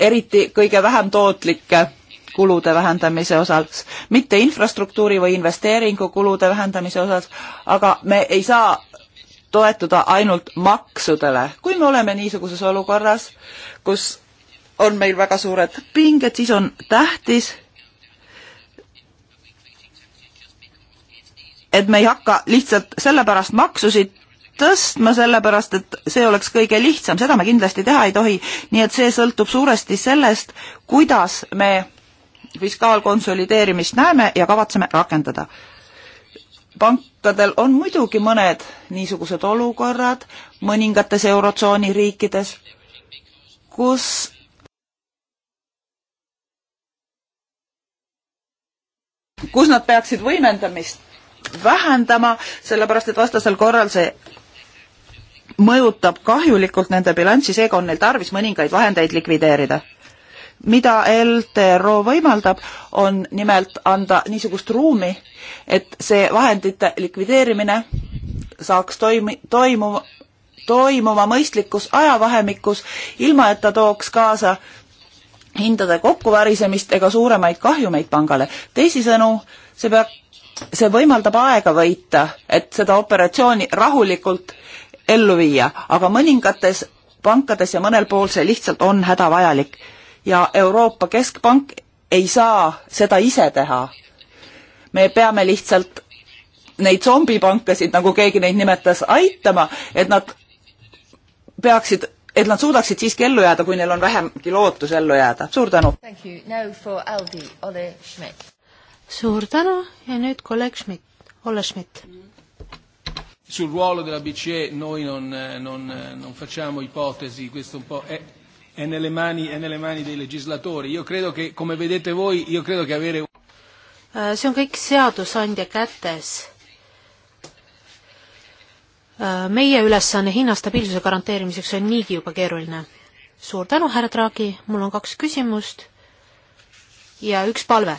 eriti kõige vähem tootlike kulude vähendamise osas, mitte infrastruktuuri või investeeringukulude vähendamise osas, aga me ei saa toetuda ainult maksudele. kui me oleme niisuguses olukorras, kus on meil väga suured pinged, siis on tähtis, et me ei hakka lihtsalt sellepärast maksusid tõstma, sellepärast et see oleks kõige lihtsam, seda me kindlasti teha ei tohi, nii et see sõltub suuresti sellest, kuidas me fiskaalkonsolideerimist näeme ja kavatseme rakendada pankadel on muidugi mõned niisugused olukorrad mõningates Eurotsooni riikides, kus kus nad peaksid võimendamist vähendama, sellepärast et vastasel korral see mõjutab kahjulikult nende bilanssi, seega on neil tarvis mõningaid vahendeid likvideerida mida LTRO võimaldab, on nimelt anda niisugust ruumi, et see vahendite likvideerimine saaks toimi-, toimu-, toimuma mõistlikus ajavahemikus, ilma et ta tooks kaasa hindade kokkuvarisemist ega suuremaid kahjumeid pangale. teisisõnu, see peab, see võimaldab aega võita, et seda operatsiooni rahulikult ellu viia, aga mõningates pankades ja mõnel pool see lihtsalt on hädavajalik ja Euroopa Keskpank ei saa seda ise teha. me peame lihtsalt neid zombipankasid, nagu keegi neid nimetas, aitama, et nad peaksid, et nad suudaksid siiski ellu jääda, kui neil on vähemgi lootus ellu jääda. suur tänu! suur tänu ja nüüd kolleeg Schmidt, Olle Schmidt. Sul ruolo della BCE noi non, non, non facciamo ipotesi, questo un po' è è nelle, mani, è nelle mani dei legislatori. Io credo che, come vedete voi, io credo che avere... Äh, see on kõik seadusandja kätes. Äh, meie ülesanne hinnastabiilsuse garanteerimiseks on niigi juba keeruline. suur tänu, härra Draghi, mul on kaks küsimust ja üks palve.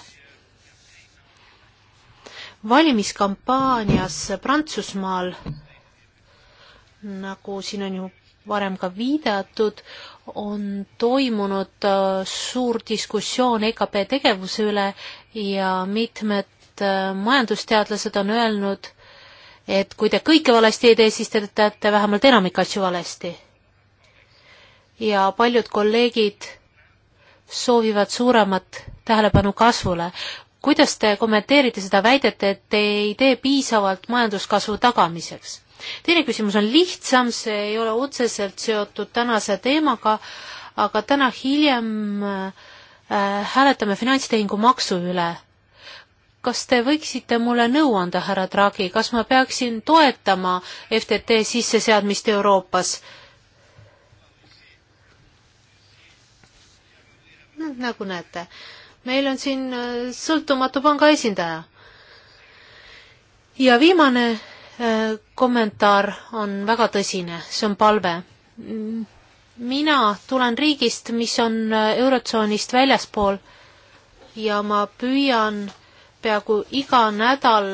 valimiskampaanias Prantsusmaal, nagu siin on ju varem ka viidatud, on toimunud äh, suur diskussioon EKP tegevuse üle ja mitmed äh, majandusteadlased on öelnud, et kui te kõike valesti ei tee, siis te teete vähemalt enamik asju valesti. ja paljud kolleegid soovivad suuremat tähelepanu kasvule. kuidas te kommenteerite seda väidet, et te ei tee piisavalt majanduskasvu tagamiseks? teine küsimus on lihtsam, see ei ole otseselt seotud tänase teemaga, aga täna hiljem äh, hääletame finantstehingu maksu üle kas te võiksite mulle nõu anda, härra Draghi, kas ma peaksin toetama FTT sisseseadmist Euroopas? noh, nagu näete, meil on siin äh, sõltumatu panga esindaja. ja viimane kommentaar on väga tõsine, see on palve. mina tulen riigist, mis on Eurotsoonist väljaspool ja ma püüan peaaegu iga nädal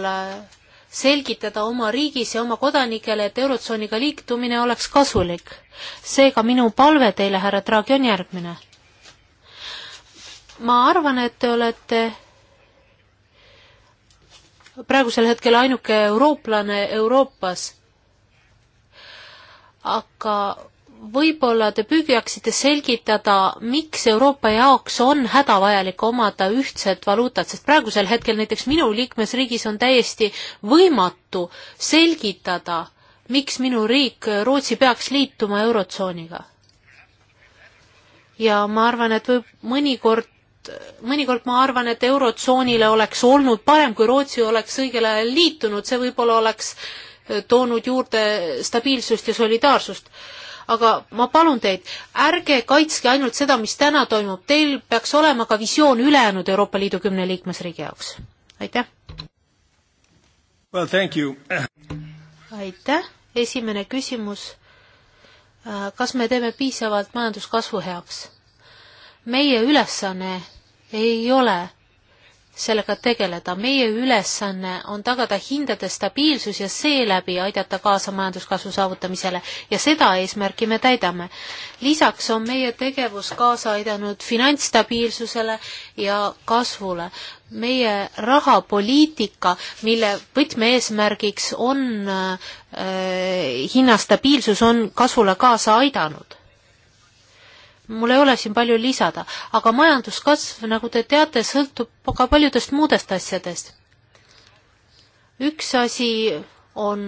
selgitada oma riigis ja oma kodanikele, et Eurotsooniga liitumine oleks kasulik. seega minu palve teile, härra Draghi, on järgmine. ma arvan, et te olete praegusel hetkel ainuke eurooplane Euroopas. aga võib-olla te püüaksite selgitada, miks Euroopa jaoks on hädavajalik omada ühtset valuutat, sest praegusel hetkel näiteks minu liikmesriigis on täiesti võimatu selgitada, miks minu riik, Rootsi, peaks liituma Eurotsooniga. ja ma arvan, et võib mõnikord mõnikord ma arvan, et Eurotsoonile oleks olnud parem, kui Rootsi oleks õigel ajal liitunud, see võib-olla oleks eh, toonud juurde stabiilsust ja solidaarsust. aga ma palun teid, ärge kaitske ainult seda, mis täna toimub, teil peaks olema ka visioon ülejäänud Euroopa Liidu kümne liikmesriigi jaoks. aitäh! Well, thank you. aitäh, esimene küsimus. Äh, kas me teeme piisavalt majanduskasvu heaks? meie ülesanne ei ole sellega tegeleda, meie ülesanne on tagada hindade stabiilsus ja seeläbi aidata kaasa majanduskasvu saavutamisele ja seda eesmärki me täidame. lisaks on meie tegevus kaasa aidanud finantsstabiilsusele ja kasvule. meie rahapoliitika, mille võtmeeesmärgiks on äh, hinnastabiilsus, on kasvule kaasa aidanud mul ei ole siin palju lisada, aga majanduskasv, nagu te teate, sõltub ka paljudest muudest asjadest. üks asi on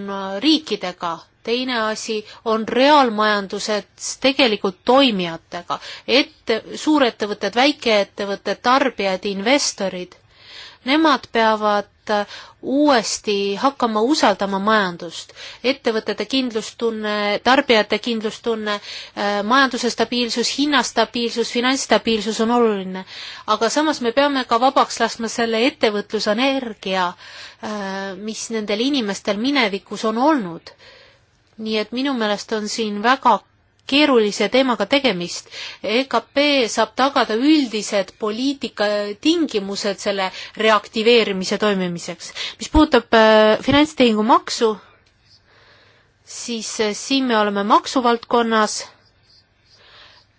riikidega, teine asi on reaalmajanduses tegelikult toimijatega, ette, suurettevõtted, väikeettevõtted, tarbijad, investorid Nemad peavad uuesti hakkama usaldama majandust, ettevõtete kindlustunne, tarbijate kindlustunne, äh, majanduse stabiilsus, hinnastabiilsus, finantsstabiilsus on oluline. aga samas me peame ka vabaks laskma selle ettevõtlusenergia, äh, mis nendel inimestel minevikus on olnud nii et minu meelest on siin väga keerulise teemaga tegemist. EKP saab tagada üldised poliitika tingimused selle reaktiveerimise toimimiseks. mis puudutab äh, finantstehingu maksu, siis äh, siin me oleme maksuvaldkonnas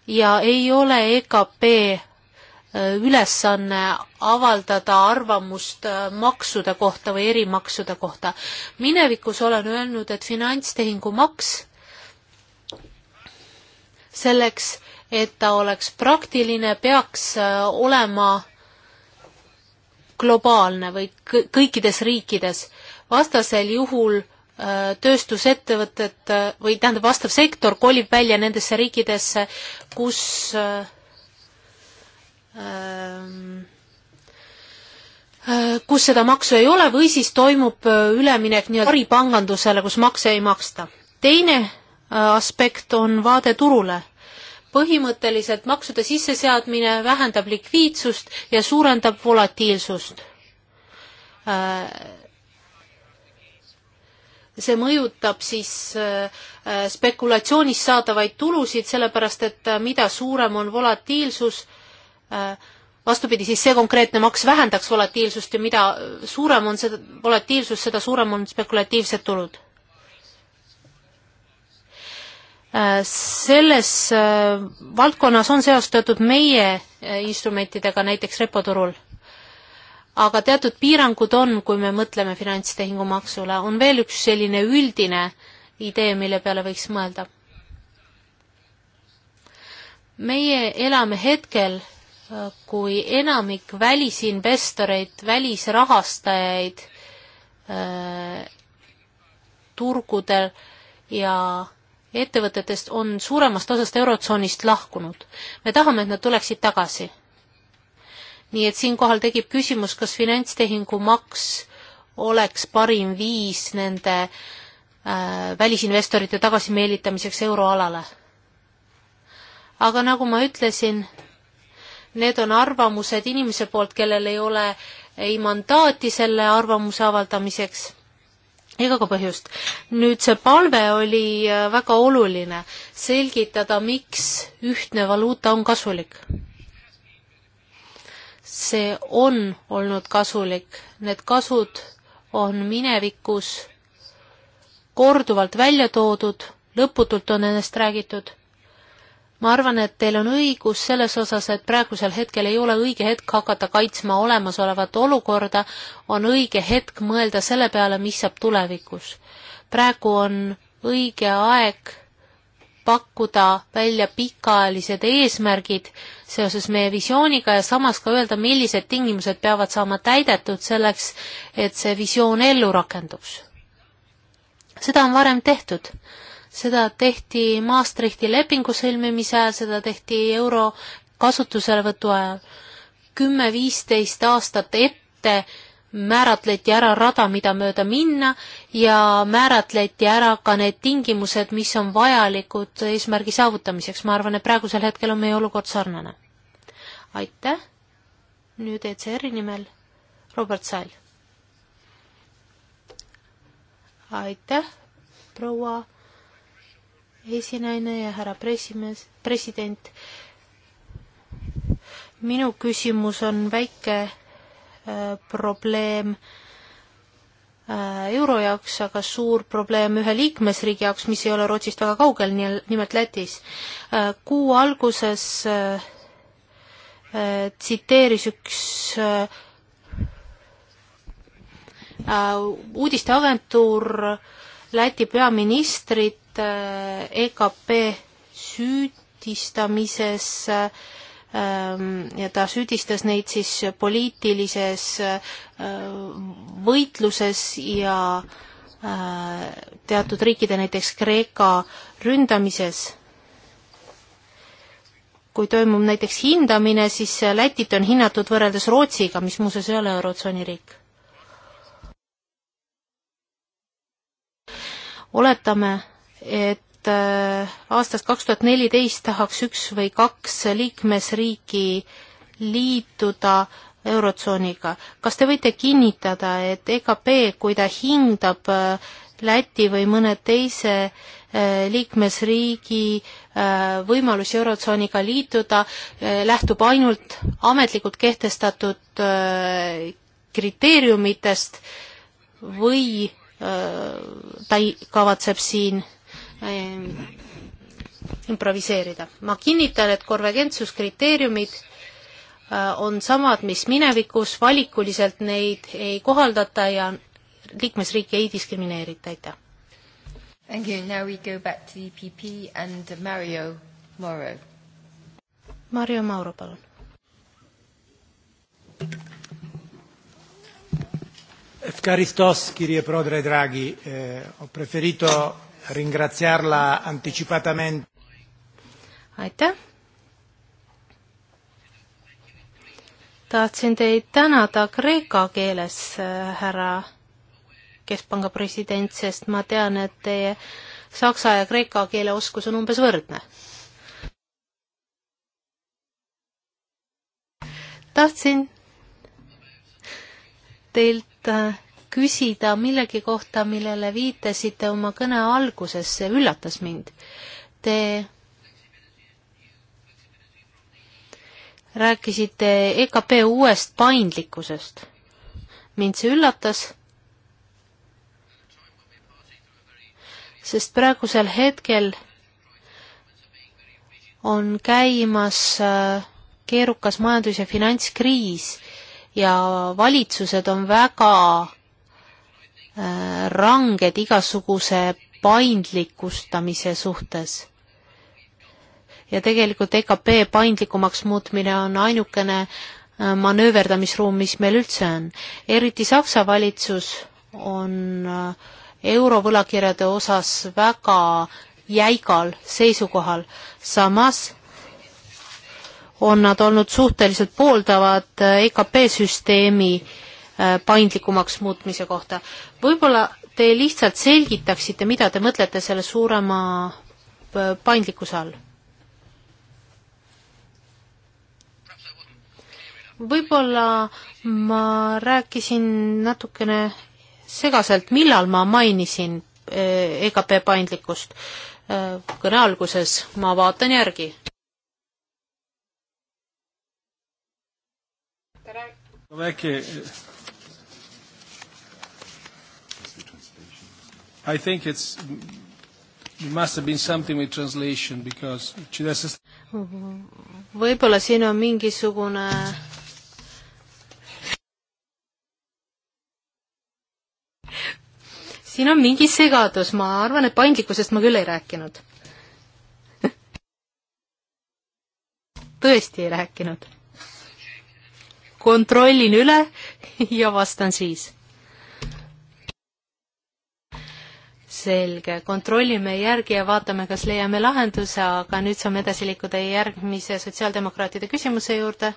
ja ei ole EKP äh, ülesanne avaldada arvamust äh, maksude kohta või erimaksude kohta. minevikus olen öelnud, et finantstehingu maks selleks, et ta oleks praktiline, peaks äh, olema globaalne või kõikides riikides. vastasel juhul äh, tööstusettevõtted äh, või tähendab, vastav sektor kolib välja nendesse riikidesse, kus ähm, kus seda maksu ei ole või siis toimub üleminek nii-öelda varipangandusele, kus makse ei maksta. teine aspekt on vaade turule. põhimõtteliselt maksude sisseseadmine vähendab likviidsust ja suurendab volatiilsust. see mõjutab siis äh, spekulatsioonist saadavaid tulusid, sellepärast et äh, mida suurem on volatiilsus, äh, vastupidi, siis see konkreetne maks vähendaks volatiilsust ja mida suurem on see volatiilsus, seda suurem on spekulatiivsed tulud. Äh, selles äh, valdkonnas on seostatud meie äh, instrumentidega, näiteks repoturul. aga teatud piirangud on, kui me mõtleme finantstehingumaksule, on veel üks selline üldine idee, mille peale võiks mõelda. meie elame hetkel, kui enamik välisinvestoreid, välisrahastajaid äh, turgudel ja äh, ettevõtetest on suuremast osast Eurotsoonist lahkunud. me tahame, et nad tuleksid tagasi. nii et siinkohal tekib küsimus, kas finantstehingumaks oleks parim viis nende äh, välisinvestorite tagasimeelitamiseks euroalale. aga nagu ma ütlesin, need on arvamused inimese poolt, kellel ei ole ei mandaati selle arvamuse avaldamiseks ega ka põhjust. nüüd see palve oli äh, väga oluline, selgitada, miks ühtne valuuta on kasulik. see on olnud kasulik, need kasud on minevikus korduvalt välja toodud, lõputult on nendest räägitud ma arvan, et teil on õigus selles osas, et praegusel hetkel ei ole õige hetk hakata kaitsma olemasolevat olukorda, on õige hetk mõelda selle peale, mis saab tulevikus. praegu on õige aeg pakkuda välja pikaajalised eesmärgid seoses meie visiooniga ja samas ka öelda, millised tingimused peavad saama täidetud selleks, et see visioon ellu rakenduks. seda on varem tehtud seda tehti Maastrichti lepingu sõlmimise ajal, seda tehti euro kasutuselevõtu ajal. kümme-viisteist aastat ette määratleti ära rada, mida mööda minna ja määratleti ära ka need tingimused, mis on vajalikud eesmärgi saavutamiseks. ma arvan, et praegusel hetkel on meie olukord sarnane. aitäh! nüüd ECR-i nimel Robert Sall. aitäh, proua esinaine ja härra pressimees, president. minu küsimus on väike äh, probleem äh, euro jaoks, aga suur probleem ühe liikmesriigi jaoks, mis ei ole Rootsist väga kaugel, nimelt Lätis äh,. kuu alguses äh, äh, tsiteeris üks äh, uudisteagentuur Läti peaministrit, EKP äh, e süüdistamises ähm, ja ta süüdistas neid siis poliitilises äh, võitluses ja äh, teatud riikide, näiteks Kreeka ründamises. kui toimub näiteks hindamine, siis Lätit on hinnatud võrreldes Rootsiga, mis muuseas ei ole Eurotsooni riik. oletame et äh, aastast kaks tuhat neliteist tahaks üks või kaks liikmesriiki liituda Eurotsooniga. kas te võite kinnitada, et EKP, kui ta hindab äh, Läti või mõne teise äh, liikmesriigi võimalusi Eurotsooniga liituda, lähtub ainult ametlikult kehtestatud kriteeriumitest või ta kavatseb siin Äh, improviseerida. ma kinnitan, et konvergentsuskriteeriumid äh, on samad, mis minevikus, valikuliselt neid ei kohaldata ja liikmesriiki ei diskrimineerita, aitäh. Thank you, now we go back to the EPP and Mario Mauro. Mario Mauro, palun. Efkaristos, kirje Prodre Draghi eh,, ho preferito ringraziarla anticipatamente. aitäh! tahtsin teid tänada kreeka keeles, härra keskpanga president, sest ma tean, et teie saksa ja kreeka keele oskus on umbes võrdne. tahtsin teilt äh, küsida millegi kohta, millele viitasite oma kõne alguses, see üllatas mind. Te rääkisite EKP uuest paindlikkusest. mind see üllatas, sest praegusel hetkel on käimas äh, keerukas majandus- ja finantskriis ja valitsused on väga ranged igasuguse paindlikustamise suhtes. ja tegelikult EKP paindlikumaks muutmine on ainukene äh, manööverdamisruum, mis meil üldse on. eriti Saksa valitsus on äh, eurovõlakirjade osas väga jäigal seisukohal, samas on nad olnud suhteliselt pooldavad äh, EKP süsteemi äh, Äh, paindlikumaks muutmise kohta. võib-olla te lihtsalt selgitaksite, mida te mõtlete selle suurema äh, paindlikkuse all? võib-olla ma rääkisin natukene segaselt, millal ma mainisin äh, EKP paindlikkust. kõne alguses ma vaatan järgi. Te räägite I think it's must have been something with translation because Chidas võib-olla siin on mingisugune siin on mingi segadus, ma arvan, et paindlikkusest ma küll ei rääkinud tõesti ei rääkinud. kontrollin üle ja vastan siis selge, kontrollime järgi ja vaatame, kas leiame lahenduse, aga nüüd saame edasi liikuda järgmise sotsiaaldemokraatide küsimuse juurde.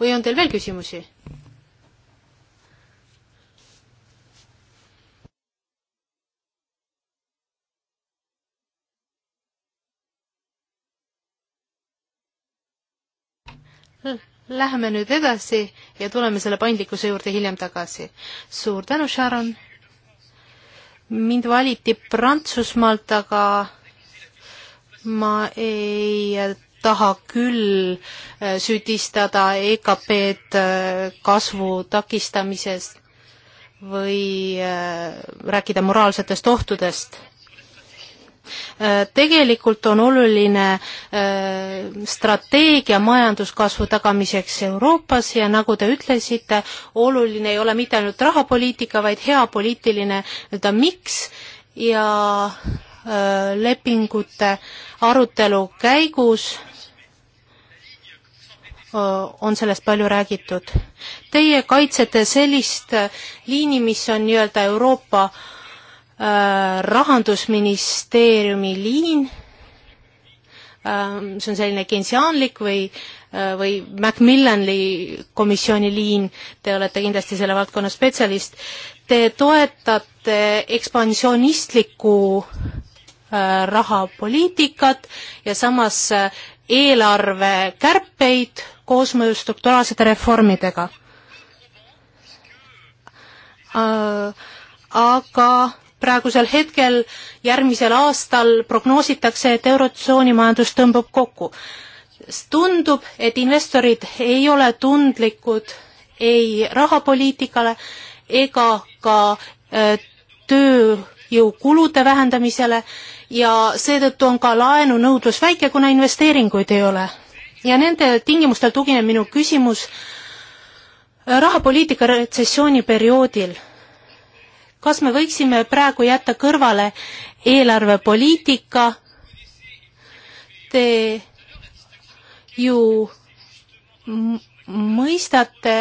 või on teil veel küsimusi? Läheme nüüd edasi ja tuleme selle paindlikkuse juurde hiljem tagasi. suur tänu, Sharon! mind valiti Prantsusmaalt, aga ma ei taha küll äh, süüdistada EKP-d äh, kasvu takistamises või äh, rääkida moraalsetest ohtudest Äh, tegelikult on oluline äh, strateegia majanduskasvu tagamiseks Euroopas ja nagu te ütlesite, oluline ei ole mitte ainult rahapoliitika, vaid hea poliitiline nii-öelda miks ja äh, lepingute arutelu käigus on sellest palju räägitud. Teie kaitsete sellist liini, mis on nii-öelda Euroopa äh, Äh, rahandusministeeriumi liin, ähm, see on selline kentsiaanlik või, äh, või Macmillan'i komisjoni liin, te olete kindlasti selle valdkonna spetsialist, te toetate ekspansionistlikku äh, rahapoliitikat ja samas eelarvekärpeid koosmõju strukturaalsete reformidega. aga praegusel hetkel, järgmisel aastal prognoositakse, et Eurotsooni majandus tõmbub kokku. tundub, et investorid ei ole tundlikud ei rahapoliitikale ega ka öö, äh, tööjõukulude vähendamisele ja seetõttu on ka laenunõudlus väike, kuna investeeringuid ei ole. ja nendel tingimustel tugineb minu küsimus äh, rahapoliitika retsessiooni perioodil kas me võiksime praegu jätta kõrvale eelarvepoliitika? Te ju mõistate,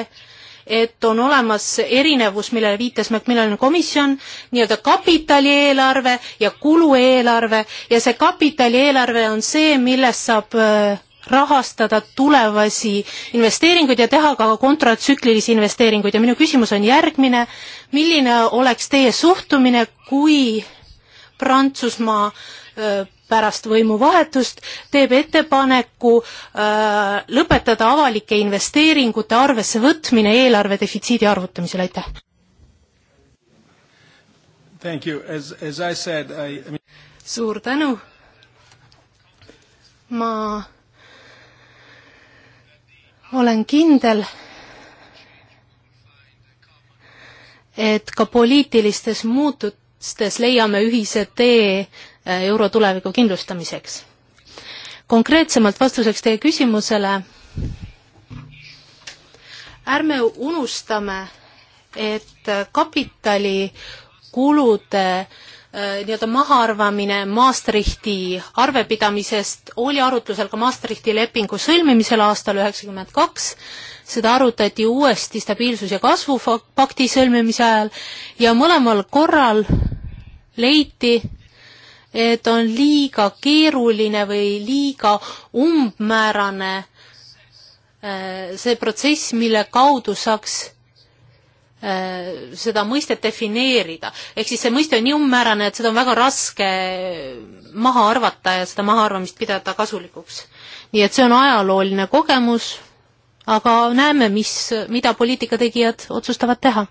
et on olemas erinevus, millele viitas Macmillani komisjon, nii-öelda kapitalieelarve ja kulueelarve ja see kapitalieelarve on see, millest saab äh, rahastada tulevasi investeeringuid ja teha ka kontratsüklilisi investeeringuid ja minu küsimus on järgmine, milline oleks teie suhtumine, kui Prantsusmaa pärast võimuvahetust teeb ettepaneku öö, lõpetada avalike investeeringute arvesse võtmine eelarve defitsiidi arvutamisel, aitäh! As, as I said, I... suur tänu! ma olen kindel, et ka poliitilistes muutustes leiame ühise tee eh, euro tuleviku kindlustamiseks. konkreetsemalt vastuseks teie küsimusele, ärme unustame, et kapitalikulude äh, Äh, nii-öelda mahaarvamine Maastrichti arvepidamisest oli arutlusel ka Maastrichti lepingu sõlmimisel aastal üheksakümmend kaks, seda arutati uuesti stabiilsus- ja kasvupakti sõlmimise ajal ja mõlemal korral leiti, et on liiga keeruline või liiga umbmäärane äh, see protsess, mille kaudu saaks Äh, seda mõistet defineerida. ehk siis see mõiste on nii umbmäärane, et seda on väga raske maha arvata ja seda mahaarvamist pidada kasulikuks. nii et see on ajalooline kogemus, aga näeme, mis, mida poliitikategijad otsustavad teha.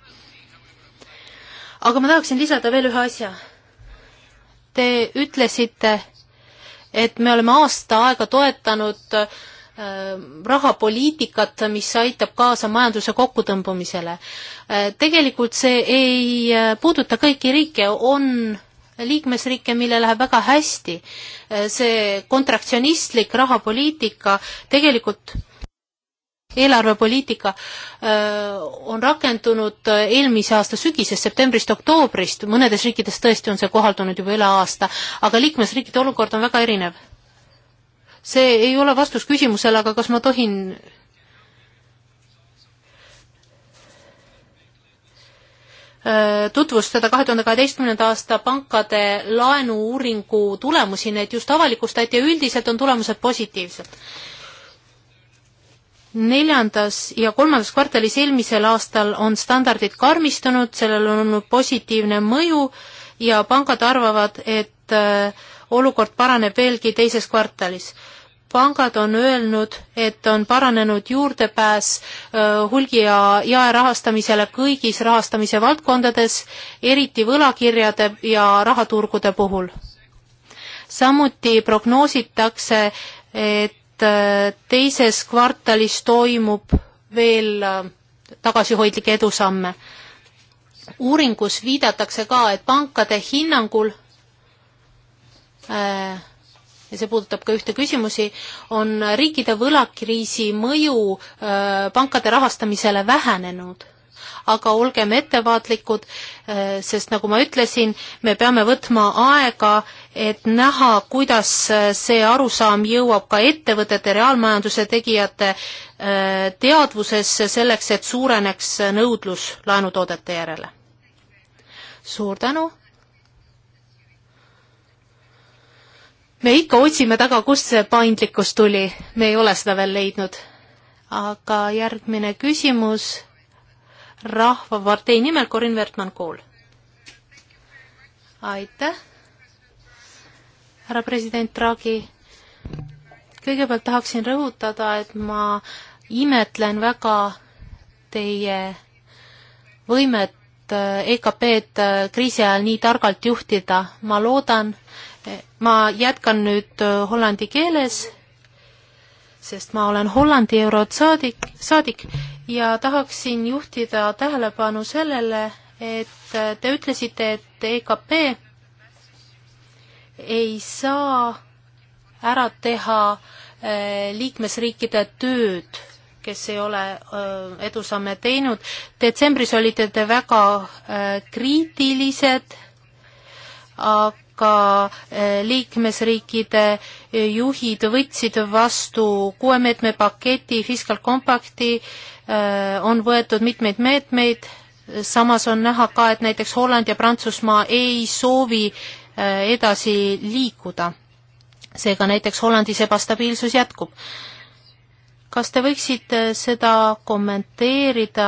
aga ma tahaksin lisada veel ühe asja. Te ütlesite, et me oleme aasta aega toetanud äh, Äh, rahapoliitikat, mis aitab kaasa majanduse kokkutõmbumisele. Äh, tegelikult see ei äh, puuduta kõiki riike, on liikmesriike, millel läheb väga hästi. see kontraktsionistlik rahapoliitika tegelikult eelarvepoliitika on rakendunud eelmise aasta sügisest, septembrist, oktoobrist, mõnedes riikides tõesti on see kohaldunud juba üle aasta, aga liikmesriikide olukord on väga erinev see ei ole vastus küsimusele, aga kas ma tohin äh, tutvustada kahe tuhande kaheteistkümnenda aasta pankade laenu-uuringu tulemusi, need just avalikustati ja üldiselt on tulemused positiivsed. neljandas ja kolmandas kvartalis eelmisel aastal on standardid karmistunud, sellel on olnud positiivne mõju ja pangad arvavad, et äh, olukord paraneb veelgi teises kvartalis. pangad on öelnud, et on paranenud juurdepääs hulgi- ja jaerahastamisele kõigis rahastamise valdkondades, eriti võlakirjade ja rahaturgude puhul. samuti prognoositakse, et teises kvartalis toimub veel tagasihoidlikke edusamme. uuringus viidatakse ka, et pankade hinnangul Äh, ja see puudutab ka ühte küsimusi, on riikide võlakriisi mõju äh, pankade rahastamisele vähenenud. aga olgem ettevaatlikud, äh, sest nagu ma ütlesin, me peame võtma aega, et näha, kuidas see arusaam jõuab ka ettevõtete, reaalmajanduse tegijate teadvusesse selleks, et suureneks nõudlus laenutoodete järele. suur tänu me ikka otsime taga, kust see paindlikkus tuli, me ei ole seda veel leidnud. aga järgmine küsimus Rahvapartei nimel Corin Wertmann-Kool. aitäh, härra president Draghi. kõigepealt tahaksin rõhutada, et ma imetlen väga teie võimet EKP-d eh, e eh, kriisi ajal nii targalt juhtida. ma loodan, ma jätkan nüüd äh, hollandi keeles, sest ma olen Hollandi eurosaadik, saadik ja tahaksin juhtida tähelepanu sellele, et äh, te ütlesite, et EKP ei saa ära teha äh, liikmesriikide tööd, kes ei ole edusamme teinud. detsembris olite te väga kriitilised, aga ka eh, liikmesriikide eh, juhid võtsid vastu kuue meetme paketi, Fiscal Compacti, eh, on võetud mitmeid meetmeid, samas on näha ka, et näiteks Holland ja Prantsusmaa ei soovi edasi liikuda. seega näiteks Hollandis ebastabiilsus jätkub. kas te võiksite seda kommenteerida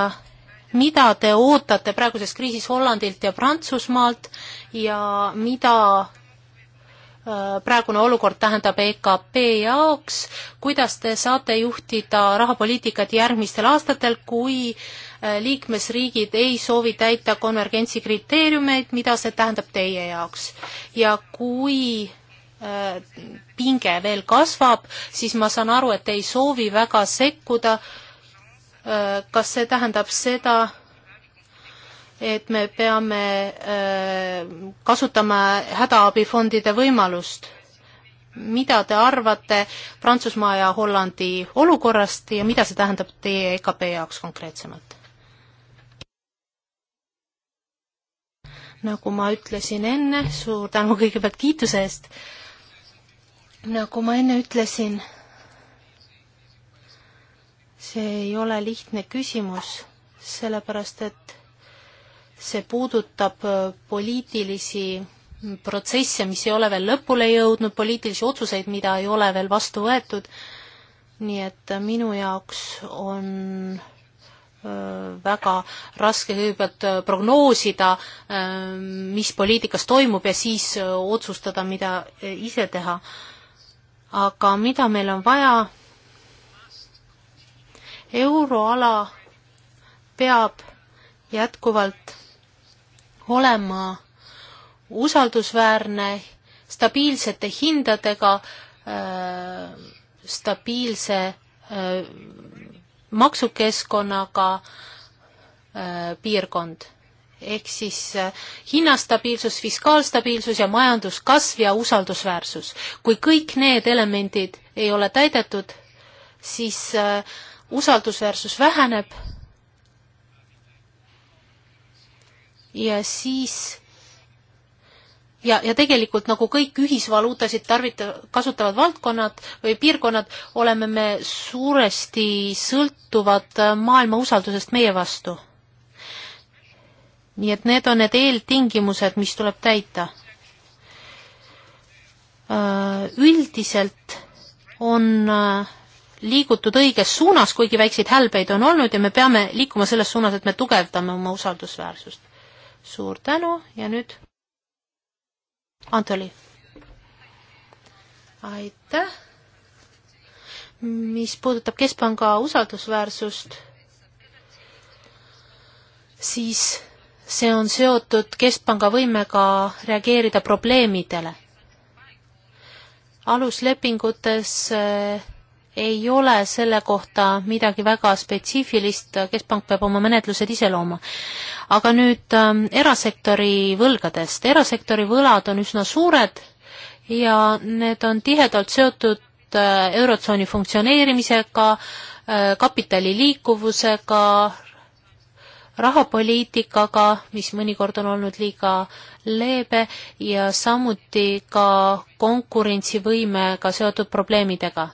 mida te ootate praeguses kriisis Hollandilt ja Prantsusmaalt ja mida äh, praegune olukord tähendab EKP jaoks, kuidas te saate juhtida rahapoliitikat järgmistel aastatel, kui äh, liikmesriigid ei soovi täita konvergentsi kriteeriumeid, mida see tähendab teie jaoks? ja kui äh, pinge veel kasvab, siis ma saan aru, et te ei soovi väga sekkuda, kas see tähendab seda, et me peame äh, kasutama hädaabifondide võimalust? mida te arvate Prantsusmaa ja Hollandi olukorrast ja mida see tähendab teie EKP jaoks konkreetsemalt? nagu ma ütlesin enne, suur tänu kõigepealt kiituse eest, nagu ma enne ütlesin, see ei ole lihtne küsimus, sellepärast et see puudutab äh, poliitilisi mm, protsesse, mis ei ole veel lõpule jõudnud, poliitilisi otsuseid, mida ei ole veel vastu võetud, nii et äh, minu jaoks on äh, väga raske kõigepealt prognoosida, mis poliitikas toimub ja siis otsustada, mida ise teha. aga mida meil on vaja, euroala peab jätkuvalt olema usaldusväärne, stabiilsete hindadega äh,, stabiilse äh, maksukeskkonnaga äh, piirkond ehk siis äh, hinnastabiilsus, fiskaalstabiilsus ja majanduskasv ja usaldusväärsus. kui kõik need elemendid ei ole täidetud, siis äh, usaldusväärsus väheneb ja siis ja, ja tegelikult nagu kõik ühisvaluutasid tarvita-, kasutavad valdkonnad või piirkonnad, oleme me suuresti sõltuvad maailma usaldusest meie vastu. nii et need on need eeltingimused, mis tuleb täita. üldiselt on liigutud õiges suunas, kuigi väikseid hälbeid on olnud ja me peame liikuma selles suunas, et me tugevdame oma usaldusväärsust. suur tänu ja nüüd Antoli. aitäh. mis puudutab Keskpanga usaldusväärsust, siis see on seotud Keskpanga võimega reageerida probleemidele. aluslepingutes äh, ei ole selle kohta midagi väga spetsiifilist, keskpank peab oma menetlused ise looma. aga nüüd äh, erasektori võlgadest, erasektori võlad on üsna suured ja need on tihedalt seotud äh, Eurotsooni funktsioneerimisega äh,, kapitali liikuvusega, rahapoliitikaga, mis mõnikord on olnud liiga leebe ja samuti ka konkurentsivõimega seotud probleemidega.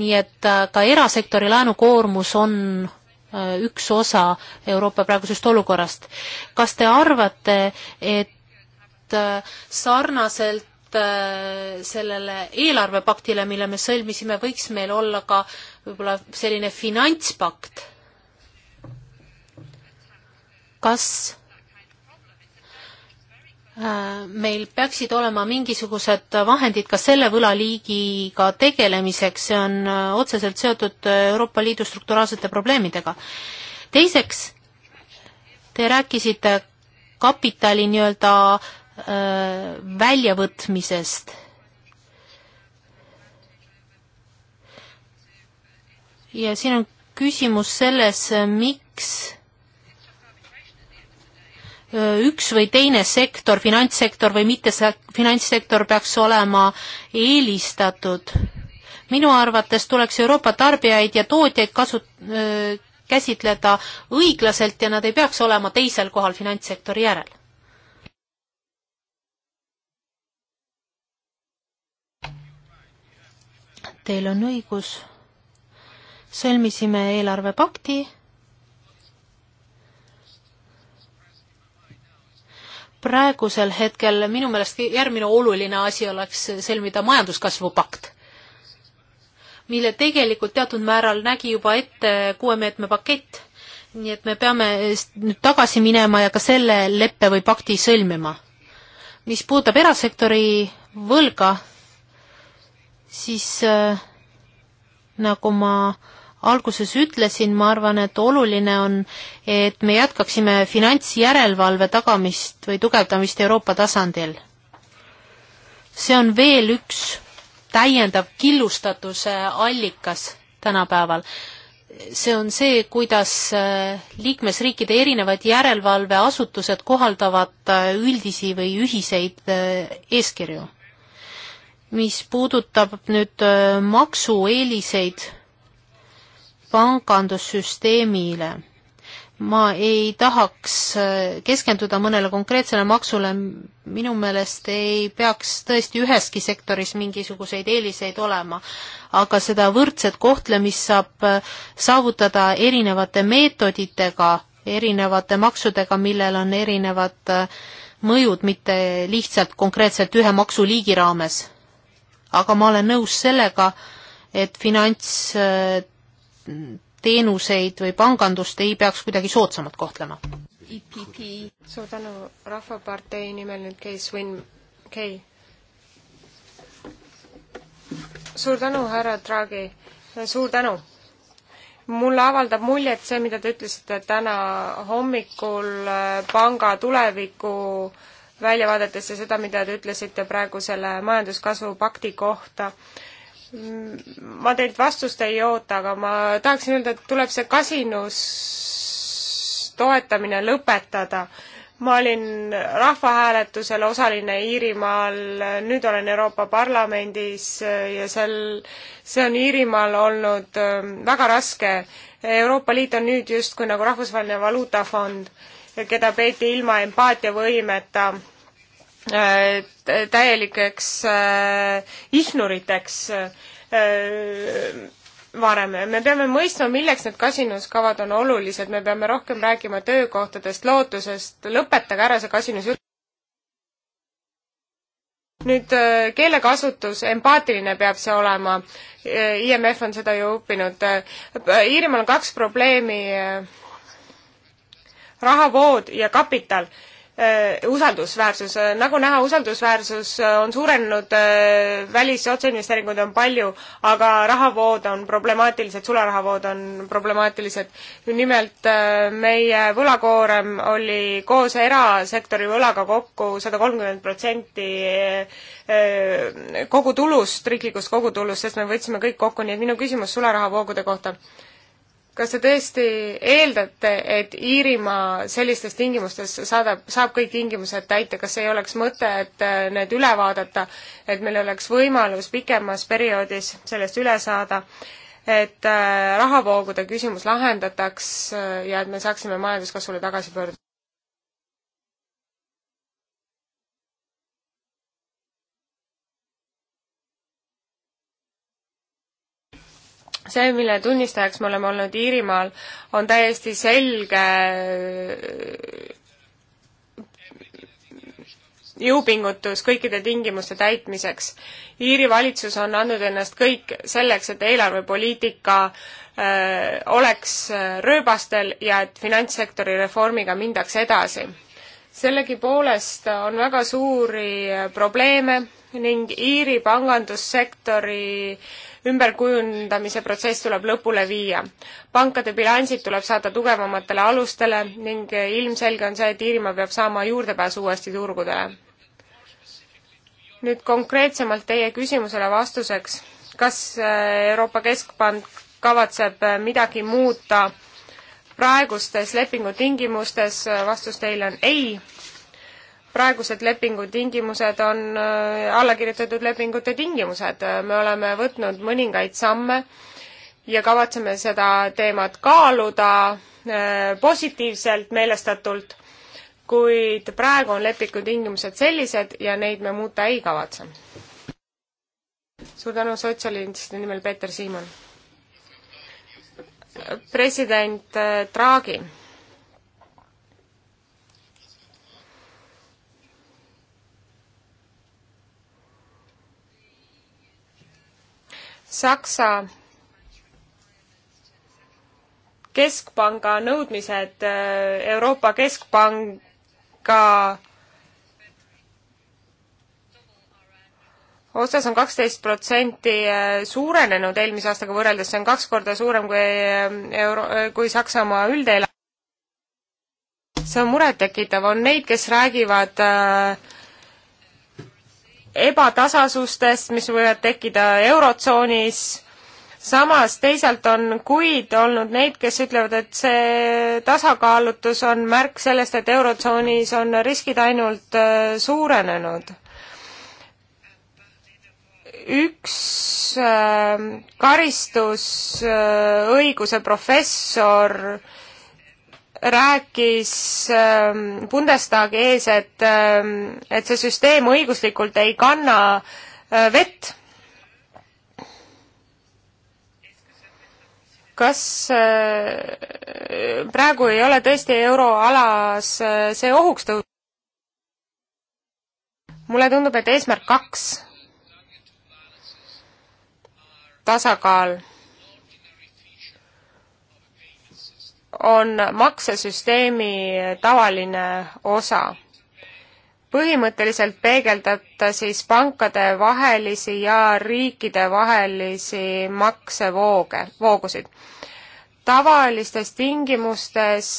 nii et äh, ka erasektori laenukoormus on äh, üks osa Euroopa praegusest olukorrast. kas te arvate, et äh, sarnaselt sellele eelarvepaktile, mille me sõlmisime, võiks meil olla ka võib-olla selline finantspakt kas äh, meil peaksid olema mingisugused vahendid ka selle võlaliigiga tegelemiseks, see on äh, otseselt seotud äh, Euroopa Liidu strukturaalsete probleemidega. teiseks, te rääkisite kapitali nii-öelda väljavõtmisest. ja siin on küsimus selles, miks Äh, üks või teine sektor, finantssektor või mitte finantssektor peaks olema eelistatud. minu arvates tuleks Euroopa tarbijaid ja tootjaid kasu-, äh, käsitleda õiglaselt ja nad ei peaks olema teisel kohal finantssektori järel. Teil on õigus, sõlmisime eelarvepakti praegusel hetkel minu meelest järgmine oluline asi oleks sõlmida majanduskasvupakt, mille tegelikult teatud määral nägi juba ette kuue meetme pakett. nii et me peame nüüd tagasi minema ja ka selle leppe või pakti sõlmima. mis puudutab erasektori võlga, siis äh, nagu ma äh, alguses ütlesin, ma arvan, et oluline on, et me jätkaksime finantsjärelevalve tagamist või tugevdamist Euroopa tasandil. see on veel üks täiendav killustatuse allikas tänapäeval. see on see, kuidas äh, liikmesriikide erinevad järelevalveasutused kohaldavad äh, üldisi või ühiseid äh, eeskirju mis puudutab nüüd maksueeliseid pangandussüsteemile. ma ei tahaks äh, keskenduda mõnele konkreetsele maksule, minu meelest ei peaks tõesti üheski sektoris mingisuguseid eeliseid olema, aga seda võrdset kohtlemist saab äh, saavutada erinevate meetoditega, erinevate maksudega, millel on erinevad äh, mõjud, mitte lihtsalt konkreetselt ühe maksuliigi raames. aga ma olen nõus sellega, et finants teenuseid või pangandust ei peaks kuidagi soodsamalt kohtlema. suur tänu, Rahvapartei nimel nüüd Kei Swin-, Kei. suur tänu, härra Draghi, suur tänu! mulle avaldab muljet see, mida te ütlesite täna hommikul äh, panga tuleviku väljavaadetesse, seda, mida te ütlesite praegusele majanduskasvu pakti kohta äh,, ma teilt vastust ei oota, aga ma tahaksin öelda, et tuleb see kasinus toetamine lõpetada. ma olin rahvahääletusel osaline Iirimaal, nüüd olen Euroopa Parlamendis ja sel, see on Iirimaal olnud ähm, väga raske. Euroopa Liit on nüüd justkui nagu rahvusvaheline valuutafond, keda peeti ilma empaatiavõimeta Äh, täielikeks äh, ihnuriteks äh, varem. me peame mõistma, milleks need kasinuskavad on olulised, me peame rohkem rääkima töökohtadest, lootusest, lõpetage ära see kasinus. nüüd keelekasutus, empaatiline peab see olema. IMF on seda ju õppinud. Iirimaal on kaks probleemi. rahavood ja kapital Äh, usaldusväärsus, äh, nagu näha, usaldusväärsus äh, on suurenenud, välis- ja otseinvesteeringuid on palju, aga rahavood on problemaatilised, sularahavood on problemaatilised. nimelt meie võlakoorem oli koos erasektori võlaga kokku sada kolmkümmend protsenti kogutulust, riiklikust kogutulust, sest me võtsime kõik kokku, nii et minu küsimus sularahavoogude kohta kas te tõesti eeldate, et Iirimaa sellistes tingimustes saadab, saab kõik tingimused täita, kas ei oleks mõte, et äh, need üle vaadata, et meil oleks võimalus pikemas perioodis sellest üle saada, et äh, rahavoogude küsimus lahendataks äh, ja et me saaksime majanduskasvule tagasi pöörduda? see, mille tunnistajaks me oleme olnud Iirimaal, on täiesti selge äh, jõupingutus kõikide tingimuste täitmiseks. Iiri valitsus on andnud ennast kõik selleks, et eelarvepoliitika öö, äh, oleks äh, rööbastel ja et finantssektori reformiga mindaks edasi. sellegipoolest on väga suuri probleeme ning Iiri pangandussektori öö, ümberkujundamise protsess tuleb lõpule viia. pankade bilansid tuleb saada tugevamatele alustele ning ilmselge on see, et Iirimaa peab saama juurdepääsu uuesti turgudele. nüüd konkreetsemalt teie küsimusele vastuseks, kas äh, Euroopa Keskpank kavatseb äh, midagi muuta praegustes lepingutingimustes, vastus teile on ei praegused lepingutingimused on äh, alla kirjutatud lepingute tingimused, me oleme võtnud mõningaid samme ja kavatseme seda teemat kaaluda äh, positiivselt, meelestatult, kuid praegu on lepingutingimused sellised ja neid me muuta ei kavatse. suur tänu sotsialistide nimel, Peeter Siimann. president äh, Draghi Saksa keskpanga nõudmised äh, Euroopa Keskpanga osas on kaksteist protsenti äh, suurenenud eelmise aastaga võrreldes, see on kaks korda suurem kui äh, euro, kui Saksamaa üldeelarve. see on murettekitav, on neid, kes räägivad äh, ebatasasustest, mis võivad tekkida Eurotsoonis, samas teisalt on kuid olnud neid, kes ütlevad, et see tasakaalutus on märk sellest, et Eurotsoonis on riskid ainult äh, suurenenud. üks äh, karistusõiguse professor äh, rääkis ähm, Bundestagi ees, et, ähm, et see süsteem õiguslikult ei kanna äh, vett. kas äh, praegu ei ole tõesti euroalas äh, see ohuks tõusnud? mulle tundub, et eesmärk kaks, tasakaal on maksesüsteemi tavaline osa. põhimõtteliselt peegeldab ta siis pankade vahelisi ja riikide vahelisi maksevooge, voogusid. tavalistes tingimustes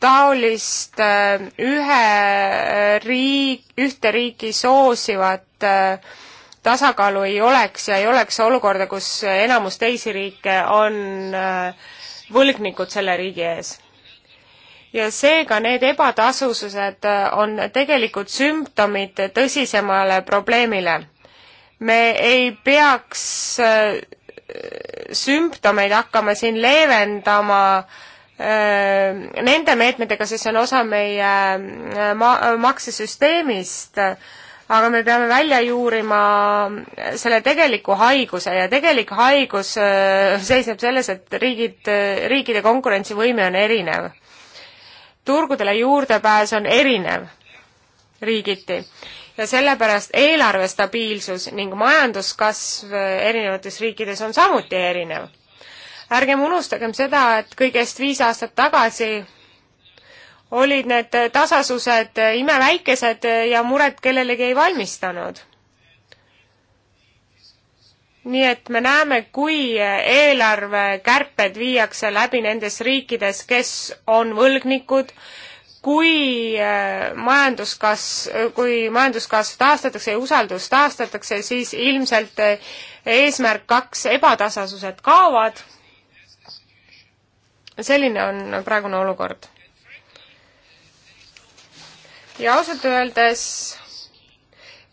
taolist äh, ühe riik, ühte riiki soosivat äh, tasakaalu ei oleks ja ei oleks olukorda, kus enamus teisi riike on äh, võlgnikud selle riigi ees. ja seega need ebatasusused äh, on tegelikult sümptomid tõsisemale probleemile. me ei peaks äh, sümptomeid hakkama siin leevendama nende meetmetega, sest see on osa meie ma-, maksesüsteemist, aga me peame välja juurima selle tegeliku haiguse ja tegelik haigus äh, seisneb selles, et riigid, äh, riikide konkurentsivõime on erinev. turgudele juurdepääs on erinev riigiti ja sellepärast eelarve stabiilsus ning majanduskasv äh, erinevates riikides on samuti erinev. ärgem unustagem seda, et kõigest viis aastat tagasi olid need tasasused eh, imeväikesed eh, ja muret kellelegi ei valmistanud. nii et me näeme, kui eh, eelarvekärped viiakse läbi nendes riikides, kes on võlgnikud, kui majanduskasv, kui majanduskasv taastatakse ja usaldus taastatakse, siis ilmselt eesmärk kaks ebatasasused kaovad. selline on praegune olukord ja ausalt öeldes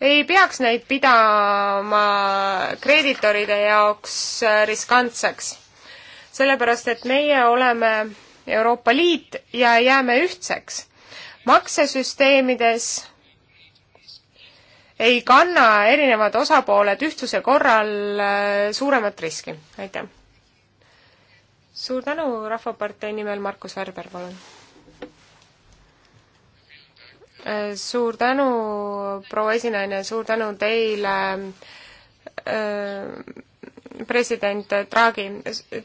ei peaks neid pidama kreeditoride jaoks äh, riskantseks. sellepärast, et meie oleme Euroopa Liit ja jääme ühtseks. maksesüsteemides ei kanna erinevad osapooled ühtsuse korral äh, suuremat riski. aitäh! suur tänu, Rahvapartei nimel Markus Värber, palun! suur tänu, proua esinaine, suur tänu teile, äh, president Draghi.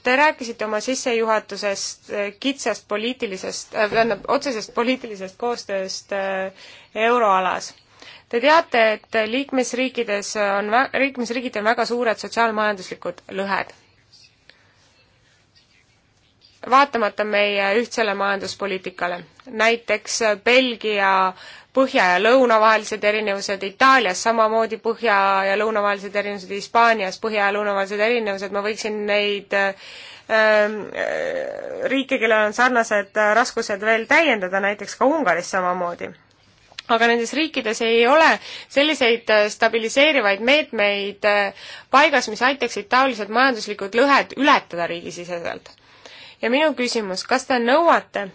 Te rääkisite oma sissejuhatusest kitsast poliitilisest, äh, tähendab, otsesest poliitilisest koostööst äh, euroalas Te teate, et liikmesriikides on, liikmesriigid on väga suured sotsiaalmajanduslikud lõhed vaatamata meie ühtsele majanduspoliitikale. näiteks Belgia põhja ja lõuna vahelised erinevused, Itaalias samamoodi põhja ja lõuna vahelised erinevused, Hispaanias põhja ja lõuna vahelised erinevused, ma võiksin neid ähm, äh, riike, kellel on sarnased äh, raskused veel täiendada, näiteks ka Ungaris samamoodi aga nendes riikides ei ole selliseid äh, stabiliseerivaid meetmeid paigas, mis aitaksid taolised majanduslikud lõhed ületada riigisiseselt ja minu küsimus, kas te nõuate,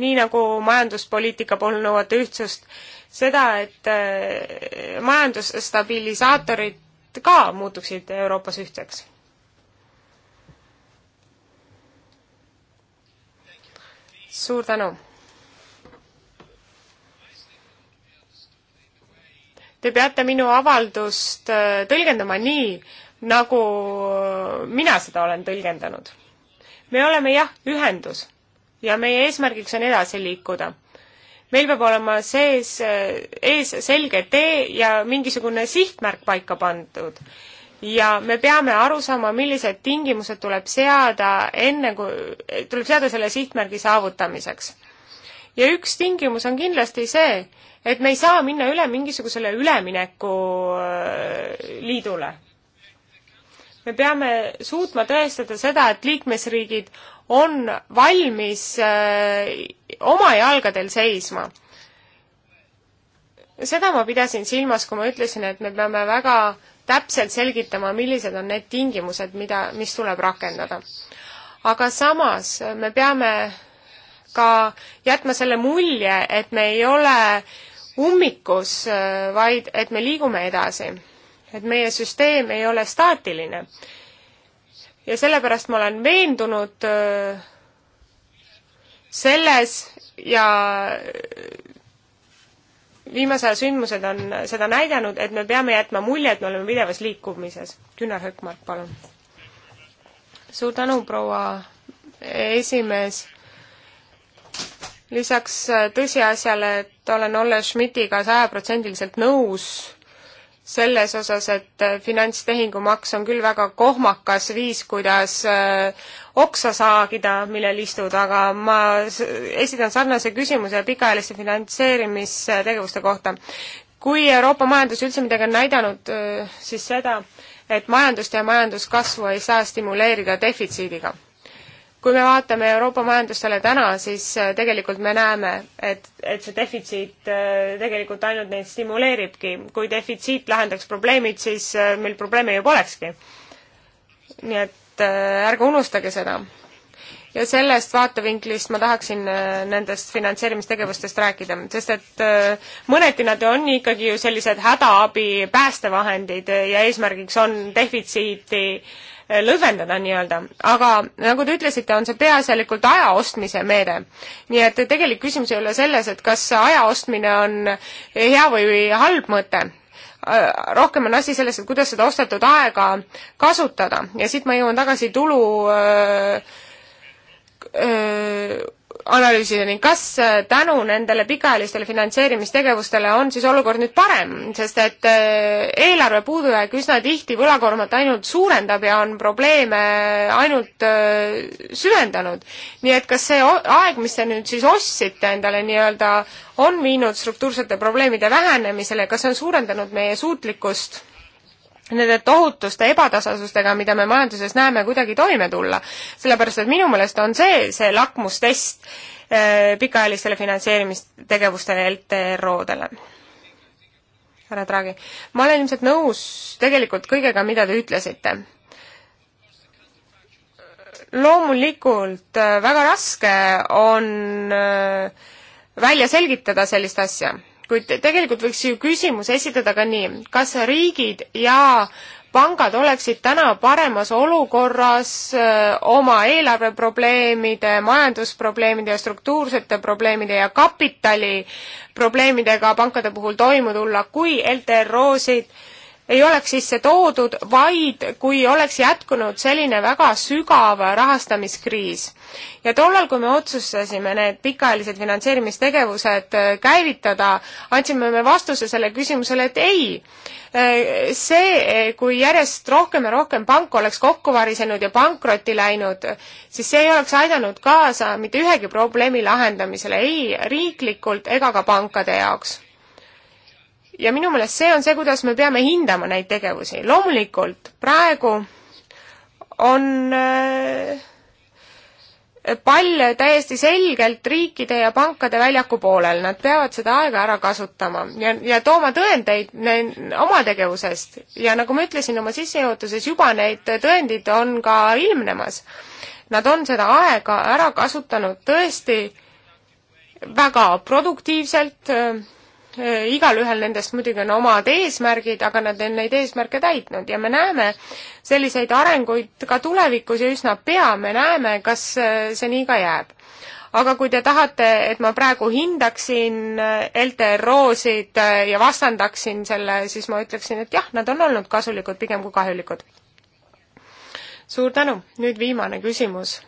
nii nagu majanduspoliitika puhul nõuate ühtsust, seda, et äh, majandusstabilisaatorid ka muutuksid Euroopas ühtseks? suur tänu! te peate minu avaldust äh, tõlgendama nii, nagu äh, mina seda olen tõlgendanud me oleme jah, ühendus ja meie eesmärgiks on edasi liikuda. meil peab olema sees, eh, ees selge tee ja mingisugune sihtmärk paika pandud. ja me peame aru saama, millised tingimused tuleb seada enne, kui, tuleb seada selle sihtmärgi saavutamiseks. ja üks tingimus on kindlasti see, et me ei saa minna üle mingisugusele üleminekuliidule eh, me peame suutma tõestada seda, et liikmesriigid on valmis äh, oma jalgadel seisma. seda ma pidasin silmas, kui ma ütlesin, et me peame väga täpselt selgitama, millised on need tingimused, mida, mis tuleb rakendada. aga samas me peame ka jätma selle mulje, et me ei ole ummikus, äh, vaid et me liigume edasi et meie süsteem ei ole staatiline. ja sellepärast ma olen veendunud äh, selles ja äh, viimase aja sündmused on seda näidanud, et me peame jätma mulje, et me oleme pidevas liikumises. Gunnar Hökmark, palun. suur tänu, proua esimees. lisaks tõsiasjale, et olen Olle Schmidtiga sajaprotsendiliselt nõus selles osas, et äh, finantstehingumaks on küll väga kohmakas viis, kuidas äh, oksa saagida, millel istuda, aga ma esitan sarnase küsimuse pikaajaliste finantseerimistegevuste kohta. kui Euroopa majandus üldse midagi on näidanud, äh, siis seda, et majandust ja majanduskasvu ei saa stimuleerida defitsiidiga kui me vaatame Euroopa majandustele täna, siis äh, tegelikult me näeme, et, et see defitsiit äh, tegelikult ainult neid stimuleeribki. kui defitsiit lahendaks probleemid, siis äh, meil probleeme ju polekski. nii et ärge unustage seda. ja sellest vaatevinklist ma tahaksin nendest finantseerimistegevustest rääkida, sest et mõneti nad on ikkagi ju sellised hädaabi päästevahendid ja eesmärgiks on defitsiiti äh, lõdvendada nii-öelda. aga nagu te ütlesite, on see peaasjalikult aja ostmise meede. nii et tegelik küsimus ei ole selles, et kas aja ostmine on hea või halb mõte rohkem on asi selles, et kuidas seda ostetud aega kasutada ja siit ma jõuan tagasi tulu öö, äh, öö, äh, analüüsida ning kas äh, tänu nendele pikaajalistele finantseerimistegevustele on siis olukord nüüd parem, sest et äh, eelarve puudujääk üsna tihti võlakoormat ainult suurendab ja on probleeme ainult äh, süvendanud. nii et kas see aeg, mis te nüüd siis ostsite endale nii-öelda, on viinud struktuursete probleemide vähenemisele, kas see on suurendanud meie suutlikkust nende tohutuste ebatasasustega, mida me majanduses näeme, kuidagi toime tulla. sellepärast, et minu meelest on see, see lakmustest äh, pikaajalistele finantseerimistegevustele LTRO-dele. härra Draghi, ma olen ilmselt nõus tegelikult kõigega, mida te ütlesite. loomulikult äh, väga raske on äh, välja selgitada sellist asja kuid tegelikult võiks ju küsimus esitada ka nii, kas riigid ja pangad oleksid täna paremas olukorras äh, oma eelarveprobleemide, majandusprobleemide ja struktuursete probleemide ja kapitaliprobleemidega pankade puhul toime tulla, kui LTRO-sid ei oleks sisse toodud, vaid kui oleks jätkunud selline väga sügav rahastamiskriis. ja tollal, kui me otsustasime need pikaajalised finantseerimistegevused äh, käivitada, andsime me vastuse sellele küsimusele, et ei, äh, see, äh, kui järjest rohkem ja rohkem panku oleks kokku varisenud ja pankrotti läinud, siis see ei oleks aidanud kaasa mitte ühegi probleemi lahendamisele, ei riiklikult ega ka pankade jaoks ja minu meelest see on see, kuidas me peame hindama neid tegevusi. loomulikult praegu on äh, pall täiesti selgelt riikide ja pankade väljaku poolel, nad peavad seda aega ära kasutama ja, ja tooma tõendeid oma tegevusest ja nagu ma ütlesin oma sissejuhatuses, juba need tõendid on ka ilmnemas. Nad on seda aega ära kasutanud tõesti väga produktiivselt äh, Äh, igalühel nendest muidugi on omad eesmärgid, aga nad on neid eesmärke täitnud ja me näeme selliseid arenguid ka tulevikus ja üsna pea me näeme, kas äh, see nii ka jääb. aga kui te tahate, et ma praegu hindaksin äh, LTRO-sid ja vastandaksin selle, siis ma ütleksin, et jah, nad on olnud kasulikud pigem kui kahjulikud. suur tänu, nüüd viimane küsimus.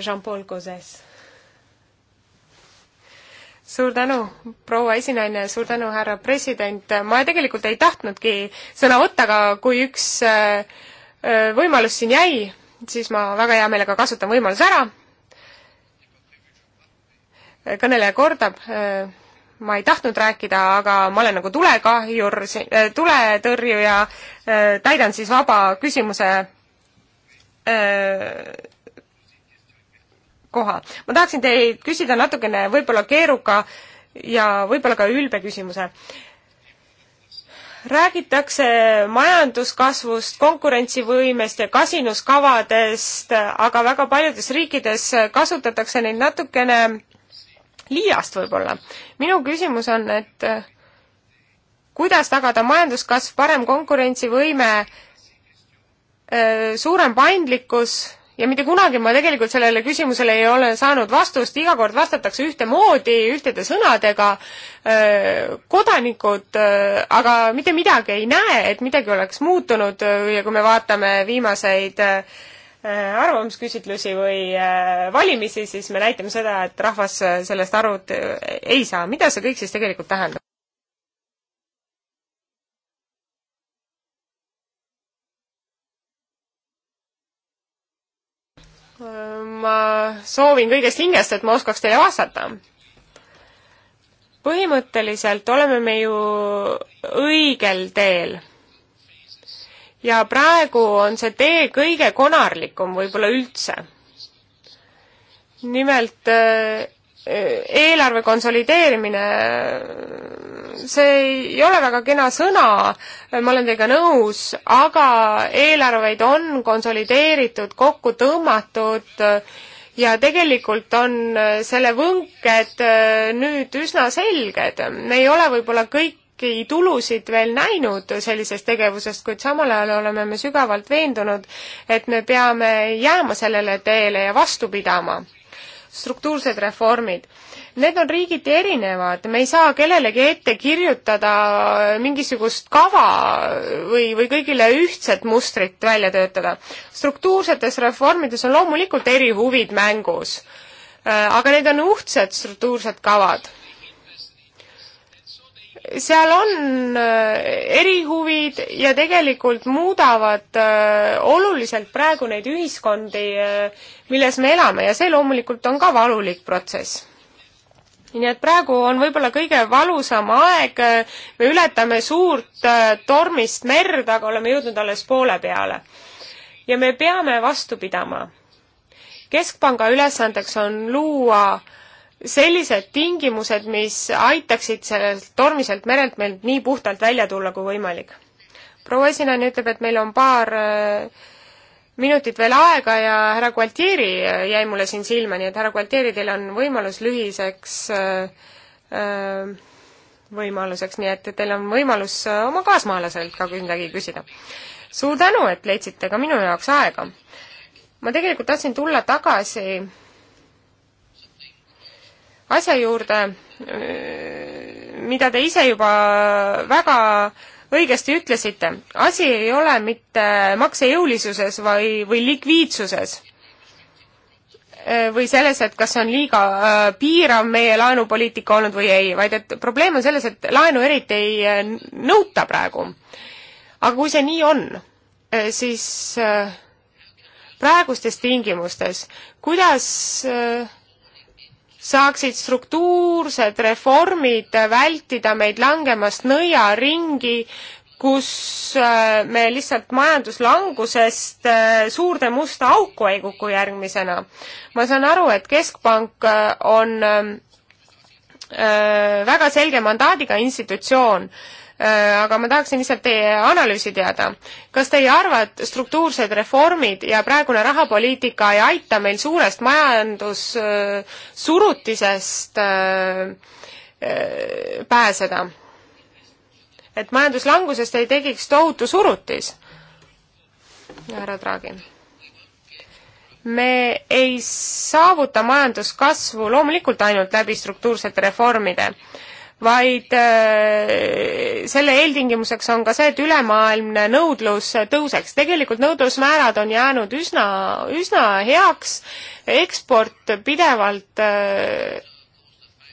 Jean-Paul Gauzes suur tänu, proua esinaine, suur tänu, härra president, ma tegelikult ei tahtnudki sõna võtta, aga kui üks äh, äh, võimalus siin jäi, siis ma väga hea meelega kasutan võimaluse ära. kõneleja kordab, äh, ma ei tahtnud rääkida, aga ma olen nagu tulekahjur, tuletõrjuja, täidan siis vaba küsimuse koha. ma tahaksin teid küsida natukene võib-olla keeruka ja võib-olla ka ülbe küsimuse. räägitakse majanduskasvust, konkurentsivõimest ja kasinuskavadest, aga väga paljudes riikides kasutatakse neid natukene liiast võib-olla. minu küsimus on, et kuidas tagada majanduskasv, parem konkurentsivõime, suurem paindlikkus ja mitte kunagi ma tegelikult sellele küsimusele ei ole saanud vastust, iga kord vastatakse ühtemoodi, ühtede sõnadega, äh, kodanikud äh, aga mitte midagi ei näe, et midagi oleks muutunud äh, ja kui me vaatame viimaseid arvamusküsitlusi või valimisi, siis me näitame seda, et rahvas sellest aru ei saa. mida see kõik siis tegelikult tähendab? ma soovin kõigest hingest, et ma oskaks teile vastata. põhimõtteliselt oleme me ju õigel teel. ja praegu on see tee kõige konarlikum võib-olla üldse. nimelt äh, eelarve konsolideerimine see ei ole väga kena sõna, ma olen teiega nõus, aga eelarveid on konsolideeritud, kokku tõmmatud ja tegelikult on selle võnked äh, nüüd üsna selged. me ei ole võib-olla kõiki tulusid veel näinud sellisest tegevusest, kuid samal ajal oleme me sügavalt veendunud, et me peame jääma sellele teele ja vastu pidama. struktuursed reformid need on riigiti erinevad, me ei saa kellelegi ette kirjutada mingisugust kava või, või kõigile ühtset mustrit välja töötada. struktuursetes reformides on loomulikult eri huvid mängus, äh, aga need on uhtsed struktuursed kavad seal on äh, erihuvid ja tegelikult muudavad äh, oluliselt praegu neid ühiskondi, milles me elame ja see loomulikult on ka valulik protsess nii et praegu on võib-olla kõige valusam aeg, me ületame suurt äh, tormist merd, aga oleme jõudnud alles poole peale. ja me peame vastu pidama. keskpanga ülesandeks on luua sellised tingimused, mis aitaksid sellelt tormiselt merelt meilt nii puhtalt välja tulla kui võimalik. proua esinaine ütleb, et meil on paar äh, minutit veel aega ja härra Gualtieri äh, jäi mulle siin silma, nii et härra Gualtieri, teil on võimalus lühiseks äh, äh, võimaluseks, nii et teil on võimalus oma kaasmaalaselt ka midagi küsida. suur tänu, et leidsite ka minu jaoks aega. ma tegelikult tahtsin tulla tagasi asja juurde, mida te ise juba väga õigesti ütlesite, asi ei ole mitte maksejõulisuses või, või likviidsuses või selles, et kas on liiga äh, piirav meie laenupoliitika olnud või ei, vaid et probleem on selles, et laenu eriti ei äh, nõuta praegu. aga kui see nii on, äh, siis praegustes tingimustes, kuidas äh, saaksid struktuursed reformid vältida meid langemast nõiaringi, kus äh, me lihtsalt majanduslangusest äh, suurde musta auku ei kuku järgmisena. ma saan aru, et Keskpank äh, on väga selge mandaadiga institutsioon Äh, aga ma tahaksin lihtsalt teie analüüsi teada. kas teie arva, et struktuursed reformid ja praegune rahapoliitika ei aita meil suurest majandussurutisest äh, äh, pääseda? et majanduslangusest ei tekiks tohutu surutis? härra Draghi me ei saavuta majanduskasvu loomulikult ainult läbi struktuursete reformide, vaid äh, selle eeltingimuseks on ka see, et ülemaailmne nõudlus tõuseks. tegelikult nõudlusmäärad on jäänud üsna, üsna heaks, eksport pidevalt äh,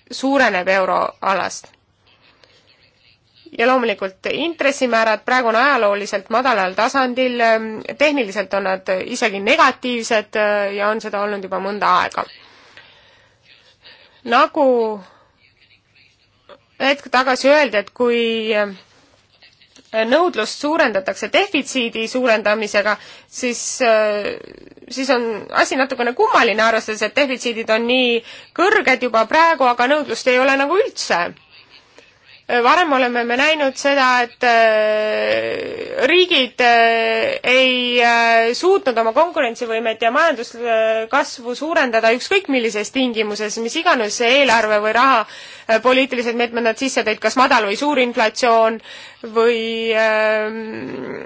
suureneb euroalast. ja loomulikult intressimäärad praegu on ajalooliselt madalal tasandil, ähm, tehniliselt on nad isegi negatiivsed äh, ja on seda olnud juba mõnda aega. nagu hetk tagasi öeldi, et kui äh, nõudlust suurendatakse defitsiidi suurendamisega, siis, äh, siis on asi natukene kummaline, arvestades, et defitsiidid on nii kõrged juba praegu, aga nõudlust ei ole nagu üldse Äh, varem oleme me näinud seda, et äh, riigid äh, ei suutnud oma konkurentsivõimet ja majanduskasvu suurendada ükskõik millises tingimuses, mis iganes eelarve või raha poliitilised meetmed nad sisse tõid, kas madal või suur inflatsioon või, ähm,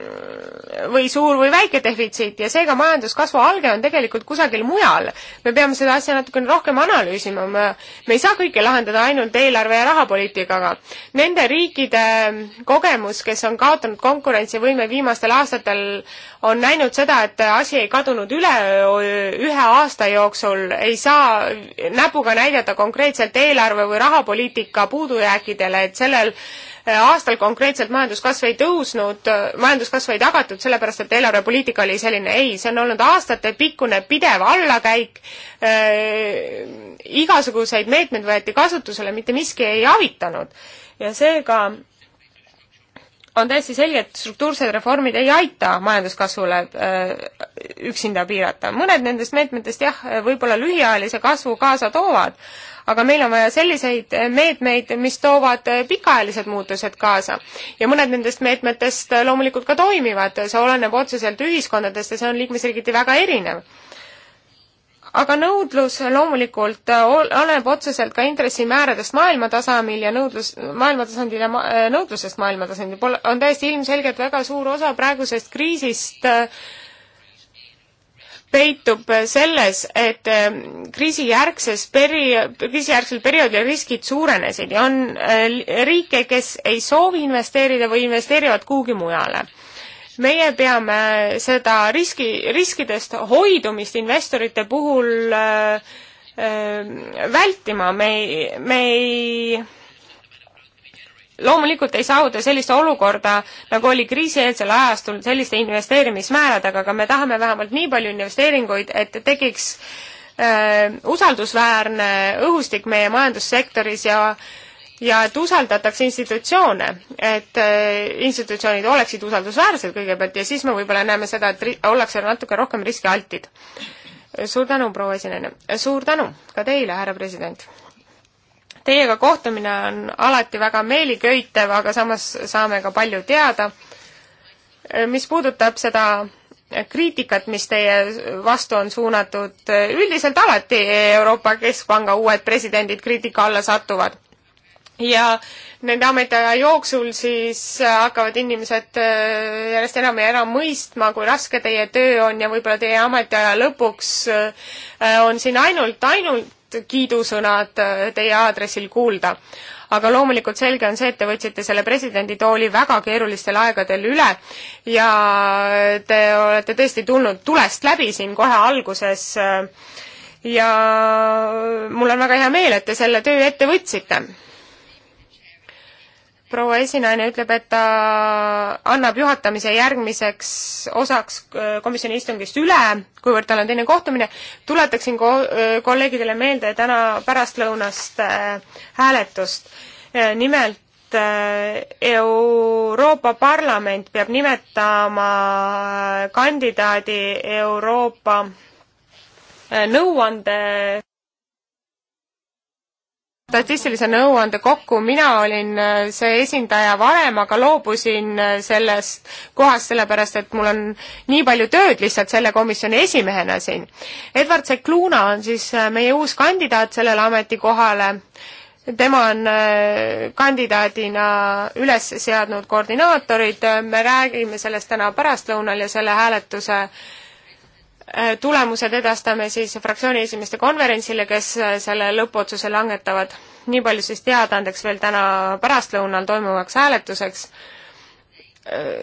või suur või väike defitsiit ja seega majanduskasvu alge on tegelikult kusagil mujal. me peame seda asja natukene rohkem analüüsima, me ei saa kõike lahendada ainult eelarve ja rahapoliitikaga Nende riikide kogemus, kes on kaotanud konkurentsivõime viimastel aastatel, on näinud seda, et asi ei kadunud üleöö, ühe aasta jooksul ei saa näpuga näidata konkreetselt eelarve või rahapoliitika puudujääkidele, et sellel aastal konkreetselt majanduskasv ei tõusnud, majanduskasv ei tagatud, sellepärast et eelarvepoliitika oli selline, ei, see on olnud aastatepikkune pidev allakäik äh,, igasuguseid meetmeid võeti kasutusele, mitte miski ei avitanud ja seega on täiesti selge, et struktuursed reformid ei aita majanduskasvule äh, üksinda piirata. mõned nendest meetmetest jah, võib-olla lühiajalise kasvu kaasa toovad, aga meil on vaja selliseid meetmeid, mis toovad pikaajalised muutused kaasa. ja mõned nendest meetmetest loomulikult ka toimivad, see oleneb otseselt ühiskondadest ja see on liikmesriigiti väga erinev aga nõudlus loomulikult äh, oleneb otseselt ka intressimääradest maailmatasemel ja nõudlus, maailmatasandil ja ma, äh, nõudlusest maailmatasandil. Pole, on täiesti ilmselgelt väga suur osa praegusest kriisist äh, peitub selles, et kriisijärgses peri-, kriisijärgsel perioodil riskid suurenesid ja on riike, kes ei soovi investeerida või investeerivad kuhugi mujale meie peame seda riski, riskidest hoidumist investorite puhul äh, äh, vältima, me ei, me ei loomulikult ei saavuta sellist olukorda, nagu oli kriisieelsel ajastul selliste investeerimismääradega, aga me tahame vähemalt nii palju investeeringuid, et tekiks äh, usaldusväärne õhustik meie majandussektoris ja äh, ja et usaldatakse institutsioone, et äh, institutsioonid oleksid usaldusväärsed kõigepealt ja siis me võib-olla näeme seda, et ollakse natuke rohkem riskialtid. suur tänu, proua esineja. suur tänu ka teile, härra president. Teiega kohtumine on alati väga meeliköitev, aga samas saame ka palju teada. Äh, mis puudutab seda kriitikat, mis teie vastu on suunatud, üldiselt alati Euroopa Keskpanga uued presidendid kriitika alla satuvad ja nende ametiaja jooksul siis äh, hakkavad inimesed äh, järjest enam ja enam mõistma, kui raske teie töö on ja võib-olla teie ametiaja lõpuks äh, on siin ainult, ainult kiidusõnad teie aadressil kuulda. aga loomulikult selge on see, et te võtsite selle presidenditooli väga keerulistel aegadel üle ja te olete tõesti tulnud tulest läbi siin kohe alguses ja mul on väga hea meel, et te selle töö ette võtsite proua esinaine ütleb, et ta annab juhatamise järgmiseks osaks äh, komisjoni istungist üle, kuivõrd tal on teine kohtumine. tuletaksin ko-, äh, kolleegidele meelde täna pärastlõunast äh, hääletust. nimelt Euroopa Parlament peab nimetama kandidaadi Euroopa nõuande statistilise nõuande kokku, mina olin äh, see esindaja varem, aga loobusin äh, sellest kohast, sellepärast et mul on nii palju tööd lihtsalt selle komisjoni esimehena siin. Edward Sekluna on siis äh, meie uus kandidaat sellele ametikohale, tema on kandidaadina üles seadnud koordinaatorid, me räägime sellest täna pärastlõunal ja selle hääletuse äh, Äh, tulemused edastame siis fraktsiooni esimeeste konverentsile, kes äh, selle lõppotsuse langetavad. nii palju siis teada andeks veel täna pärastlõunal toimuvaks hääletuseks. Äh,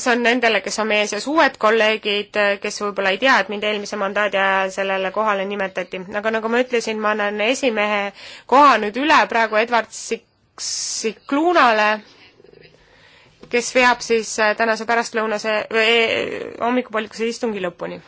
see on nendele, kes on meie seas uued kolleegid, kes võib-olla ei tea, et mind eelmise mandaadi ajal sellele kohale nimetati. aga nagu ma ütlesin, ma annan esimehe koha nüüd üle praegu Edward Sik-, Sikluunale kes veab siis äh, tänase pärastlõunase või äh, hommikupoolikuse istungi lõpuni.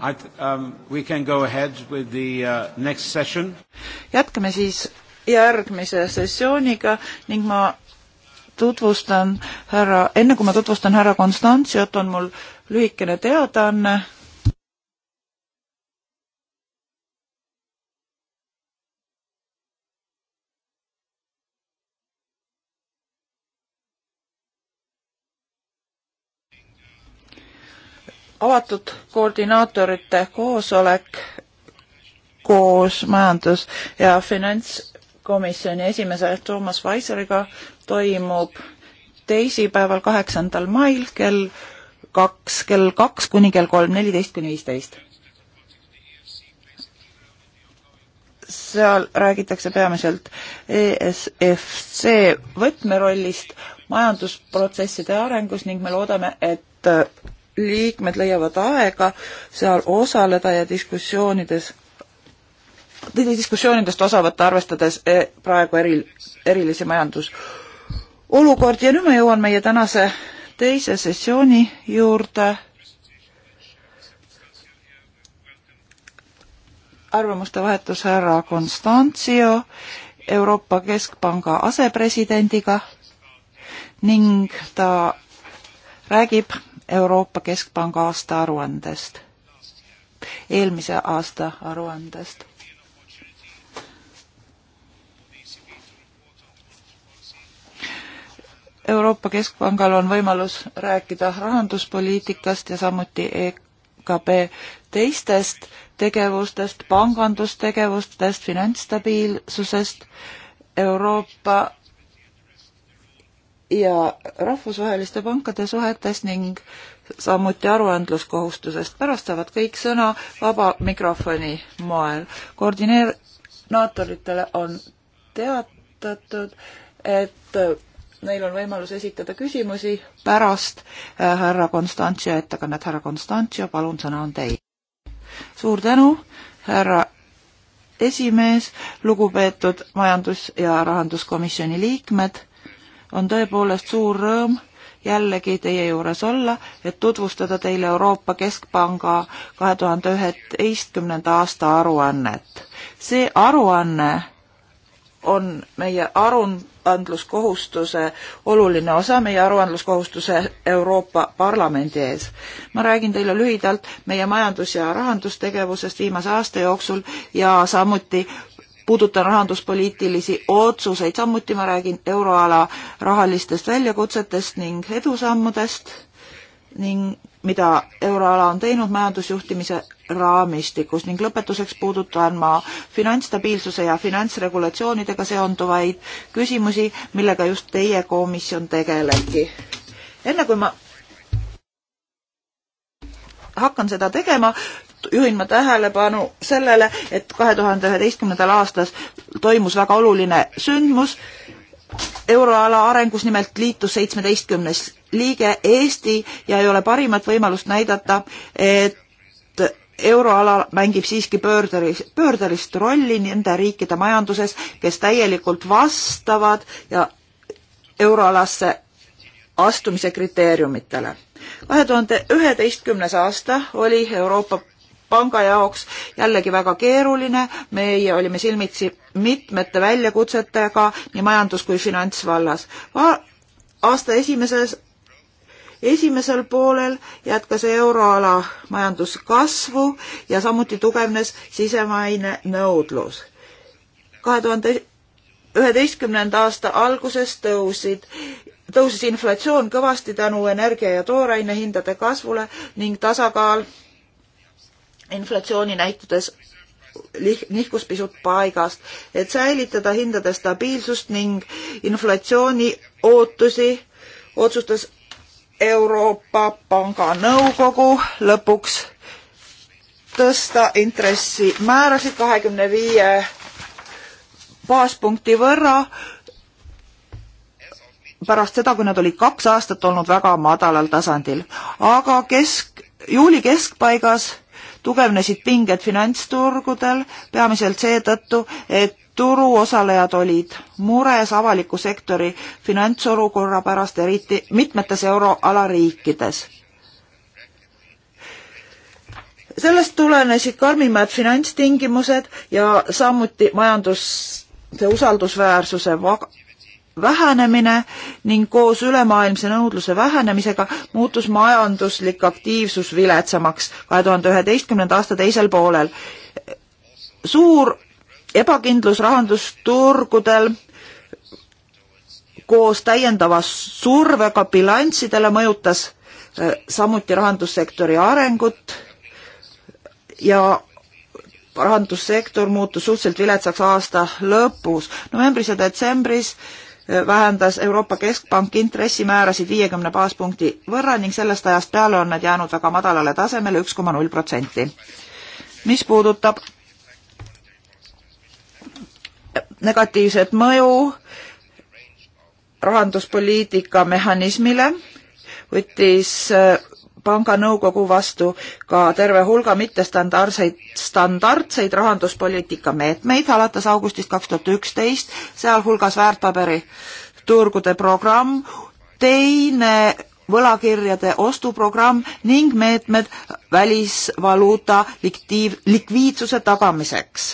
I, um, we can go ahead with the uh, next session. jätkame siis järgmise sessiooniga ning ma tutvustan härra, enne kui ma tutvustan härra Konstantsiot, on mul lühikene teadaanne. avatud koordinaatorite koosolek koos majandus- ja finantskomisjoni esimese Toomas Vaiseriga toimub teisipäeval, kaheksandal mail kell kaks, kell kaks kuni kell kolm, neliteist kuni viisteist. seal räägitakse peamiselt ESFC võtmerollist majandusprotsesside arengus ning me loodame, et liikmed leiavad aega seal osaleda ja diskussioonides, diskussioonidest osa võtta, arvestades eh, praegu eri, erilisi majandusolukordi ja nüüd ma jõuan meie tänase teise sessiooni juurde. arvamuste vahetus härra Constantio Euroopa Keskpanga asepresidendiga ning ta räägib Euroopa Keskpanga aastaaruandest, eelmise aasta aruandest. Euroopa Keskpangal on võimalus rääkida rahanduspoliitikast ja samuti EKB teistest tegevustest, pangandustegevustest, finantsstabiilsusest, Euroopa ja rahvusvaheliste pankade suhetest ning samuti aruandluskohustusest. pärast saavad kõik sõna vaba mikrofoni moel. koordineeritoritele on teatatud, et neil on võimalus esitada küsimusi pärast äh, härra Konstantio ettekannet. härra Konstantio, palun, sõna on teil. suur tänu, härra esimees, lugupeetud majandus- ja rahanduskomisjoni liikmed on tõepoolest suur rõõm jällegi teie juures olla, et tutvustada teile Euroopa Keskpanga kahe tuhande üheteistkümnenda aasta aruannet. see aruanne on meie aruandluskohustuse oluline osa, meie aruandluskohustuse Euroopa Parlamendi ees. ma räägin teile lühidalt meie majandus- ja rahandustegevusest viimase aasta jooksul ja samuti puudutan rahanduspoliitilisi otsuseid, samuti ma räägin euroala rahalistest väljakutsetest ning edusammudest ning mida euroala on teinud majandusjuhtimise raamistikus ning lõpetuseks puudutan ma finantsstabiilsuse ja finantsregulatsioonidega seonduvaid küsimusi, millega just teie komisjon tegelebki. enne kui ma hakkan seda tegema, juhin ma tähelepanu sellele, et kahe tuhande üheteistkümnendal aastas toimus väga oluline sündmus euroala arengus, nimelt liitus seitsmeteistkümnes liige Eesti ja ei ole parimat võimalust näidata, et euroala mängib siiski pöördelis, pöördelist rolli nende riikide majanduses, kes täielikult vastavad ja euroalasse astumise kriteeriumitele. kahe tuhande üheteistkümnes aasta oli Euroopa panga jaoks jällegi väga keeruline, meie olime silmitsi mitmete väljakutsetega nii majandus- kui finantsvallas. aasta esimeses, esimesel poolel jätkas euroala majanduskasvu ja samuti tugevnes sisemaine nõudlus. kahe tuhande üheteistkümnenda aasta alguses tõusid tõusis inflatsioon kõvasti tänu energia ja tooraine hindade kasvule ning tasakaal inflatsiooni näitudes nihkus pisut paigast, et säilitada hindade stabiilsust ning inflatsiooni ootusi, otsustas Euroopa Panga Nõukogu lõpuks tõsta intressimäärasid kahekümne viie baaspunkti võrra pärast seda, kui nad olid kaks aastat olnud väga madalal tasandil. aga kesk, juuli keskpaigas tugevnesid pinged finantsturgudel, peamiselt seetõttu, et turuosalejad olid mures avaliku sektori finantsolukorra pärast, eriti mitmetes euroala riikides. sellest tulenesid karmimad finantstingimused ja samuti majanduse usaldusväärsuse vähenemine ning koos ülemaailmse nõudluse vähenemisega muutus majanduslik aktiivsus viletsamaks kahe tuhande üheteistkümnenda aasta teisel poolel. suur ebakindlus rahandusturgudel koos täiendava survega bilanssidele mõjutas eh, samuti rahandussektori arengut ja rahandussektor muutus suhteliselt viletsaks aasta lõpus. novembris ja detsembris äh, vähendas Euroopa Keskpank intressimäärasid viiekümne baaspunkti võrra ning sellest ajast peale on nad jäänud väga madalale tasemele üks koma null protsenti. mis puudutab negatiivset mõju rahanduspoliitika mehhanismile, võttis panga nõukogu vastu ka terve hulga mittestandardseid, standardseid rahanduspoliitika meetmeid alates augustist kaks tuhat üksteist, sealhulgas väärtpaberiturgude programm, teine võlakirjade ostuprogramm ning meetmed välisvaluuta liktiiv, likviidsuse tagamiseks.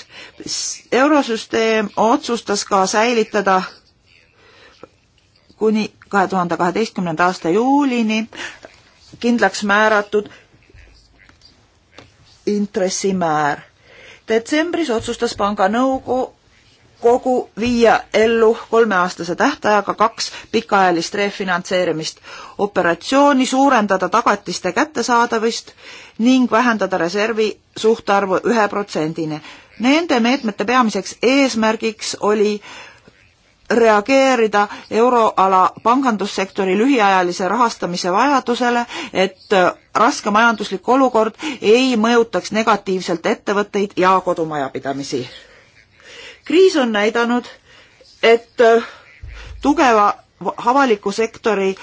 eurosüsteem otsustas ka säilitada kuni kahe tuhande kaheteistkümnenda aasta juulini kindlaks määratud intressimäär. detsembris otsustas panga nõukogu viia ellu kolmeaastase tähtajaga kaks pikaajalist refinantseerimist, operatsiooni suurendada tagatiste kättesaadavust ning vähendada reservi suhtarvu ühe protsendini. Nende meetmete peamiseks eesmärgiks oli äh, reageerida euroala pangandussektori lühiajalise rahastamise vajadusele, et äh, raske majanduslik olukord ei mõjutaks negatiivselt ettevõtteid ja kodumajapidamisi. kriis on näidanud, et äh, tugeva avaliku sektori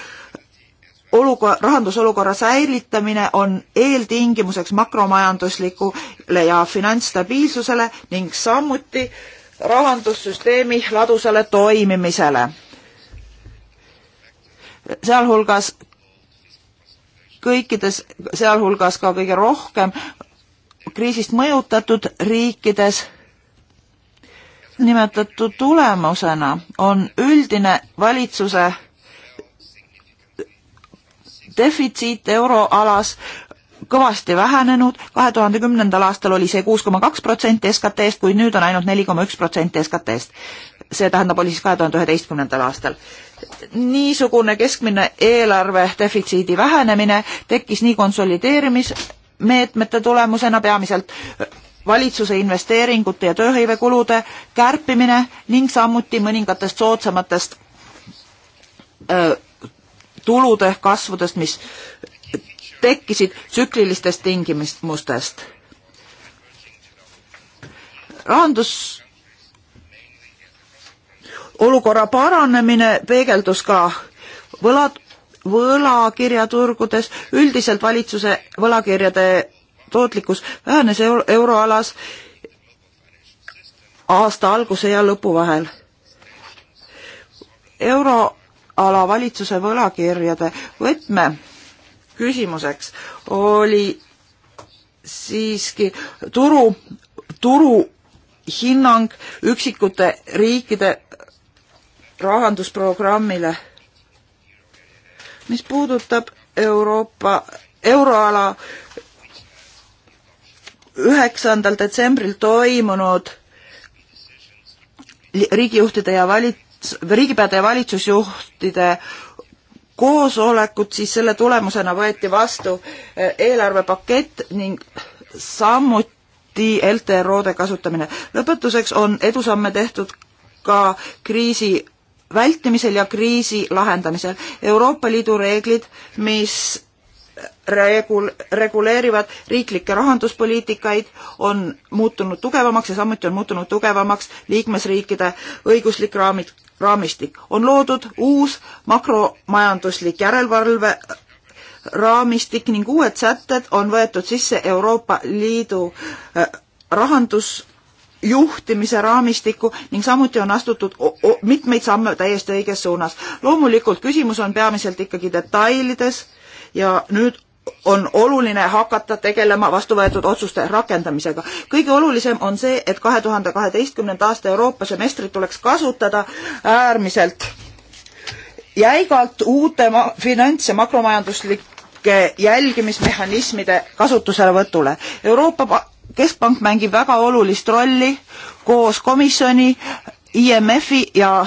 olukorra, rahandusolukorra säilitamine on eeltingimuseks makromajanduslikule ja finantsstabiilsusele ning samuti äh, rahandussüsteemi ladusale toimimisele, sealhulgas kõikides, sealhulgas ka kõige rohkem kriisist mõjutatud riikides nimetatud tulemusena on üldine valitsuse defitsiit euroalas kõvasti vähenenud, kahe tuhande kümnendal aastal oli see kuus koma kaks protsenti SKT-st, kuid nüüd on ainult neli koma üks protsenti SKT-st. see tähendab, oli siis kahe tuhande üheteistkümnendal aastal. niisugune keskmine eelarve defitsiidi vähenemine tekkis nii konsolideerimismeetmete tulemusena peamiselt valitsuse investeeringute ja tööhõivekulude kärpimine ning samuti mõningatest soodsamatest öö, tulude kasvudest, mis tekkisid tsüklilistest tingimustest. rahandus olukorra paranemine peegeldus ka võlad, võlakirjaturgudes, üldiselt valitsuse võlakirjade tootlikkus vähenes euroalas aasta alguse ja lõpu vahel. euroala valitsuse võlakirjade võtme küsimuseks oli siiski turu, turu hinnang üksikute riikide rahandusprogrammile. mis puudutab Euroopa, euroala üheksandal detsembril toimunud riigijuhtide ja valits-, riigipeade ja valitsusjuhtide koosolekut, siis selle tulemusena võeti vastu eh, eelarvepakett ning samuti LTRO-de kasutamine. lõpetuseks on edusamme tehtud ka kriisi vältimisel ja kriisi lahendamisel. Euroopa Liidu reeglid, mis regul-, reguleerivad riiklikke rahanduspoliitikaid, on muutunud tugevamaks ja samuti on muutunud tugevamaks liikmesriikide õiguslik raamid, raamistik. on loodud uus makromajanduslik järelevalve raamistik ning uued sätted on võetud sisse Euroopa Liidu äh, rahandusjuhtimise raamistikku ning samuti on astutud mitmeid samme täiesti õiges suunas. loomulikult küsimus on peamiselt ikkagi detailides ja nüüd on oluline hakata tegelema vastu võetud otsuste rakendamisega. kõige olulisem on see, et kahe tuhande kaheteistkümnenda aasta Euroopa semestrit tuleks kasutada äärmiselt jäigalt uute finants- ja makromajanduslike jälgimismehhanismide kasutuselevõtule. Euroopa Keskpank mängib väga olulist rolli koos komisjoni, IMF-i ja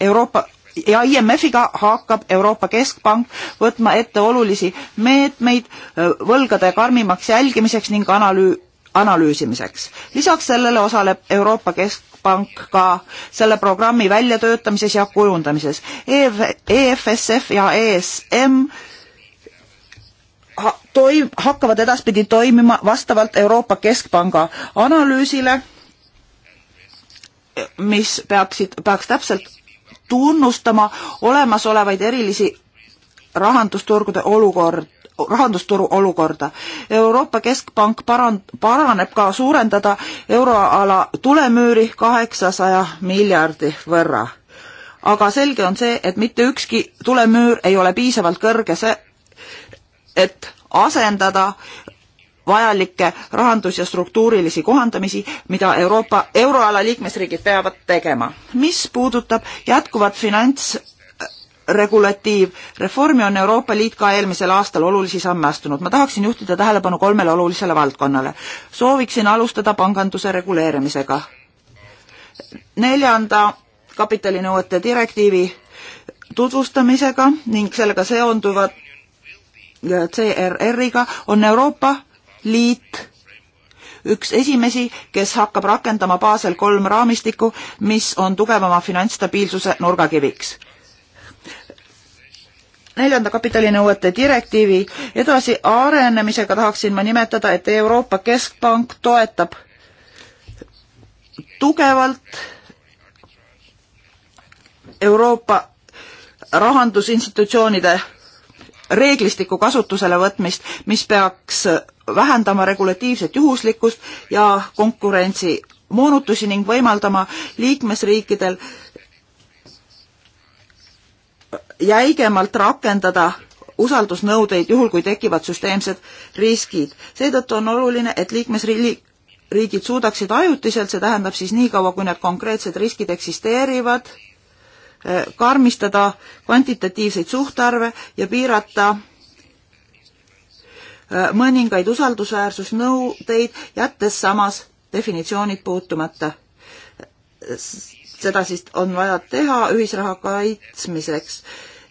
Euroopa ja IMF-iga hakkab Euroopa Keskpank võtma ette olulisi meetmeid äh, võlgade karmimaks jälgimiseks ning analüü-, analüüsimiseks. lisaks sellele osaleb Euroopa Keskpank ka selle programmi väljatöötamises ja kujundamises EF. EFSF ja ESM ha toim-, hakkavad edaspidi toimima vastavalt Euroopa Keskpanga analüüsile, mis peaksid, peaks täpselt tunnustama olemasolevaid erilisi rahandusturgude olukord, rahandusturu olukorda. Euroopa Keskpank parand-, paraneb ka suurendada euroala tulemüüri kaheksasaja miljardi võrra. aga selge on see, et mitte ükski tulemüür ei ole piisavalt kõrge, see, et asendada vajalikke rahandus- ja struktuurilisi kohandamisi, mida Euroopa euroala liikmesriigid peavad tegema. mis puudutab jätkuvat finants äh, regulatiivreformi on Euroopa Liit ka eelmisel aastal olulisi samme astunud. ma tahaksin juhtida tähelepanu kolmele olulisele valdkonnale. sooviksin alustada panganduse reguleerimisega. neljanda kapitalinõuete direktiivi tutvustamisega ning sellega seonduva äh, CRR-iga on Euroopa Liit üks esimesi, kes hakkab rakendama Basel kolm raamistikku, mis on tugevama finantsstabiilsuse nurgakiviks. neljanda kapitalinõuete direktiivi edasi arenemisega tahaksin ma nimetada, et Euroopa Keskpank toetab tugevalt Euroopa rahandusinstitutsioonide reeglistiku kasutusele võtmist, mis peaks vähendama regulatiivset juhuslikkust ja konkurentsi moonutusi ning võimaldama liikmesriikidel jäigemalt rakendada usaldusnõudeid juhul, kui tekivad süsteemsed riskid. seetõttu on oluline, et liikmesriigid suudaksid ajutiselt, see tähendab siis niikaua, kui need konkreetsed riskid eksisteerivad, eh, karmistada kvantitatiivseid suhtarve ja piirata Äh, mõningaid usaldusväärsusnõudeid, jättes samas definitsioonid puutumata. seda siis on vaja teha ühisraha kaitsmiseks.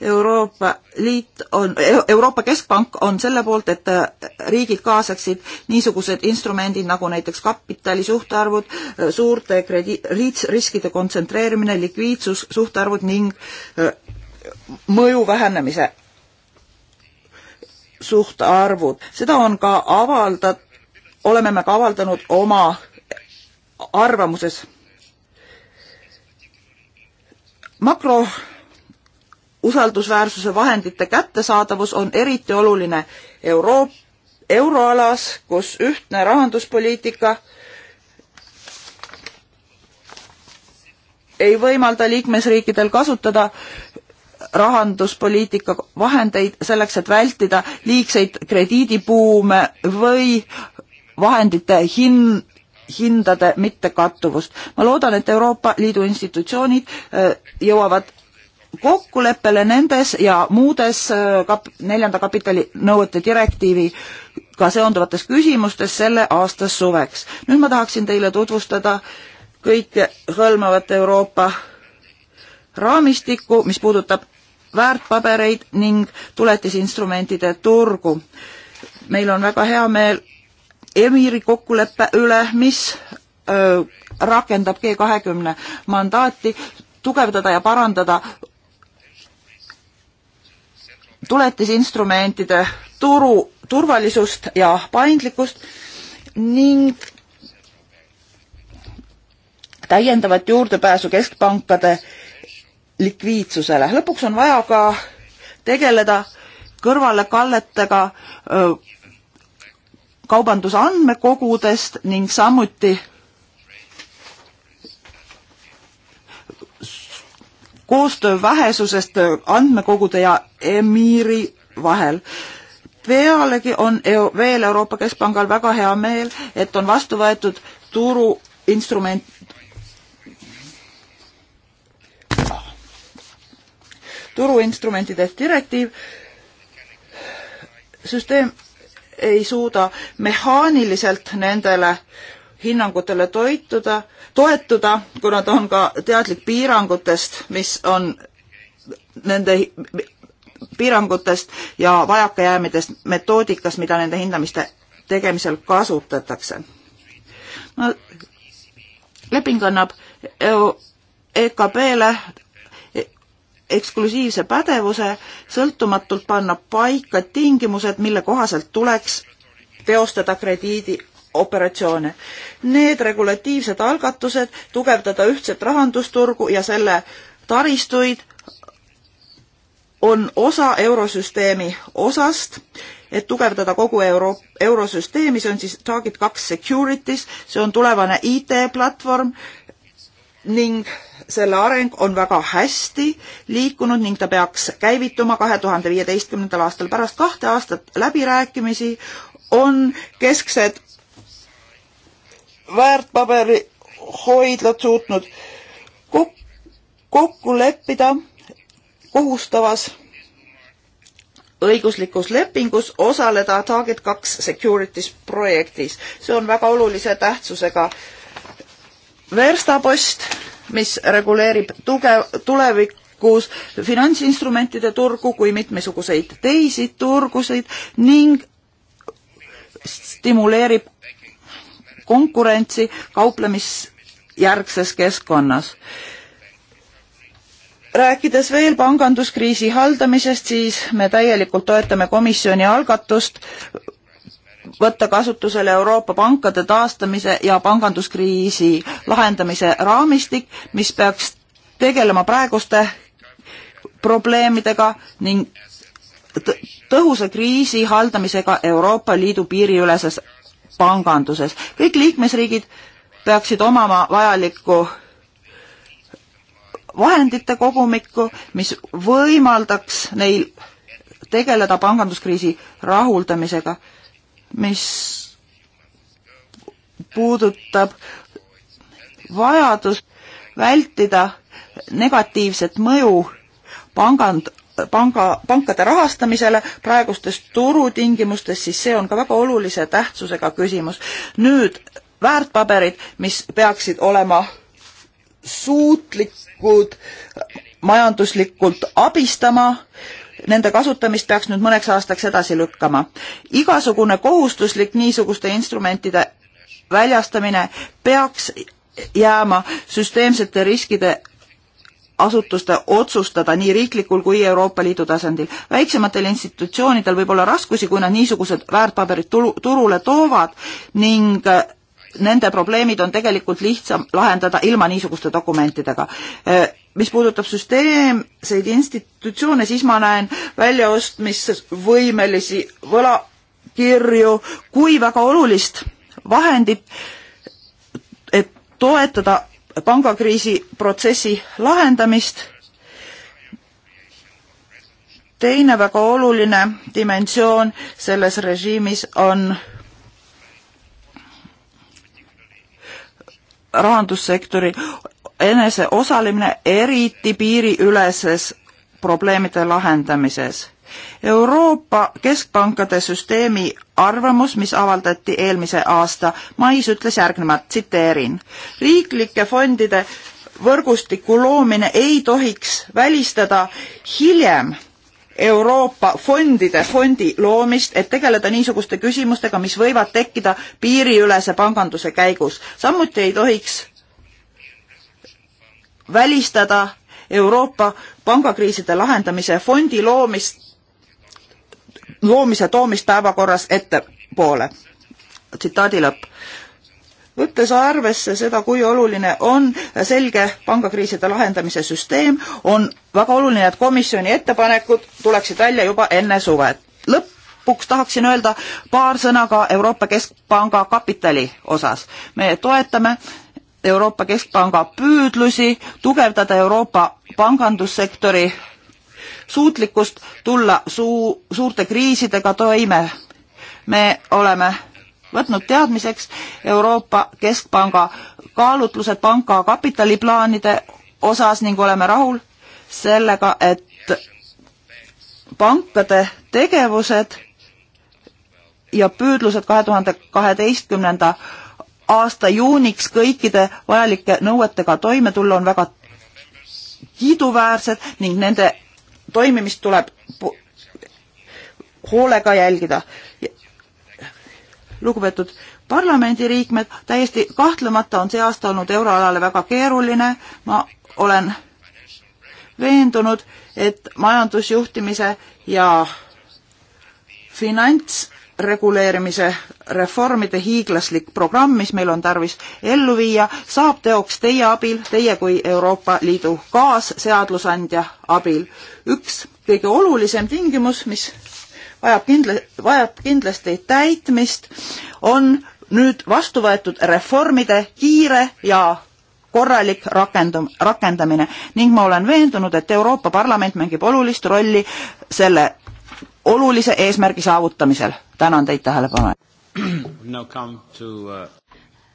Euroopa Liit on, Euroopa Keskpank on selle poolt, et äh, riigid kaasaksid niisugused instrumendid nagu näiteks kapitali suhtarvud, äh, suurte krediitriskide kontsentreerimine, likviidsus, suhtarvud ning mõju vähenemise suhtarvud, seda on ka avaldat-, oleme me ka avaldanud oma arvamuses. makro usaldusväärsuse vahendite kättesaadavus on eriti oluline Euro-, euroalas, kus ühtne rahanduspoliitika ei võimalda liikmesriikidel kasutada äh, rahanduspoliitika vahendeid selleks, et vältida liigseid krediidibuume või vahendite hin-, hindade mittekattuvust. ma loodan, et Euroopa Liidu institutsioonid äh, jõuavad kokkuleppele nendes ja muudes äh, kap-, neljanda kapitalinõuete direktiivi ka seonduvates küsimustes selle aasta suveks. nüüd ma tahaksin teile tutvustada kõike hõlmavat Euroopa raamistikku, mis puudutab väärtpabereid ning tuletisinstrumentide turgu. meil on väga hea meel Emiri kokkuleppe üle, mis öö, rakendab G kahekümne mandaati tugevdada ja parandada tuletisinstrumentide turu turvalisust ja paindlikkust ning täiendavat juurdepääsu keskpankade äh, likviidsusele. lõpuks on vaja ka tegeleda kõrvalekalletega kaubanduse andmekogudest ning samuti koostöö vähesusest andmekogude ja emiiri vahel. pealegi on e veel Euroopa Keskpangal väga hea meel, et on vastu võetud turuinstrument turuinstrumentidest direktiiv. süsteem ei suuda mehaaniliselt nendele hinnangutele toituda, toetuda, kuna ta on ka teadlik piirangutest, mis on nende piirangutest ja vajakajäämidest metoodikas, mida nende hindamiste tegemisel kasutatakse no,. leping annab EKP-le eksklusiivse pädevuse sõltumatult panna paika tingimused, mille kohaselt tuleks teostada krediidi operatsioone. Need regulatiivsed algatused tugevdada ühtset rahandusturgu ja selle taristuid on osa eurosüsteemi osast, et tugevdada kogu euro, eurosüsteemi, see on siis Target kaks Securities, see on tulevane IT-platvorm, ning selle areng on väga hästi liikunud ning ta peaks käivituma kahe tuhande viieteistkümnendal aastal. pärast kahte aastat läbirääkimisi on kesksed väärtpaberihoidlad suutnud kok kokku leppida kohustavas õiguslikus lepingus osaleda Target kaks Securities projektis. see on väga olulise tähtsusega äh, verstapost, mis reguleerib tugev, tulevikus finantsinstrumentide turgu kui mitmesuguseid teisi turgusid ning stimuleerib konkurentsi kauplemisjärgses keskkonnas. rääkides veel panganduskriisi haldamisest, siis me täielikult toetame komisjoni algatust võtta kasutusele Euroopa pankade taastamise ja panganduskriisi lahendamise raamistik, mis peaks tegelema praeguste probleemidega ning tõhusa kriisi haldamisega Euroopa Liidu piiriüleses panganduses. kõik liikmesriigid peaksid omama vajalikku vahendite kogumikku, mis võimaldaks neil tegeleda panganduskriisi rahuldamisega mis puudutab vajadust vältida negatiivset mõju pangand, panga, pankade rahastamisele praegustes turutingimustes, siis see on ka väga olulise tähtsusega küsimus. nüüd väärtpaberid, mis peaksid olema suutlikud majanduslikult abistama äh, nende kasutamist peaks nüüd mõneks aastaks edasi lükkama. igasugune kohustuslik niisuguste instrumentide väljastamine peaks jääma süsteemsete riskide asutuste otsustada nii riiklikul kui Euroopa Liidu tasandil. väiksematel institutsioonidel võib olla raskusi, kui nad niisugused väärtpaberid turule toovad ning nende probleemid on tegelikult lihtsam lahendada ilma niisuguste dokumentidega. mis puudutab süsteemseid institutsioone, siis ma näen väljaostmisvõimelisi võlakirju kui väga olulist vahendit, et toetada pangakriisi protsessi lahendamist. teine väga oluline dimensioon selles režiimis on rahandussektori enese osalemine eriti piiriüleses probleemide lahendamises. Euroopa Keskpankade süsteemi arvamus, mis avaldati eelmise aasta mais, ütles järgnevat, tsiteerin. riiklike fondide võrgustiku loomine ei tohiks välistada hiljem Euroopa fondide fondi loomist, et tegeleda niisuguste küsimustega, mis võivad tekkida piiriülese panganduse käigus. samuti ei tohiks välistada Euroopa pangakriiside lahendamise fondi loomist, loomise toomist päevakorras ettepoole. tsitaadi lõpp võttes arvesse seda, kui oluline on selge pangakriiside lahendamise süsteem, on väga oluline, et komisjoni ettepanekud tuleksid välja juba enne suve. lõpuks tahaksin öelda paar sõna ka Euroopa Keskpanga kapitali osas. me toetame Euroopa Keskpanga püüdlusi tugevdada Euroopa pangandussektori suutlikkust tulla suu-, suurte kriisidega toime. me oleme võtnud teadmiseks Euroopa Keskpanga kaalutlused panka kapitaliplaanide osas ning oleme rahul sellega, et pankade tegevused ja püüdlused kahe tuhande kaheteistkümnenda aasta juuniks kõikide vajalike nõuetega toime tulla on väga kiiduväärsed ning nende toimimist tuleb hoolega jälgida lugupeetud parlamendiliikmed, täiesti kahtlemata on see aasta olnud euroalale väga keeruline, ma olen veendunud, et majandusjuhtimise ja finantsreguleerimise reformide hiiglaslik programm, mis meil on tarvis ellu viia, saab teoks teie abil, teie kui Euroopa Liidu kaasseadusandja abil. üks kõige olulisem tingimus, mis vajab kindla-, vajab kindlasti täitmist, on nüüd vastu võetud reformide kiire ja korralik rakendum-, rakendamine ning ma olen veendunud, et Euroopa Parlament mängib olulist rolli selle olulise eesmärgi saavutamisel. tänan teid tähelepanu eest uh....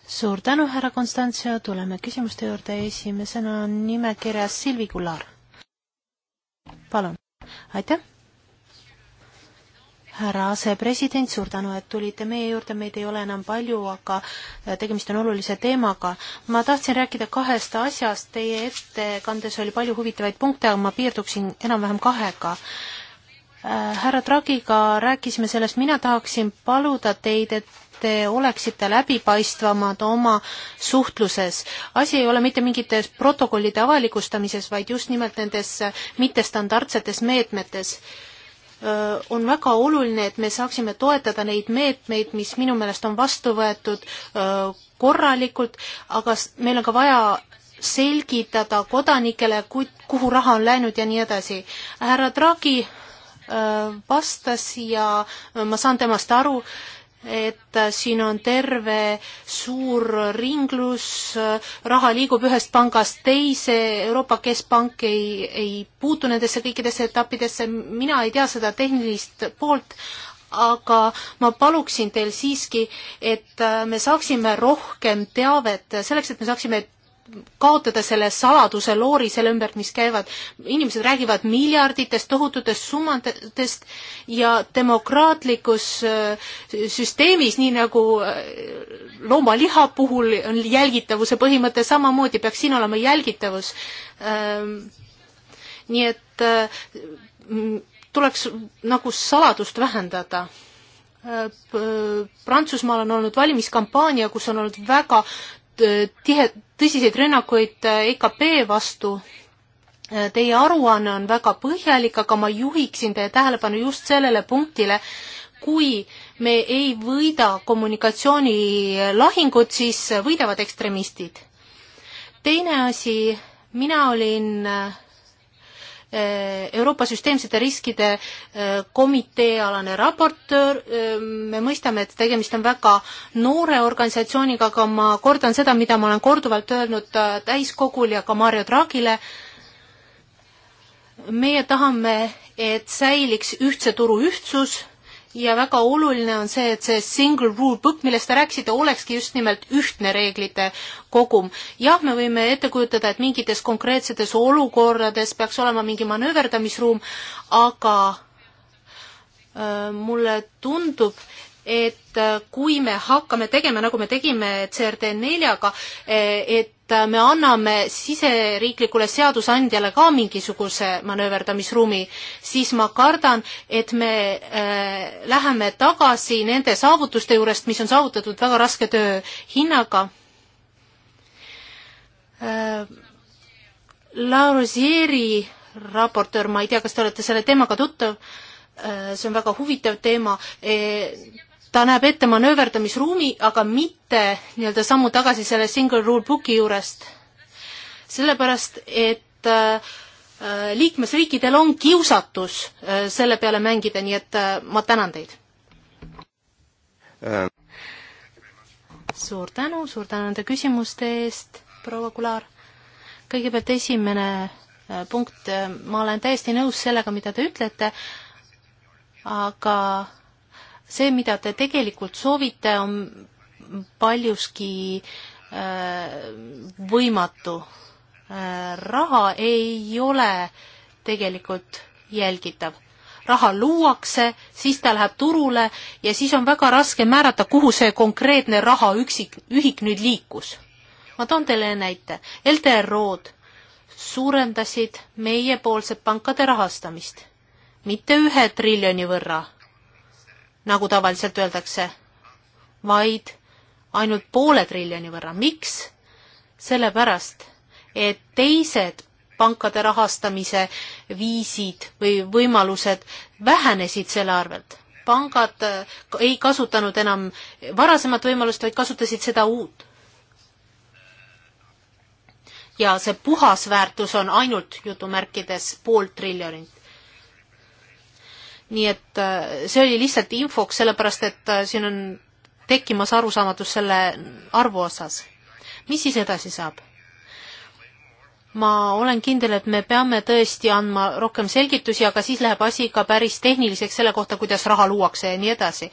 suur tänu, härra Konstantio, tuleme küsimuste juurde, esimesena on nimekirjas Silvi Kullar. palun, aitäh härra asepresident, suur tänu, et tulite meie juurde, meid ei ole enam palju, aga äh, tegemist on olulise teemaga. ma tahtsin rääkida kahest asjast, teie ettekandes oli palju huvitavaid punkte, aga ma piirduksin enam-vähem kahega äh, härra Dragiga rääkisime sellest, mina tahaksin paluda teid, et te oleksite läbipaistvamad oma suhtluses. asi ei ole mitte mingites protokollide avalikustamises, vaid just nimelt nendes mittestandardsetes meetmetes. Äh, on väga oluline, et me saaksime toetada neid meetmeid, mis minu meelest on vastu võetud äh, korralikult, aga meil on ka vaja selgitada kodanikele, kuhu raha on läinud ja nii edasi. härra Draghi äh, vastas ja ma saan temast aru, et siin on terve suur ringlus, raha liigub ühest pangast teise, Euroopa Keskpank ei, ei puutu nendesse kõikidesse etappidesse, mina ei tea seda tehnilist poolt, aga ma paluksin teil siiski, et me saaksime rohkem teavet selleks, et me saaksime kaotada selle saladuse loori selle ümbert, mis käivad, inimesed räägivad miljarditest, tohututest summadest ja demokraatlikus äh, süsteemis, nii nagu äh, loomaliha puhul on jälgitavuse põhimõte, samamoodi peaks siin olema jälgitavus. Ähm, nii et äh, tuleks nagu saladust vähendada Prantsusmaal on olnud valimiskampaania, kus on olnud väga Äh, tihe, tõsiseid rünnakuid äh, EKP vastu. Äh, teie aruanne on väga põhjalik, aga ma juhiksin teie tähelepanu just sellele punktile, kui me ei võida kommunikatsioonilahingut, siis võidavad ekstremistid. teine asi, mina olin Eh, Euroopa süsteemsete riskide eh, komitee alane raportöör, eh, me mõistame, et tegemist on väga noore organisatsiooniga, aga ma kordan seda, mida ma olen korduvalt öelnud äh, täiskogul ja ka Mario Draghile, meie tahame, et säiliks ühtse turu ühtsus ja väga oluline on see, et see single rule book, millest te rääkisite, olekski just nimelt ühtne reeglite kogum. jah, me võime ette kujutada, et mingites konkreetsetes olukordades peaks olema mingi manööverdamisruum, aga äh, mulle tundub, et äh, kui me hakkame tegema, nagu me tegime CRD neljaga, äh, et et me anname siseriiklikule seadusandjale ka mingisuguse manööverdamisruumi, siis ma kardan, et me äh, läheme tagasi nende saavutuste juurest, mis on saavutatud väga raske töö hinnaga äh,. Laura Zieri raportöör, ma ei tea, kas te olete selle teemaga tuttav äh,, see on väga huvitav teema äh,, ta näeb ette manööverdamisruumi, aga mitte nii-öelda sammu tagasi selle single rule book'i juurest. sellepärast, et äh, liikmesriikidel on kiusatus äh, selle peale mängida, nii et äh, ma tänan teid ähm.. suur tänu, suur tänu nende küsimuste eest, proua Kular. kõigepealt esimene äh, punkt, äh, ma olen täiesti nõus sellega, mida te ütlete, aga see, mida te tegelikult soovite, on paljuski äh, võimatu. Äh, raha ei ole tegelikult jälgitav. raha luuakse, siis ta läheb turule ja siis on väga raske määrata, kuhu see konkreetne raha üksik, ühik nüüd liikus. ma toon teile näite. LTRO-d suurendasid meiepoolset pankade rahastamist, mitte ühe triljoni võrra nagu tavaliselt öeldakse, vaid ainult poole triljoni võrra. miks? sellepärast, et teised pankade rahastamise viisid või võimalused vähenesid selle arvelt. pangad äh, ei kasutanud enam varasemat võimalust, vaid kasutasid seda uut. ja see puhas väärtus on ainult jutumärkides pool triljonit nii et äh, see oli lihtsalt infoks, sellepärast et äh, siin on tekkimas arusaamatus selle arvu osas. mis siis edasi saab? ma olen kindel, et me peame tõesti andma rohkem selgitusi, aga siis läheb asi ka päris tehniliseks selle kohta, kuidas raha luuakse ja nii edasi.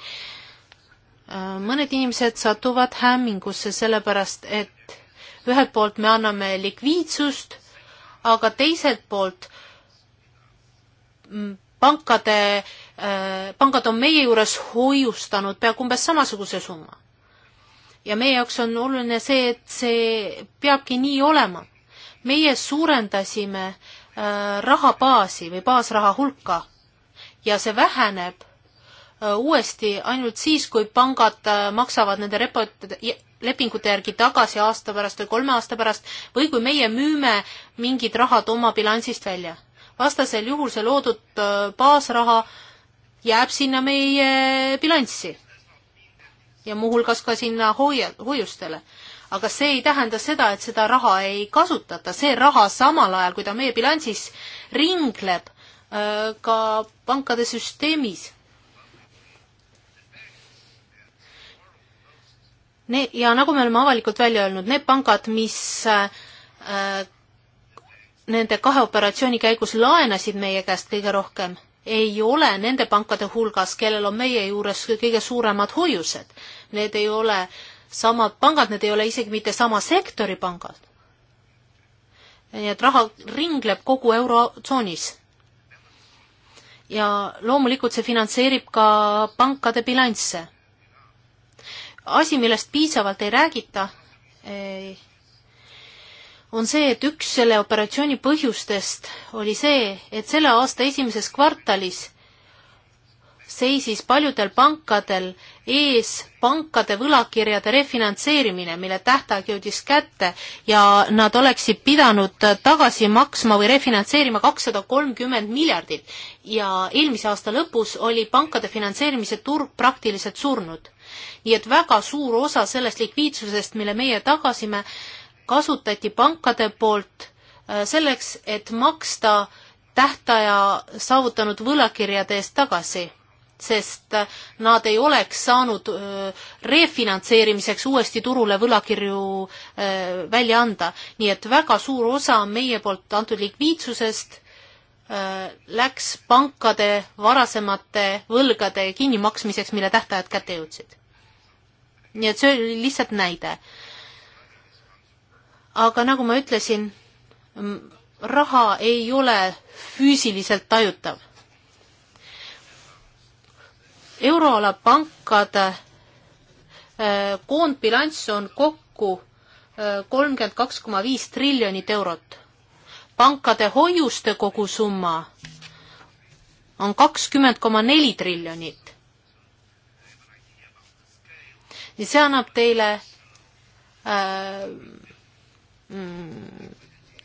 Äh, mõned inimesed satuvad hämmingusse, sellepärast et ühelt poolt me anname likviidsust, aga teiselt poolt mm, pankade, äh, pangad on meie juures hoiustanud peaaegu umbes samasuguse summa. ja meie jaoks on oluline see, et see peabki nii olema. meie suurendasime äh, rahabaasi või baasraha hulka ja see väheneb äh, uuesti ainult siis, kui pangad maksavad nende repot-, lepingute järgi tagasi aasta pärast või kolme aasta pärast või kui meie müüme mingid rahad oma bilansist välja vastasel juhul see loodud äh, baasraha jääb sinna meie bilanssi ja muuhulgas ka sinna hoia-, hoiustele. aga see ei tähenda seda, et seda raha ei kasutata, see raha samal ajal, kui ta meie bilansis ringleb äh, ka pankade süsteemis ne-, ja nagu me oleme avalikult välja öelnud, need pangad, mis äh, nende kahe operatsiooni käigus laenasid meie käest kõige rohkem, ei ole nende pankade hulgas, kellel on meie juures kõige suuremad hoiused. Need ei ole samad pangad, need ei ole isegi mitte sama sektori pangad. nii et raha ringleb kogu eurotsoonis. ja loomulikult see finantseerib ka pankade bilansse. asi, millest piisavalt ei räägita, on see, et üks selle operatsiooni põhjustest oli see, et selle aasta esimeses kvartalis seisis paljudel pankadel ees pankade võlakirjade refinantseerimine, mille tähtaeg jõudis kätte ja nad oleksid pidanud tagasi maksma või refinantseerima kakssada kolmkümmend miljardit. ja eelmise aasta lõpus oli pankade finantseerimise turg praktiliselt surnud. nii et väga suur osa sellest likviidsusest, mille meie tagasime, kasutati pankade poolt äh, selleks, et maksta tähtaja saavutanud võlakirjade eest tagasi, sest äh, nad ei oleks saanud äh, refinantseerimiseks uuesti turule võlakirju välja anda. nii et väga suur osa meie poolt antud likviidsusest läks pankade varasemate võlgade kinnimaksmiseks, mille tähtajad kätte jõudsid. nii et see oli lihtsalt näide aga nagu ma ütlesin, raha ei ole füüsiliselt tajutav. euroala pankade äh, koondbilanss on kokku äh, kolmkümmend kaks koma viis triljonit eurot. pankade hoiuste kogusumma on kakskümmend koma neli triljonit. ja see annab teile äh, mm,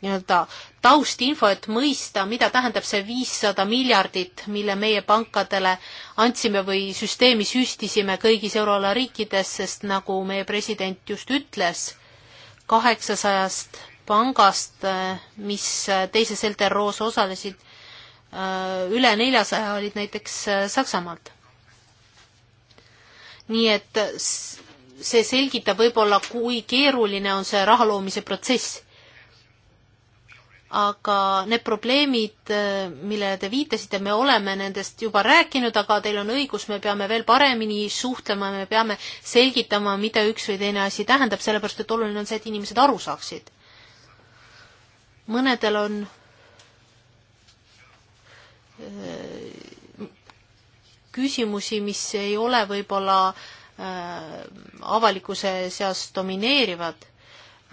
nii-öelda taustinfo, et mõista, mida tähendab see viissada miljardit, mille meie pankadele andsime või süsteemi süstisime kõigis euroala riikides, sest nagu meie president just ütles, kaheksasajast pangast, eh, mis eh, teises LTRO-s osalesid, eh, üle neljasaja olid näiteks Saksamaalt. nii et see selgitab võib-olla, kui keeruline on see raha loomise protsess. aga need probleemid, millele te viitasite, me oleme nendest juba rääkinud, aga teil on õigus, me peame veel paremini suhtlema, me peame selgitama, mida üks või teine asi tähendab, sellepärast et oluline on see, et inimesed aru saaksid. mõnedel on äh, küsimusi, mis ei ole võib-olla äh, Äh, avalikkuse seas domineerivad,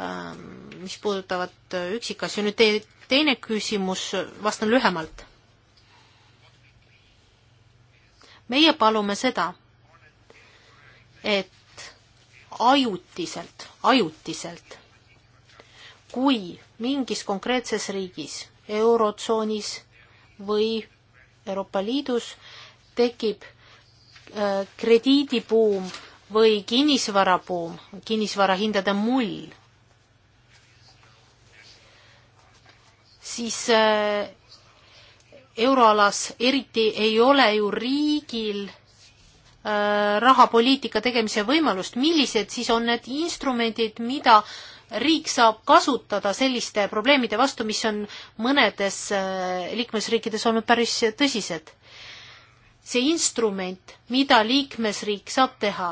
ähm, mis puudutavad äh, üksikasju. nüüd teie teine küsimus, vastan lühemalt. meie palume seda, et ajutiselt, ajutiselt, kui mingis konkreetses riigis, Eurotsoonis või Euroopa Liidus tekib Äh, krediidibuum või kinnisvarabuum, kinnisvarahindade mull, siis äh, euroalas eriti ei ole ju riigil äh, rahapoliitika tegemise võimalust, millised siis on need instrumendid, mida riik saab kasutada selliste probleemide vastu, mis on mõnedes liikmesriikides olnud päris tõsised see instrument, mida liikmesriik saab teha.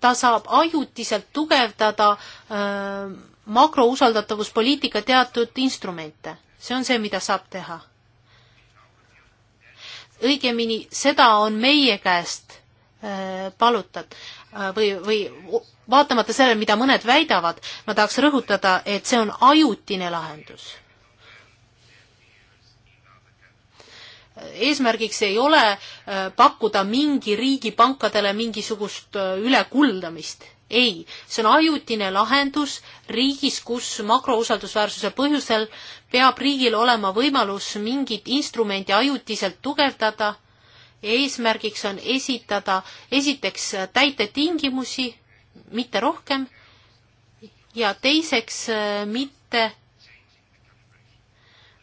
ta saab ajutiselt tugevdada öö, äh, makrousaldatavuspoliitika teatud instrumente, see on see, mida saab teha. õigemini seda on meie käest öö, äh, palutad äh, või, või vaatamata sellele, mida mõned väidavad, ma tahaks rõhutada, et see on ajutine lahendus eesmärgiks ei ole äh, pakkuda mingi riigi pankadele mingisugust äh, ülekuldamist. ei, see on ajutine lahendus riigis, kus makrousaldusväärsuse põhjusel peab riigil olema võimalus mingit instrumenti ajutiselt tugevdada. eesmärgiks on esitada esiteks äh, täitetingimusi, mitte rohkem, ja teiseks mitte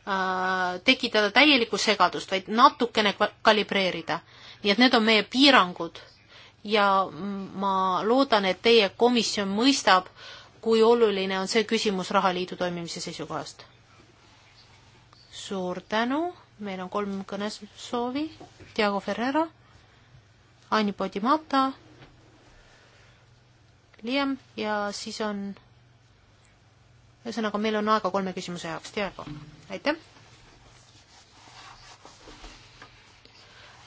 Äh, tekitada täielikku segadust, vaid natukene kalibreerida. nii et need on meie piirangud ja ma loodan, et teie komisjon mõistab, kui oluline on see küsimus rahaliidu toimimise seisukohast. suur tänu, meil on kolm kõnesoovi, Diego Ferrera, Anni Podimata, Liam ja siis on ühesõnaga, meil on aega kolme küsimuse jaoks, Diego aitäh!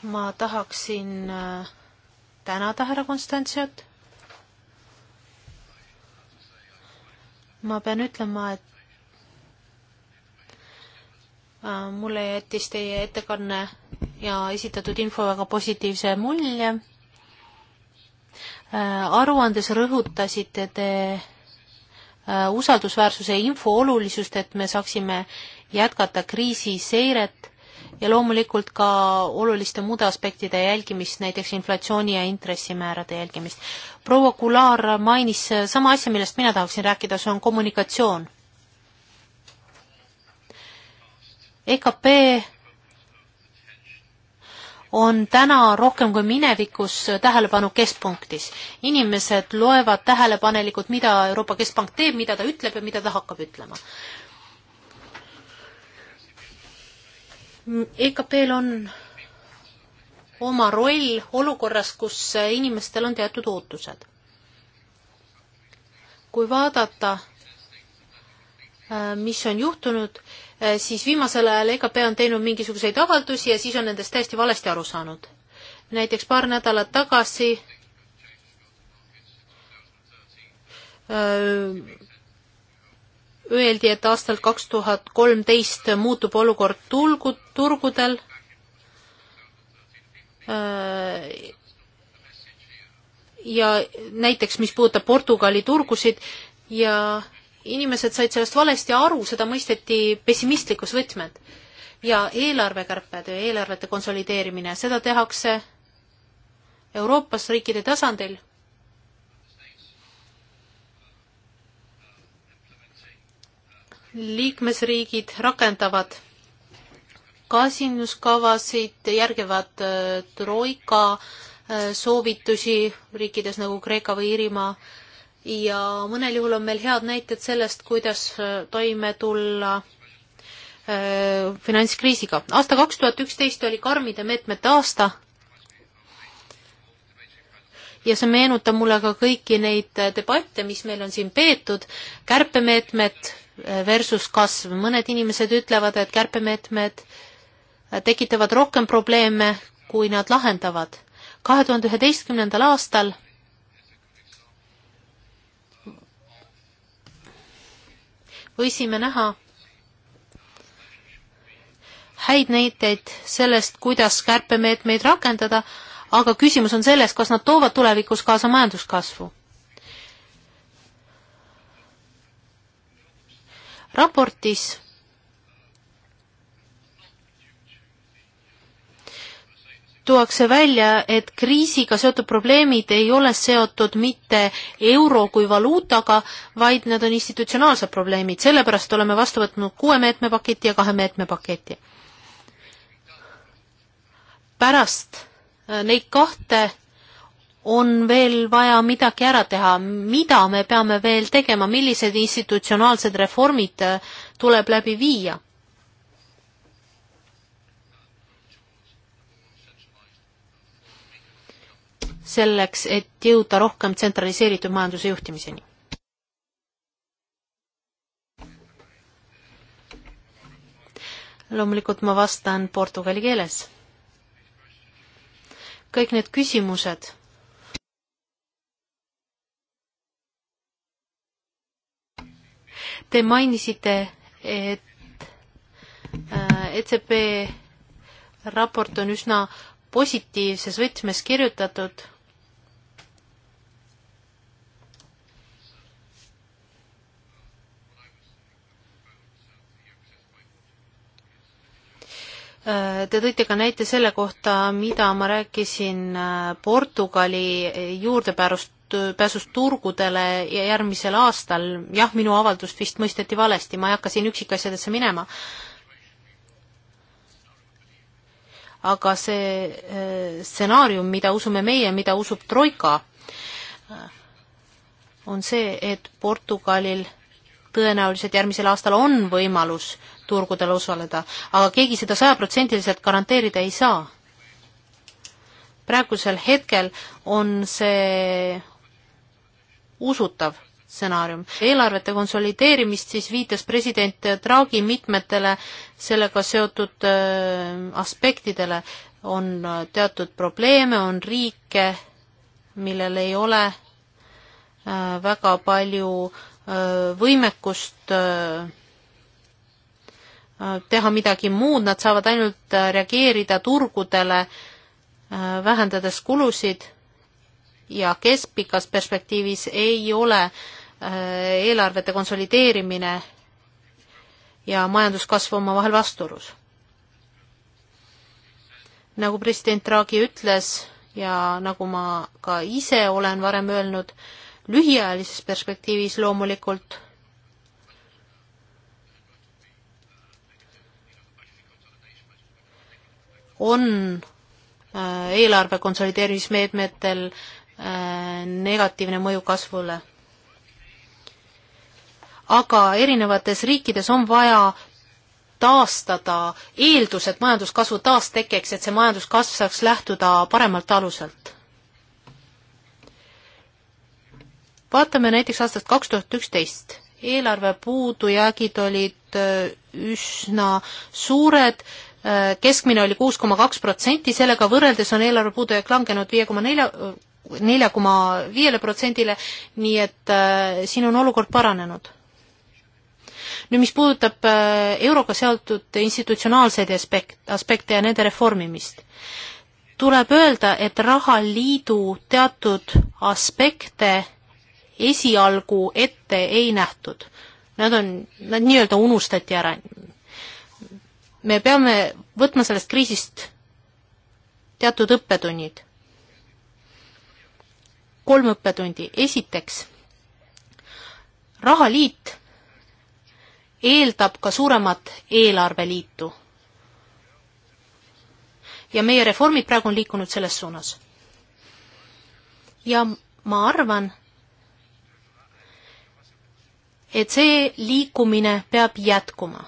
ma tahaksin äh, tänada härra Konstantsiat. ma pean ütlema, et äh, mulle jättis teie ettekanne ja esitatud info väga positiivse mulje. Äh, aruandes rõhutasite te usaldusväärsuse info olulisust, et me saaksime jätkata kriisiseiret ja loomulikult ka oluliste muude aspektide jälgimist, näiteks inflatsiooni ja intressimäärade jälgimist. proua Kulaar mainis sama asja, millest mina tahaksin rääkida, see on kommunikatsioon. EKP on täna rohkem kui minevikus tähelepanu keskpunktis. inimesed loevad tähelepanelikult, mida Euroopa Keskpank teeb, mida ta ütleb ja mida ta hakkab ütlema EKP-l on oma roll olukorras, kus inimestel on teatud ootused. kui vaadata, äh, mis on juhtunud, äh, siis viimasel ajal EKP on teinud mingisuguseid avaldusi ja siis on nendest täiesti valesti aru saanud. näiteks paar nädalat tagasi öö, äh, öeldi, et aastal kaks tuhat kolmteist muutub olukord tulgu, turgudel äh, ja näiteks, mis puudutab Portugali turgusid ja inimesed said sellest valesti aru, seda mõisteti pessimistlikus võtmed. ja eelarvekärped ja eelarvete konsolideerimine, seda tehakse Euroopas riikide tasandil liikmesriigid rakendavad kasinduskavasid, järgivad äh, troika äh, soovitusi riikides nagu Kreeka või Iirimaa ja mõnel juhul on meil head näited sellest, kuidas äh, toime tulla finantskriisiga. aasta kaks tuhat üksteist oli karmide meetmete aasta ja see meenutab mulle ka kõiki neid debatte, mis meil on siin peetud, kärpemeetmed, versus kasv. mõned inimesed ütlevad, et kärpemeetmed tekitavad rohkem probleeme, kui nad lahendavad. kahe tuhande üheteistkümnendal aastal võisime näha häid näiteid sellest, kuidas kärpemeetmeid rakendada, aga küsimus on selles, kas nad toovad tulevikus kaasa majanduskasvu raportis tuuakse välja, et kriisiga seotud probleemid ei ole seotud mitte euro kui valuutaga, vaid need on institutsionaalsed probleemid, sellepärast oleme vastu võtnud kuue meetmepaketi ja kahe meetmepaketi. pärast äh, neid kahte on veel vaja midagi ära teha, mida me peame veel tegema, millised institutsionaalsed reformid äh, tuleb läbi viia? selleks, et jõuda rohkem tsentraliseeritud majanduse juhtimiseni. loomulikult ma vastan portugali keeles. kõik need küsimused Te mainisite, et äh, ECB raport on üsna positiivses võtmes kirjutatud. Äh, te tõite ka näite selle kohta, mida ma rääkisin äh, Portugali juurdepääsust Äh, pääsust turgudele järgmisel aastal, jah, minu avaldust vist mõisteti valesti, ma ei hakka siin üksikasjadesse minema, aga see äh, stsenaarium, mida usume meie, mida usub Troika, äh, on see, et Portugalil tõenäoliselt järgmisel aastal on võimalus turgudel osaleda, aga keegi seda sajaprotsendiliselt garanteerida ei saa. praegusel hetkel on see usutav stsenaarium. eelarvete konsolideerimist siis viitas president Draghi mitmetele sellega seotud äh, aspektidele. on äh, teatud probleeme, on riike, millel ei ole äh, väga palju võimekust teha midagi muud, nad saavad ainult reageerida turgudele, vähendades kulusid ja keskpikas perspektiivis ei ole äh, eelarvete konsolideerimine ja majanduskasv omavahel vastuolus. nagu president Draghi ütles ja nagu ma ka ise olen varem öelnud, lühiajalises perspektiivis loomulikult on äh, eelarve konsolideerimismeetmetel Äh, negatiivne mõju kasvule. aga erinevates riikides on vaja taastada eeldused majanduskasvu taastekeks, et see majanduskasv saaks lähtuda paremalt aluselt. vaatame näiteks aastast kaks tuhat üksteist. eelarve puudujäägid olid äh, üsna suured, äh, keskmine oli kuus koma kaks protsenti, sellega võrreldes on eelarve puudujääk langenud viie koma nelja nelja koma viiele protsendile, nii et äh, siin on olukord paranenud. nüüd, mis puudutab äh, euroga seotud institutsionaalseid aspekt, aspekte ja nende reformimist, tuleb öelda, et rahaliidu teatud aspekte esialgu ette ei nähtud. Nad on, nad nii-öelda unustati ära. me peame võtma sellest kriisist teatud õppetunnid kolm õppetundi. esiteks, rahaliit eeldab ka suuremat eelarveliitu. ja meie reformid praegu on liikunud selles suunas. ja ma arvan, et see liikumine peab jätkuma.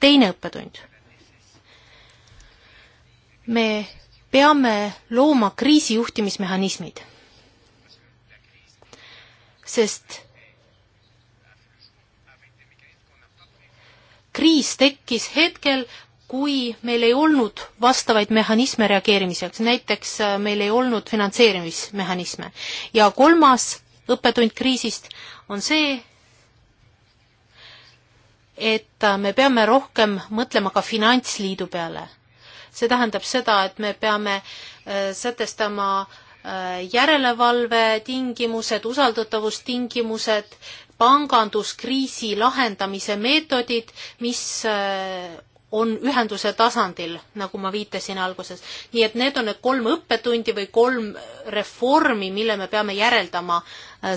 teine õppetund. me peame looma kriisijuhtimismehhanismid. sest kriis tekkis hetkel, kui meil ei olnud vastavaid mehhanisme reageerimiseks, näiteks äh, meil ei olnud finantseerimismehhanisme. ja kolmas õppetund kriisist on see, et äh, me peame rohkem mõtlema ka finantsliidu peale see tähendab seda, et me peame äh, sätestama äh, järelevalve tingimused, usaldatavustingimused, panganduskriisi lahendamise meetodid, mis äh, on ühenduse tasandil, nagu ma viitasin alguses. nii et need on need kolm õppetundi või kolm reformi, mille me peame järeldama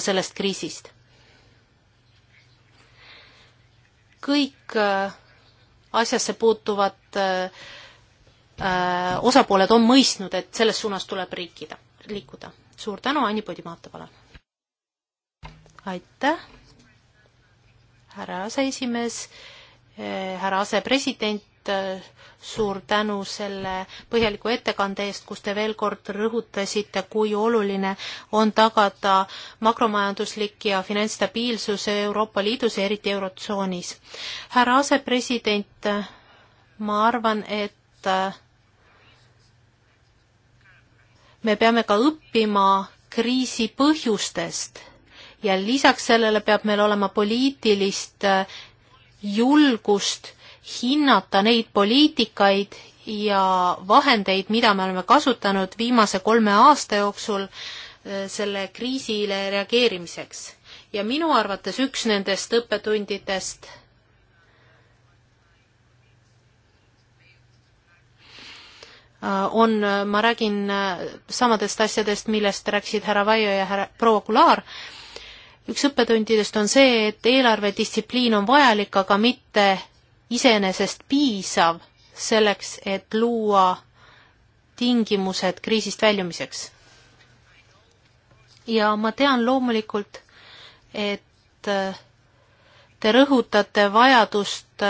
sellest kriisist. kõik asjasse puutuvad äh, Äh, osapooled on mõistnud, et selles suunas tuleb riikida, liikuda. suur tänu, Anni Podimaata, palun! aitäh, härra aseesimees, äh, härra asepresident, äh, suur tänu selle põhjaliku ettekande eest, kus te veel kord rõhutasite, kui oluline on tagada makromajanduslik ja finantsstabiilsus Euroopa Liidus ja eriti Eurotsoonis. härra asepresident, ma arvan, et me peame ka õppima kriisi põhjustest ja lisaks sellele peab meil olema poliitilist äh, julgust hinnata neid poliitikaid ja vahendeid, mida me oleme kasutanud viimase kolme aasta jooksul äh, selle kriisile reageerimiseks. ja minu arvates üks nendest õppetundidest Äh, on, äh, ma räägin äh, samadest asjadest, millest rääkisid härra Vaio ja härra proua Kular, üks õppetundidest on see, et eelarvedistsipliin on vajalik, aga mitte iseenesest piisav selleks, et luua tingimused kriisist väljumiseks. ja ma tean loomulikult, et te rõhutate vajadust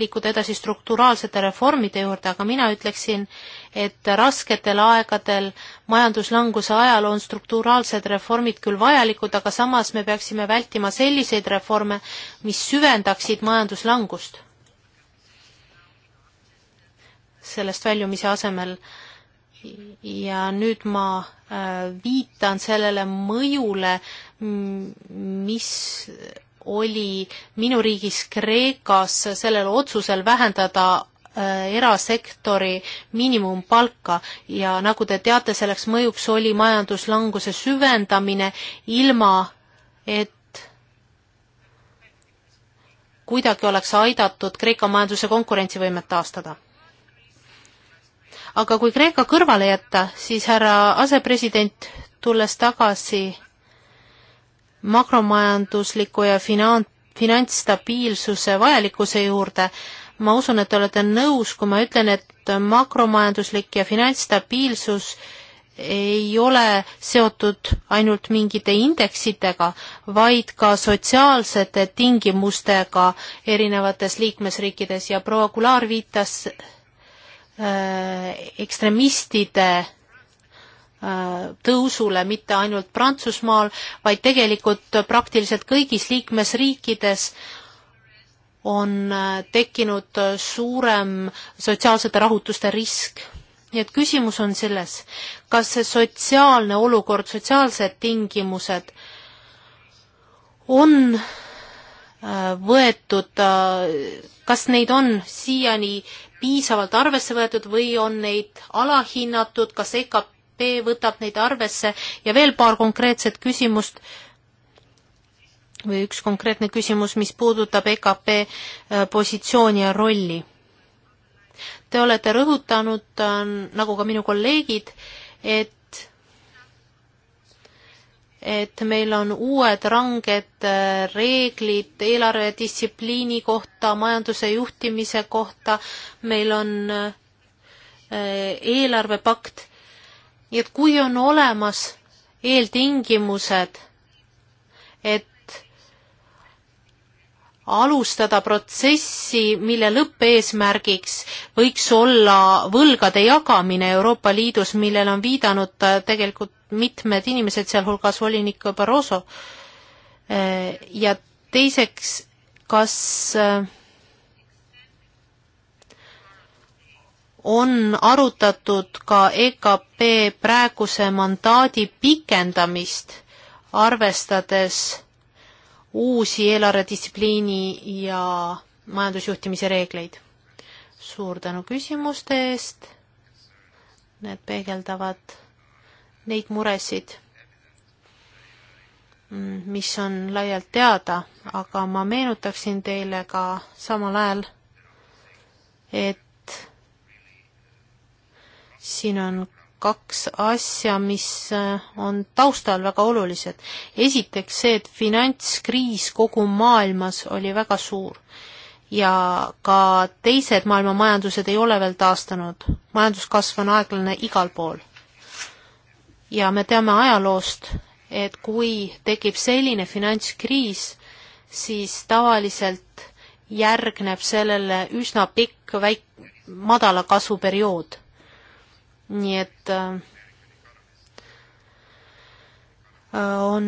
liikuda edasi strukturaalsete reformide juurde, aga mina ütleksin, et rasketel aegadel, majanduslanguse ajal on strukturaalsed reformid küll vajalikud, aga samas me peaksime vältima selliseid reforme, mis süvendaksid majanduslangust. sellest väljumise asemel ja nüüd ma äh, viitan sellele mõjule, mis oli minu riigis Kreekas sellel otsusel vähendada Äh, erasektori miinimumpalka ja nagu te teate, selleks mõjuks oli majanduslanguse süvendamine, ilma et kuidagi oleks aidatud Kreeka majanduse konkurentsivõimet taastada. aga kui Kreeka kõrvale jätta, siis härra asepresident, tulles tagasi makromajandusliku ja finan-, finantsstabiilsuse vajalikkuse juurde, ma usun, et te olete nõus, kui ma ütlen, et makromajanduslik ja finantsstabiilsus ei ole seotud ainult mingite indeksitega, vaid ka sotsiaalsete tingimustega erinevates liikmesriikides ja proua Kular viitas äh, ekstremistide äh, tõusule mitte ainult Prantsusmaal, vaid tegelikult praktiliselt kõigis liikmesriikides äh, on äh, tekkinud äh, suurem sotsiaalsete rahutuste risk. nii et küsimus on selles, kas see sotsiaalne olukord, sotsiaalsed tingimused on äh, võetud, kas neid on siiani piisavalt arvesse võetud või on neid alahinnatud, kas EKP võtab neid arvesse ja veel paar konkreetset küsimust või üks konkreetne küsimus, mis puudutab EKP äh, positsiooni ja rolli. Te olete rõhutanud, äh, nagu ka minu kolleegid, et et meil on uued ranged äh, reeglid eelarvedistsipliini kohta, majanduse juhtimise kohta, meil on eelarvepakt, nii et kui on olemas eeltingimused, et alustada protsessi, mille lõppeesmärgiks võiks olla võlgade jagamine Euroopa Liidus, millele on viidanud äh, tegelikult mitmed inimesed, sealhulgas volinik Barroso. Äh, ja teiseks, kas äh, on arutatud ka EKP praeguse mandaadi pikendamist, arvestades uusi eelarvedistsipliini ja majandusjuhtimise reegleid. suur tänu küsimuste eest, need peegeldavad neid muresid, mm, mis on laialt teada, aga ma meenutaksin teile ka samal ajal, et siin on kaks asja, mis äh, on taustal väga olulised. esiteks see, et finantskriis kogu maailmas oli väga suur ja ka teised maailma majandused ei ole veel taastunud. majanduskasv on aeglane igal pool. ja me teame ajaloost, et kui tekib selline finantskriis, siis tavaliselt järgneb sellele üsna pikk väik-, madala kasvuperiood nii et äh, äh, on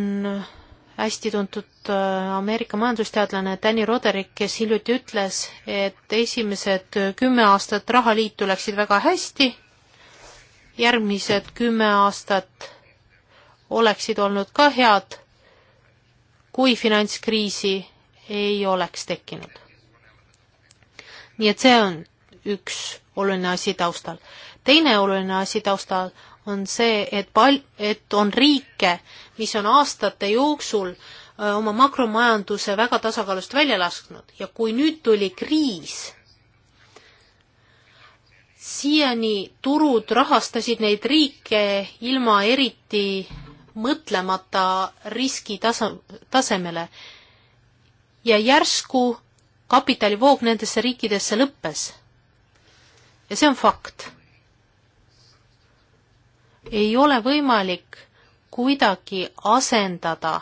hästi tuntud äh, Ameerika majandusteadlane Danny Roderick, kes hiljuti ütles, et esimesed kümme aastat rahaliitu läksid väga hästi, järgmised kümme aastat oleksid olnud ka head, kui finantskriisi ei oleks tekkinud. nii et see on üks oluline asi taustal teine oluline asi taustal on see, et pal-, et on riike, mis on aastate jooksul öö, oma makromajanduse väga tasakaalust välja lasknud ja kui nüüd tuli kriis, siiani turud rahastasid neid riike ilma eriti mõtlemata riski tasa, tasemele ja järsku kapitalivoog nendesse riikidesse lõppes. ja see on fakt ei ole võimalik kuidagi asendada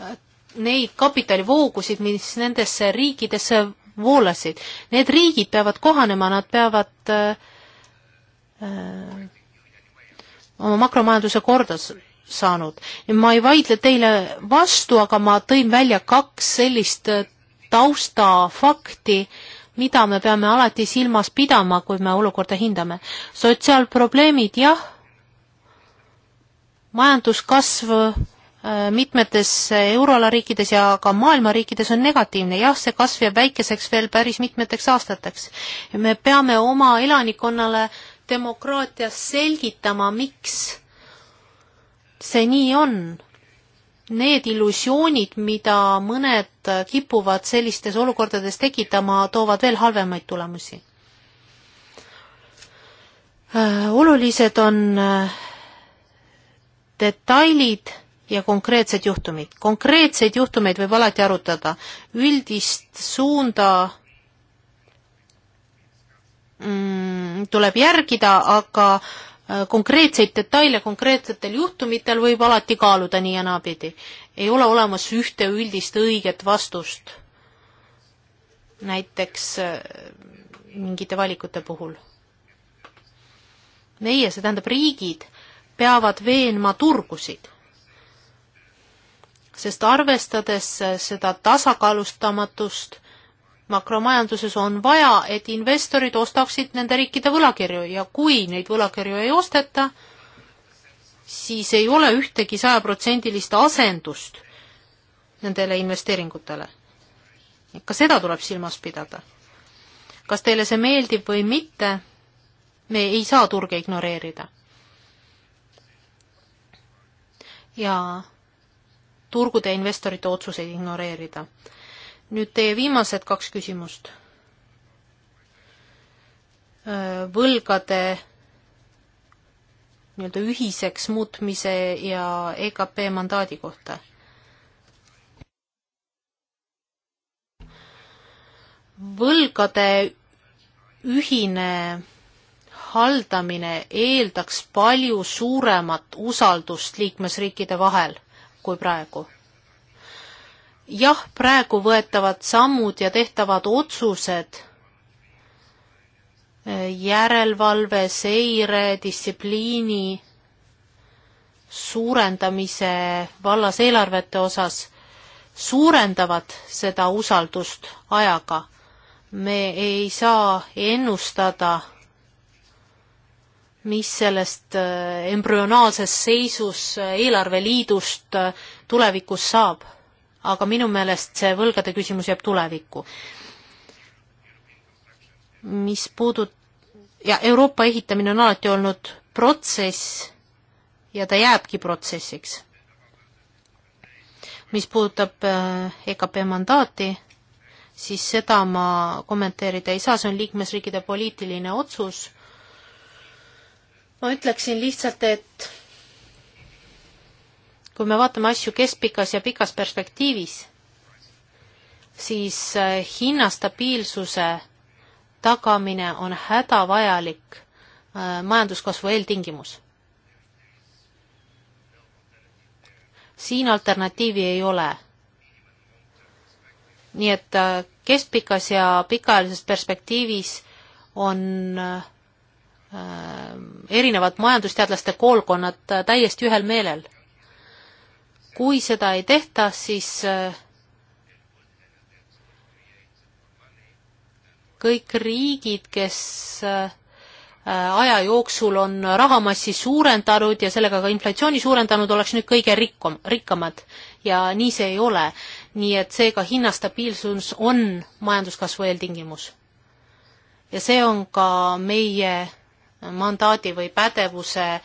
äh, neid kapitalivoogusid, mis nendesse riikidesse voolasid. Need riigid peavad kohanema, nad peavad äh, äh oma makromajanduse korda saanud. ma ei vaidle teile vastu, aga ma tõin välja kaks sellist äh, taustafakti, mida me peame alati silmas pidama, kui me olukorda hindame. sotsiaalprobleemid, jah majanduskasv äh, mitmetes euroala riikides ja ka maailma riikides on negatiivne, jah, see kasv jääb väikeseks veel päris mitmeteks aastateks. me peame oma elanikkonnale demokraatias selgitama, miks see nii on. Need illusioonid, mida mõned kipuvad sellistes olukordades tekitama, toovad veel halvemaid tulemusi. Äh, olulised on äh, detailid ja konkreetsed juhtumid. konkreetseid juhtumeid võib alati arutada, üldist suunda mm, tuleb järgida, aga äh, konkreetseid detaile konkreetsetel juhtumitel võib alati kaaluda nii ja naapidi. ei ole olemas ühte üldist õiget vastust, näiteks äh, mingite valikute puhul. meie, see tähendab riigid, peavad veenma turgusid. sest arvestades seda tasakaalustamatust makromajanduses on vaja, et investorid ostaksid nende riikide võlakirju ja kui neid võlakirju ei osteta, siis ei ole ühtegi sajaprotsendilist asendust nendele investeeringutele. ka seda tuleb silmas pidada. kas teile see meeldib või mitte, me ei saa turge ignoreerida ja turgude ja investorite otsuseid ignoreerida. nüüd teie viimased kaks küsimust. Äh, võlgade nii-öelda ühiseks muutmise ja EKP mandaadi kohta. võlgade ühine haldamine eeldaks palju suuremat usaldust liikmesriikide vahel kui praegu. jah, praegu võetavad sammud ja tehtavad otsused eh, järelevalve, seire, distsipliini suurendamise vallas eelarvete osas suurendavad seda usaldust ajaga. me ei saa ennustada mis sellest äh, embrüonaalses seisus äh, eelarveliidust äh, tulevikus saab. aga minu meelest see võlgade küsimus jääb tulevikku. mis puudut-, ja Euroopa ehitamine on alati olnud protsess ja ta jääbki protsessiks. mis puudutab EKP mandaati, siis seda ma kommenteerida ei saa, see on liikmesriikide poliitiline otsus ma ütleksin lihtsalt, et kui me vaatame asju keskpikas ja pikas perspektiivis, siis äh, hinnastabiilsuse tagamine on hädavajalik äh, majanduskasvu eeltingimus. siin alternatiivi ei ole. nii et äh, keskpikas ja pikaajalises perspektiivis on äh, Äh, erinevad majandusteadlaste koolkonnad äh, täiesti ühel meelel. kui seda ei tehta, siis äh, kõik riigid, kes aja jooksul on rahamassi suurendanud ja sellega ka inflatsiooni suurendanud, oleks nüüd kõige rikkam, rikkamad ja nii see ei ole. nii et seega hinnastabiilsus on majanduskasvu eeltingimus. ja see on ka meie mandaadi või pädevuse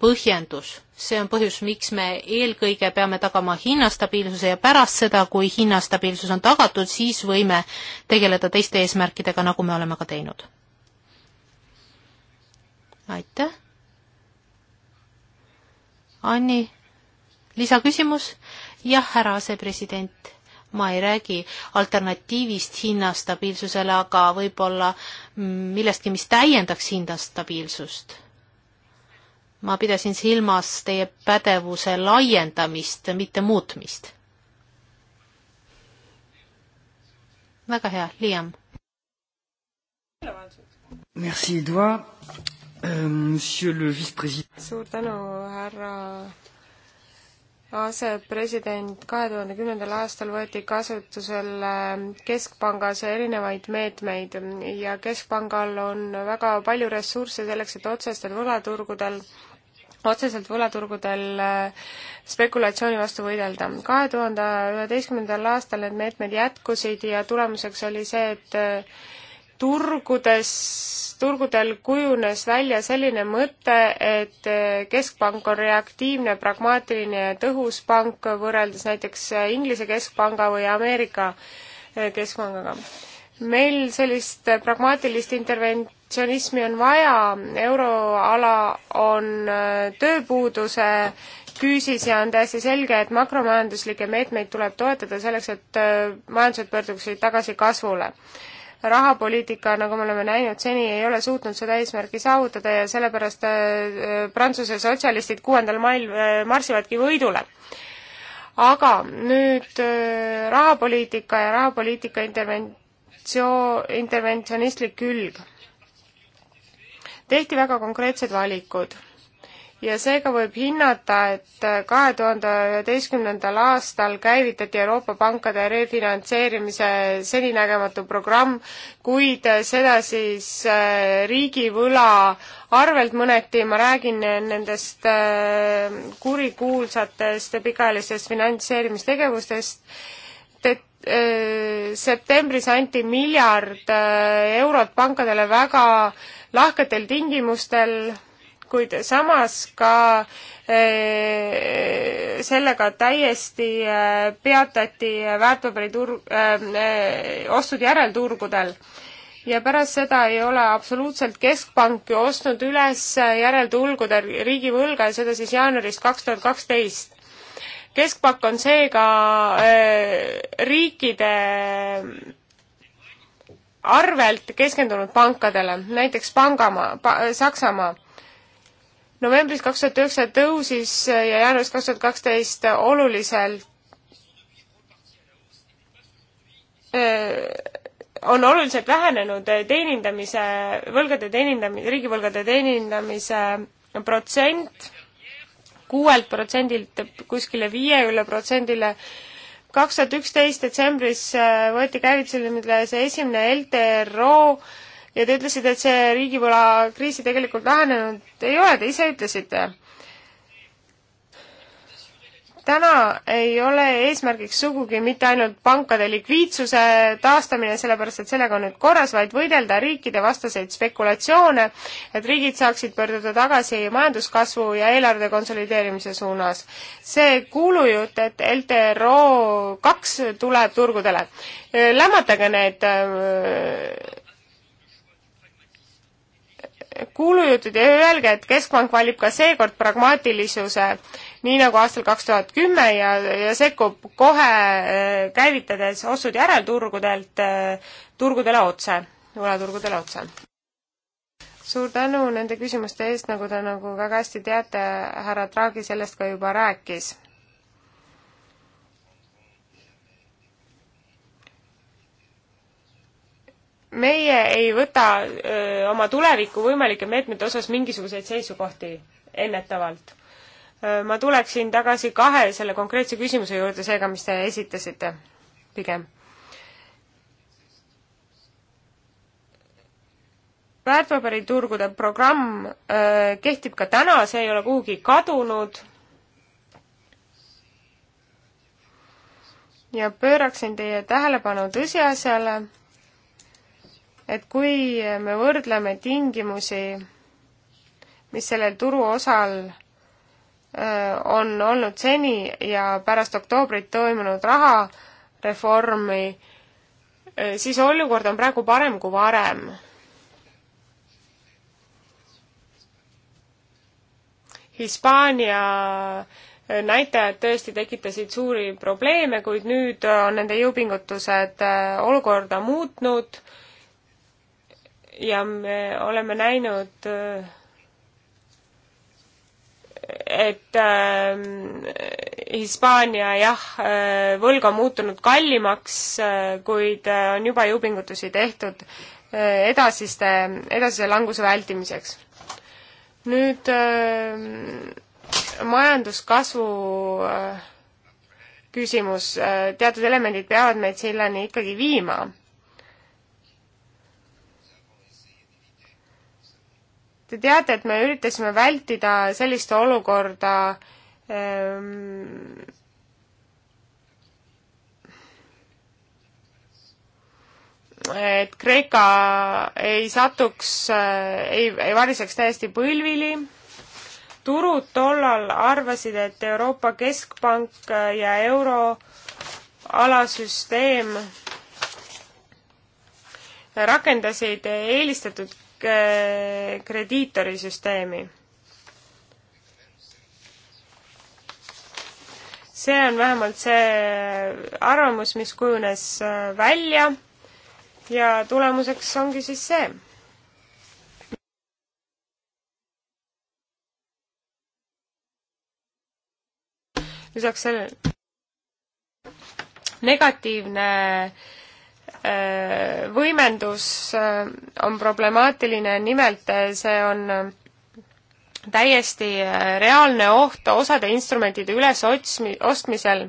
põhjendus. see on põhjus, miks me eelkõige peame tagama hinnastabiilsuse ja pärast seda, kui hinnastabiilsus on tagatud, siis võime tegeleda teiste eesmärkidega, nagu me oleme ka teinud. aitäh. Anni, lisaküsimus? jah, härra asepresident ma ei räägi alternatiivist hinnastabiilsusele, aga võib-olla millestki, mis täiendaks hinnastabiilsust. ma pidasin silmas teie pädevuse laiendamist, mitte muutmist. väga hea, Liam. Merci, Edouard euh,. Monsieur le vice-président. suur tänu, härra asepresident kahe tuhande kümnendal aastal võeti kasutusele Keskpangas erinevaid meetmeid ja Keskpangal on väga palju ressursse selleks, et otsestel võlaturgudel otseselt võlaturgudel äh, spekulatsiooni vastu võidelda. kahe tuhande üheteistkümnendal aastal need meetmed jätkusid ja tulemuseks oli see, et äh, turgudes, turgudel kujunes välja selline mõte, et keskpank on reaktiivne, pragmaatiline ja tõhus pank võrreldes näiteks Inglise keskpanga või Ameerika keskpangaga. meil sellist pragmaatilist interventsionismi on vaja, euroala on tööpuuduse küüsis ja on täiesti selge, et makromajanduslikke meetmeid tuleb toetada selleks, et majandused pöörduksid tagasi kasvule rahapoliitika, nagu me oleme näinud, seni ei ole suutnud seda eesmärki saavutada ja sellepärast äh, äh, Prantsuse sotsialistid kuuendal mail äh, marsivadki võidule aga nüüd rahapoliitika ja rahapoliitika interventsio-, interventsionistlik külg. tehti väga konkreetsed valikud ja seega võib hinnata, et äh, kahe tuhande üheteistkümnendal aastal käivitati Euroopa pankade refinantseerimise seninägematu programm, kuid äh, seda siis äh, riigivõla arvelt mõneti, ma räägin nendest kurikuulsatest ja pikaajalistest finantseerimistegevustest, septembris anti miljard eurot pankadele väga lahketel tingimustel kuid samas ka eh, sellega täiesti eh, peatati väärtpaberitur-, eh, ostud järelturgudel. ja pärast seda ei ole absoluutselt Keskpank ju ostnud üles järelturgudel riigivõlga ja seda siis jaanuarist kaks tuhat kaksteist. keskpank on seega riikide arvelt keskendunud pankadele, näiteks Pangamaa pa,, Saksamaa novembris kaks tuhat üheksa tõusis äh, ja jaanuaris kaks tuhat kaksteist oluliselt äh, on oluliselt vähenenud äh, teenindamise, võlgade teenindamise, riigivõlgade teenindamise protsent kuuelt protsendilt kuskile viiekümne protsendile. kaks tuhat üksteist detsembris võeti käivitusele see esimene LTRO ja te ütlesite, et see riigivõlakriisi tegelikult lahenenud ei ole, te ise ütlesite. täna ei ole eesmärgiks sugugi mitte ainult pankade likviidsuse taastamine, sellepärast et sellega on nüüd korras, vaid võidelda riikide vastaseid spekulatsioone, et riigid saaksid pöörduda tagasi majanduskasvu ja eelarve konsolideerimise suunas. see kuulujutt, et LTRO kaks tuleb turgudele, lämmatage need äh, kuulujutud ja öelge, et Keskpank valib ka seekord pragmaatilisuse, nii nagu aastal kaks tuhat kümme ja, ja sekkub kohe äh, käivitades ostud järelturgudelt äh, turgudele otse, võlaturgudele otse. suur tänu nende küsimuste eest, nagu te nagu väga hästi teate, härra Draghi sellest ka juba rääkis meie ei võta öö, oma tuleviku võimalike meetmete osas mingisuguseid seisukohti ennetavalt. ma tuleksin tagasi kahe selle konkreetse küsimuse juurde, seega, mis te esitasite pigem. väärtpaberiturgude programm öö, kehtib ka täna, see ei ole kuhugi kadunud. ja pööraksin teie tähelepanu tõsiasjale et kui me võrdleme tingimusi, mis sellel turuosal on olnud seni ja pärast oktoobrit toimunud rahareformi, siis olukord on praegu parem kui varem. Hispaania näitajad tõesti tekitasid suuri probleeme, kuid nüüd on nende jõupingutused olukorda muutnud ja me oleme näinud, et äh, Hispaania jah, äh, võlg on muutunud kallimaks, äh, kuid äh, on juba jõupingutusi tehtud edasiste, edasise languse vältimiseks. nüüd äh, majanduskasvu äh, küsimus, teatud elemendid peavad meid selleni ikkagi viima Te teate, et me üritasime vältida sellist olukorda ähm, et Kreeka ei satuks äh,, ei, ei variseks täiesti põlvili turud tollal arvasid, et Euroopa Keskpank ja euroala süsteem rakendasid eelistatud krediitorisüsteemi. see on vähemalt see arvamus, mis kujunes äh, välja ja tulemuseks ongi siis see lisaks sellele negatiivne Äh, võimendus äh, on problemaatiline, nimelt äh, see on täiesti reaalne oht osade instrumentide ülesotsmi-, ostmisel.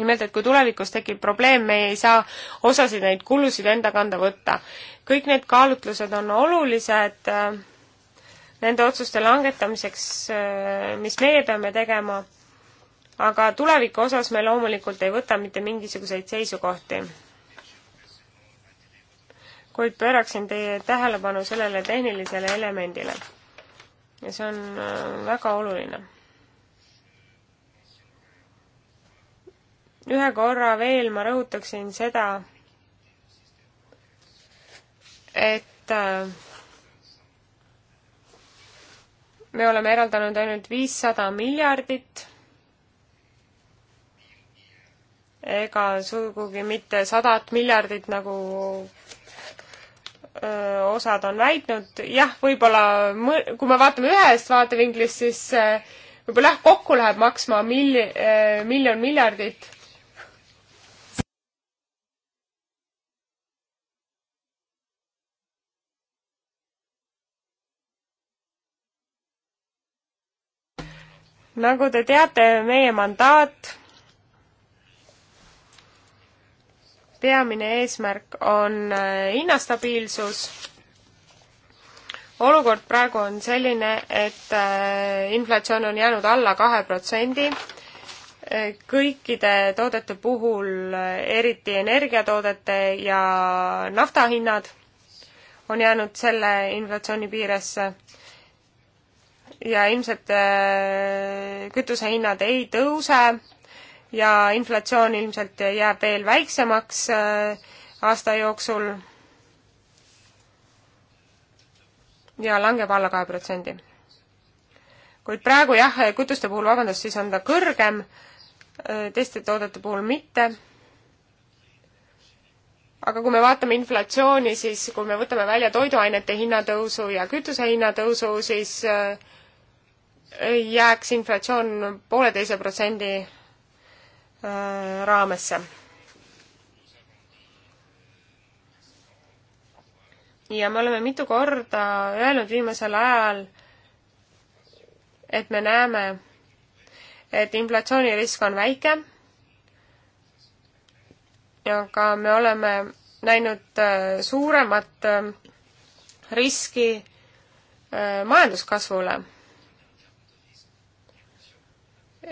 nimelt, et kui tulevikus tekib probleem, me ei saa osasid neid kulusid enda kanda võtta. kõik need kaalutlused on olulised nende otsuste langetamiseks, mis meie peame tegema, aga tuleviku osas me loomulikult ei võta mitte mingisuguseid seisukohti kuid pööraksin teie tähelepanu sellele tehnilisele elemendile. ja see on äh, väga oluline. ühe korra veel ma rõhutaksin seda, et äh, me oleme eraldanud ainult viissada miljardit ega sugugi mitte sadat miljardit, nagu osad on väitnud, jah, võib-olla kui me vaatame ühest vaatevinklist, siis äh, võib-olla jah, kokku läheb maksma mil-, miljon miljardit. nagu te teate, meie mandaat peamine eesmärk on äh, hinnastabiilsus. olukord praegu on selline, et äh, inflatsioon on jäänud alla kahe protsendi. Äh, kõikide toodete puhul, eriti energiatoodete ja nafta hinnad, on jäänud selle inflatsiooni piiresse ja ilmselt kütusehinnad ei tõuse ja inflatsioon ilmselt jääb veel väiksemaks äh, aasta jooksul ja langeb alla kahe protsendi. kuid praegu jah, kütuste puhul, vabandust, siis on ta kõrgem, äh, teiste toodete puhul mitte. aga kui me vaatame inflatsiooni, siis kui me võtame välja toiduainete hinnatõusu ja kütuse hinnatõusu, siis äh, jääks inflatsioon pooleteise protsendi Äh, raamesse. ja me oleme mitu korda öelnud viimasel ajal, et me näeme, et inflatsioonirisk on väike, aga me oleme näinud äh, suuremat äh, riski majanduskasvule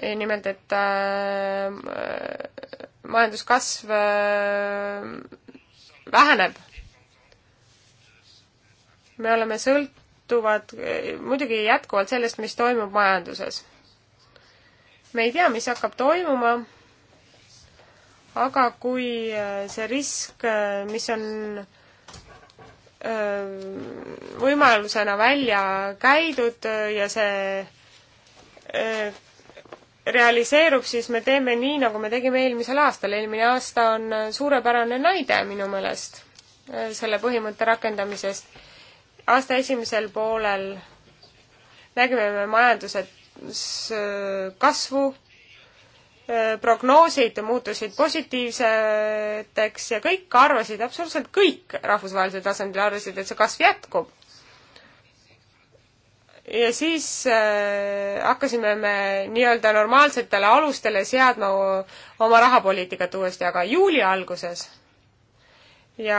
nimelt, et äh, majanduskasv äh, väheneb. me oleme sõltuvad äh, muidugi jätkuvalt sellest, mis toimub majanduses. me ei tea, mis hakkab toimuma, aga kui see risk, mis on võimalusena välja käidud ja see realiseerub, siis me teeme nii, nagu me tegime eelmisel aastal. eelmine aasta on suurepärane näide minu meelest äh, selle põhimõtte rakendamisest. aasta esimesel poolel nägime me majanduses äh, kasvu, äh, prognoosid muutusid positiivseteks ja kõik arvasid, absoluutselt kõik rahvusvahelisel tasandil arvasid, et see kasv jätkub ja siis äh, hakkasime me nii-öelda normaalsetele alustele seadma oma rahapoliitikat uuesti, aga juuli alguses ja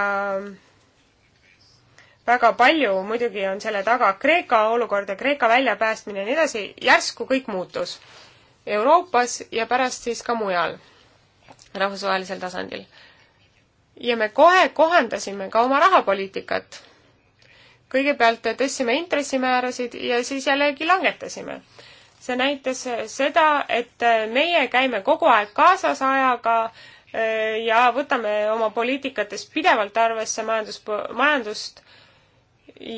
väga palju muidugi on selle taga Kreeka olukord ja Kreeka väljapäästmine ja nii edasi, järsku kõik muutus Euroopas ja pärast siis ka mujal, rahvusvahelisel tasandil. ja me kohe kohandasime ka oma rahapoliitikat kõigepealt tõstsime intressimäärasid ja siis jällegi langetasime. see näitas seda, et meie käime kogu aeg kaasas ajaga eh, ja võtame oma poliitikates pidevalt arvesse majandus, majandust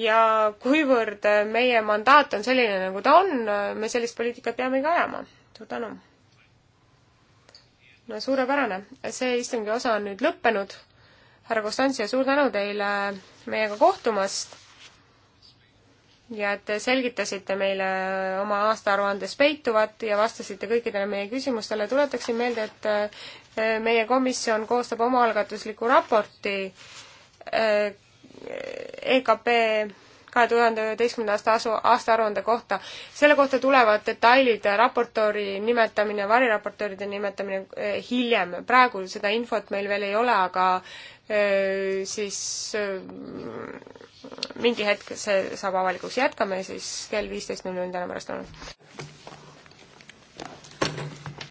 ja kuivõrd meie mandaat on selline, nagu ta on, me sellist poliitikat peamegi ajama. suur tänu! no suurepärane, see istungi osa on nüüd lõppenud. härra Konstantsi, suur tänu teile meiega kohtumast ja et selgitasite meile oma aastaaruandes peituvat ja vastasite kõikidele meie küsimustele. tuletaksin meelde, et äh, meie komisjon koostab omaalgatusliku raporti äh, EKP kahe tuhande üheteistkümnenda aasta asu, aastaaruande kohta. selle kohta tulevad detailid, raportööri nimetamine, variraportööride nimetamine äh, hiljem. praegu seda infot meil veel ei ole, aga siis mingi hetk see saab avalikuks, jätkame siis kell viisteist null null täna pärastlõunal.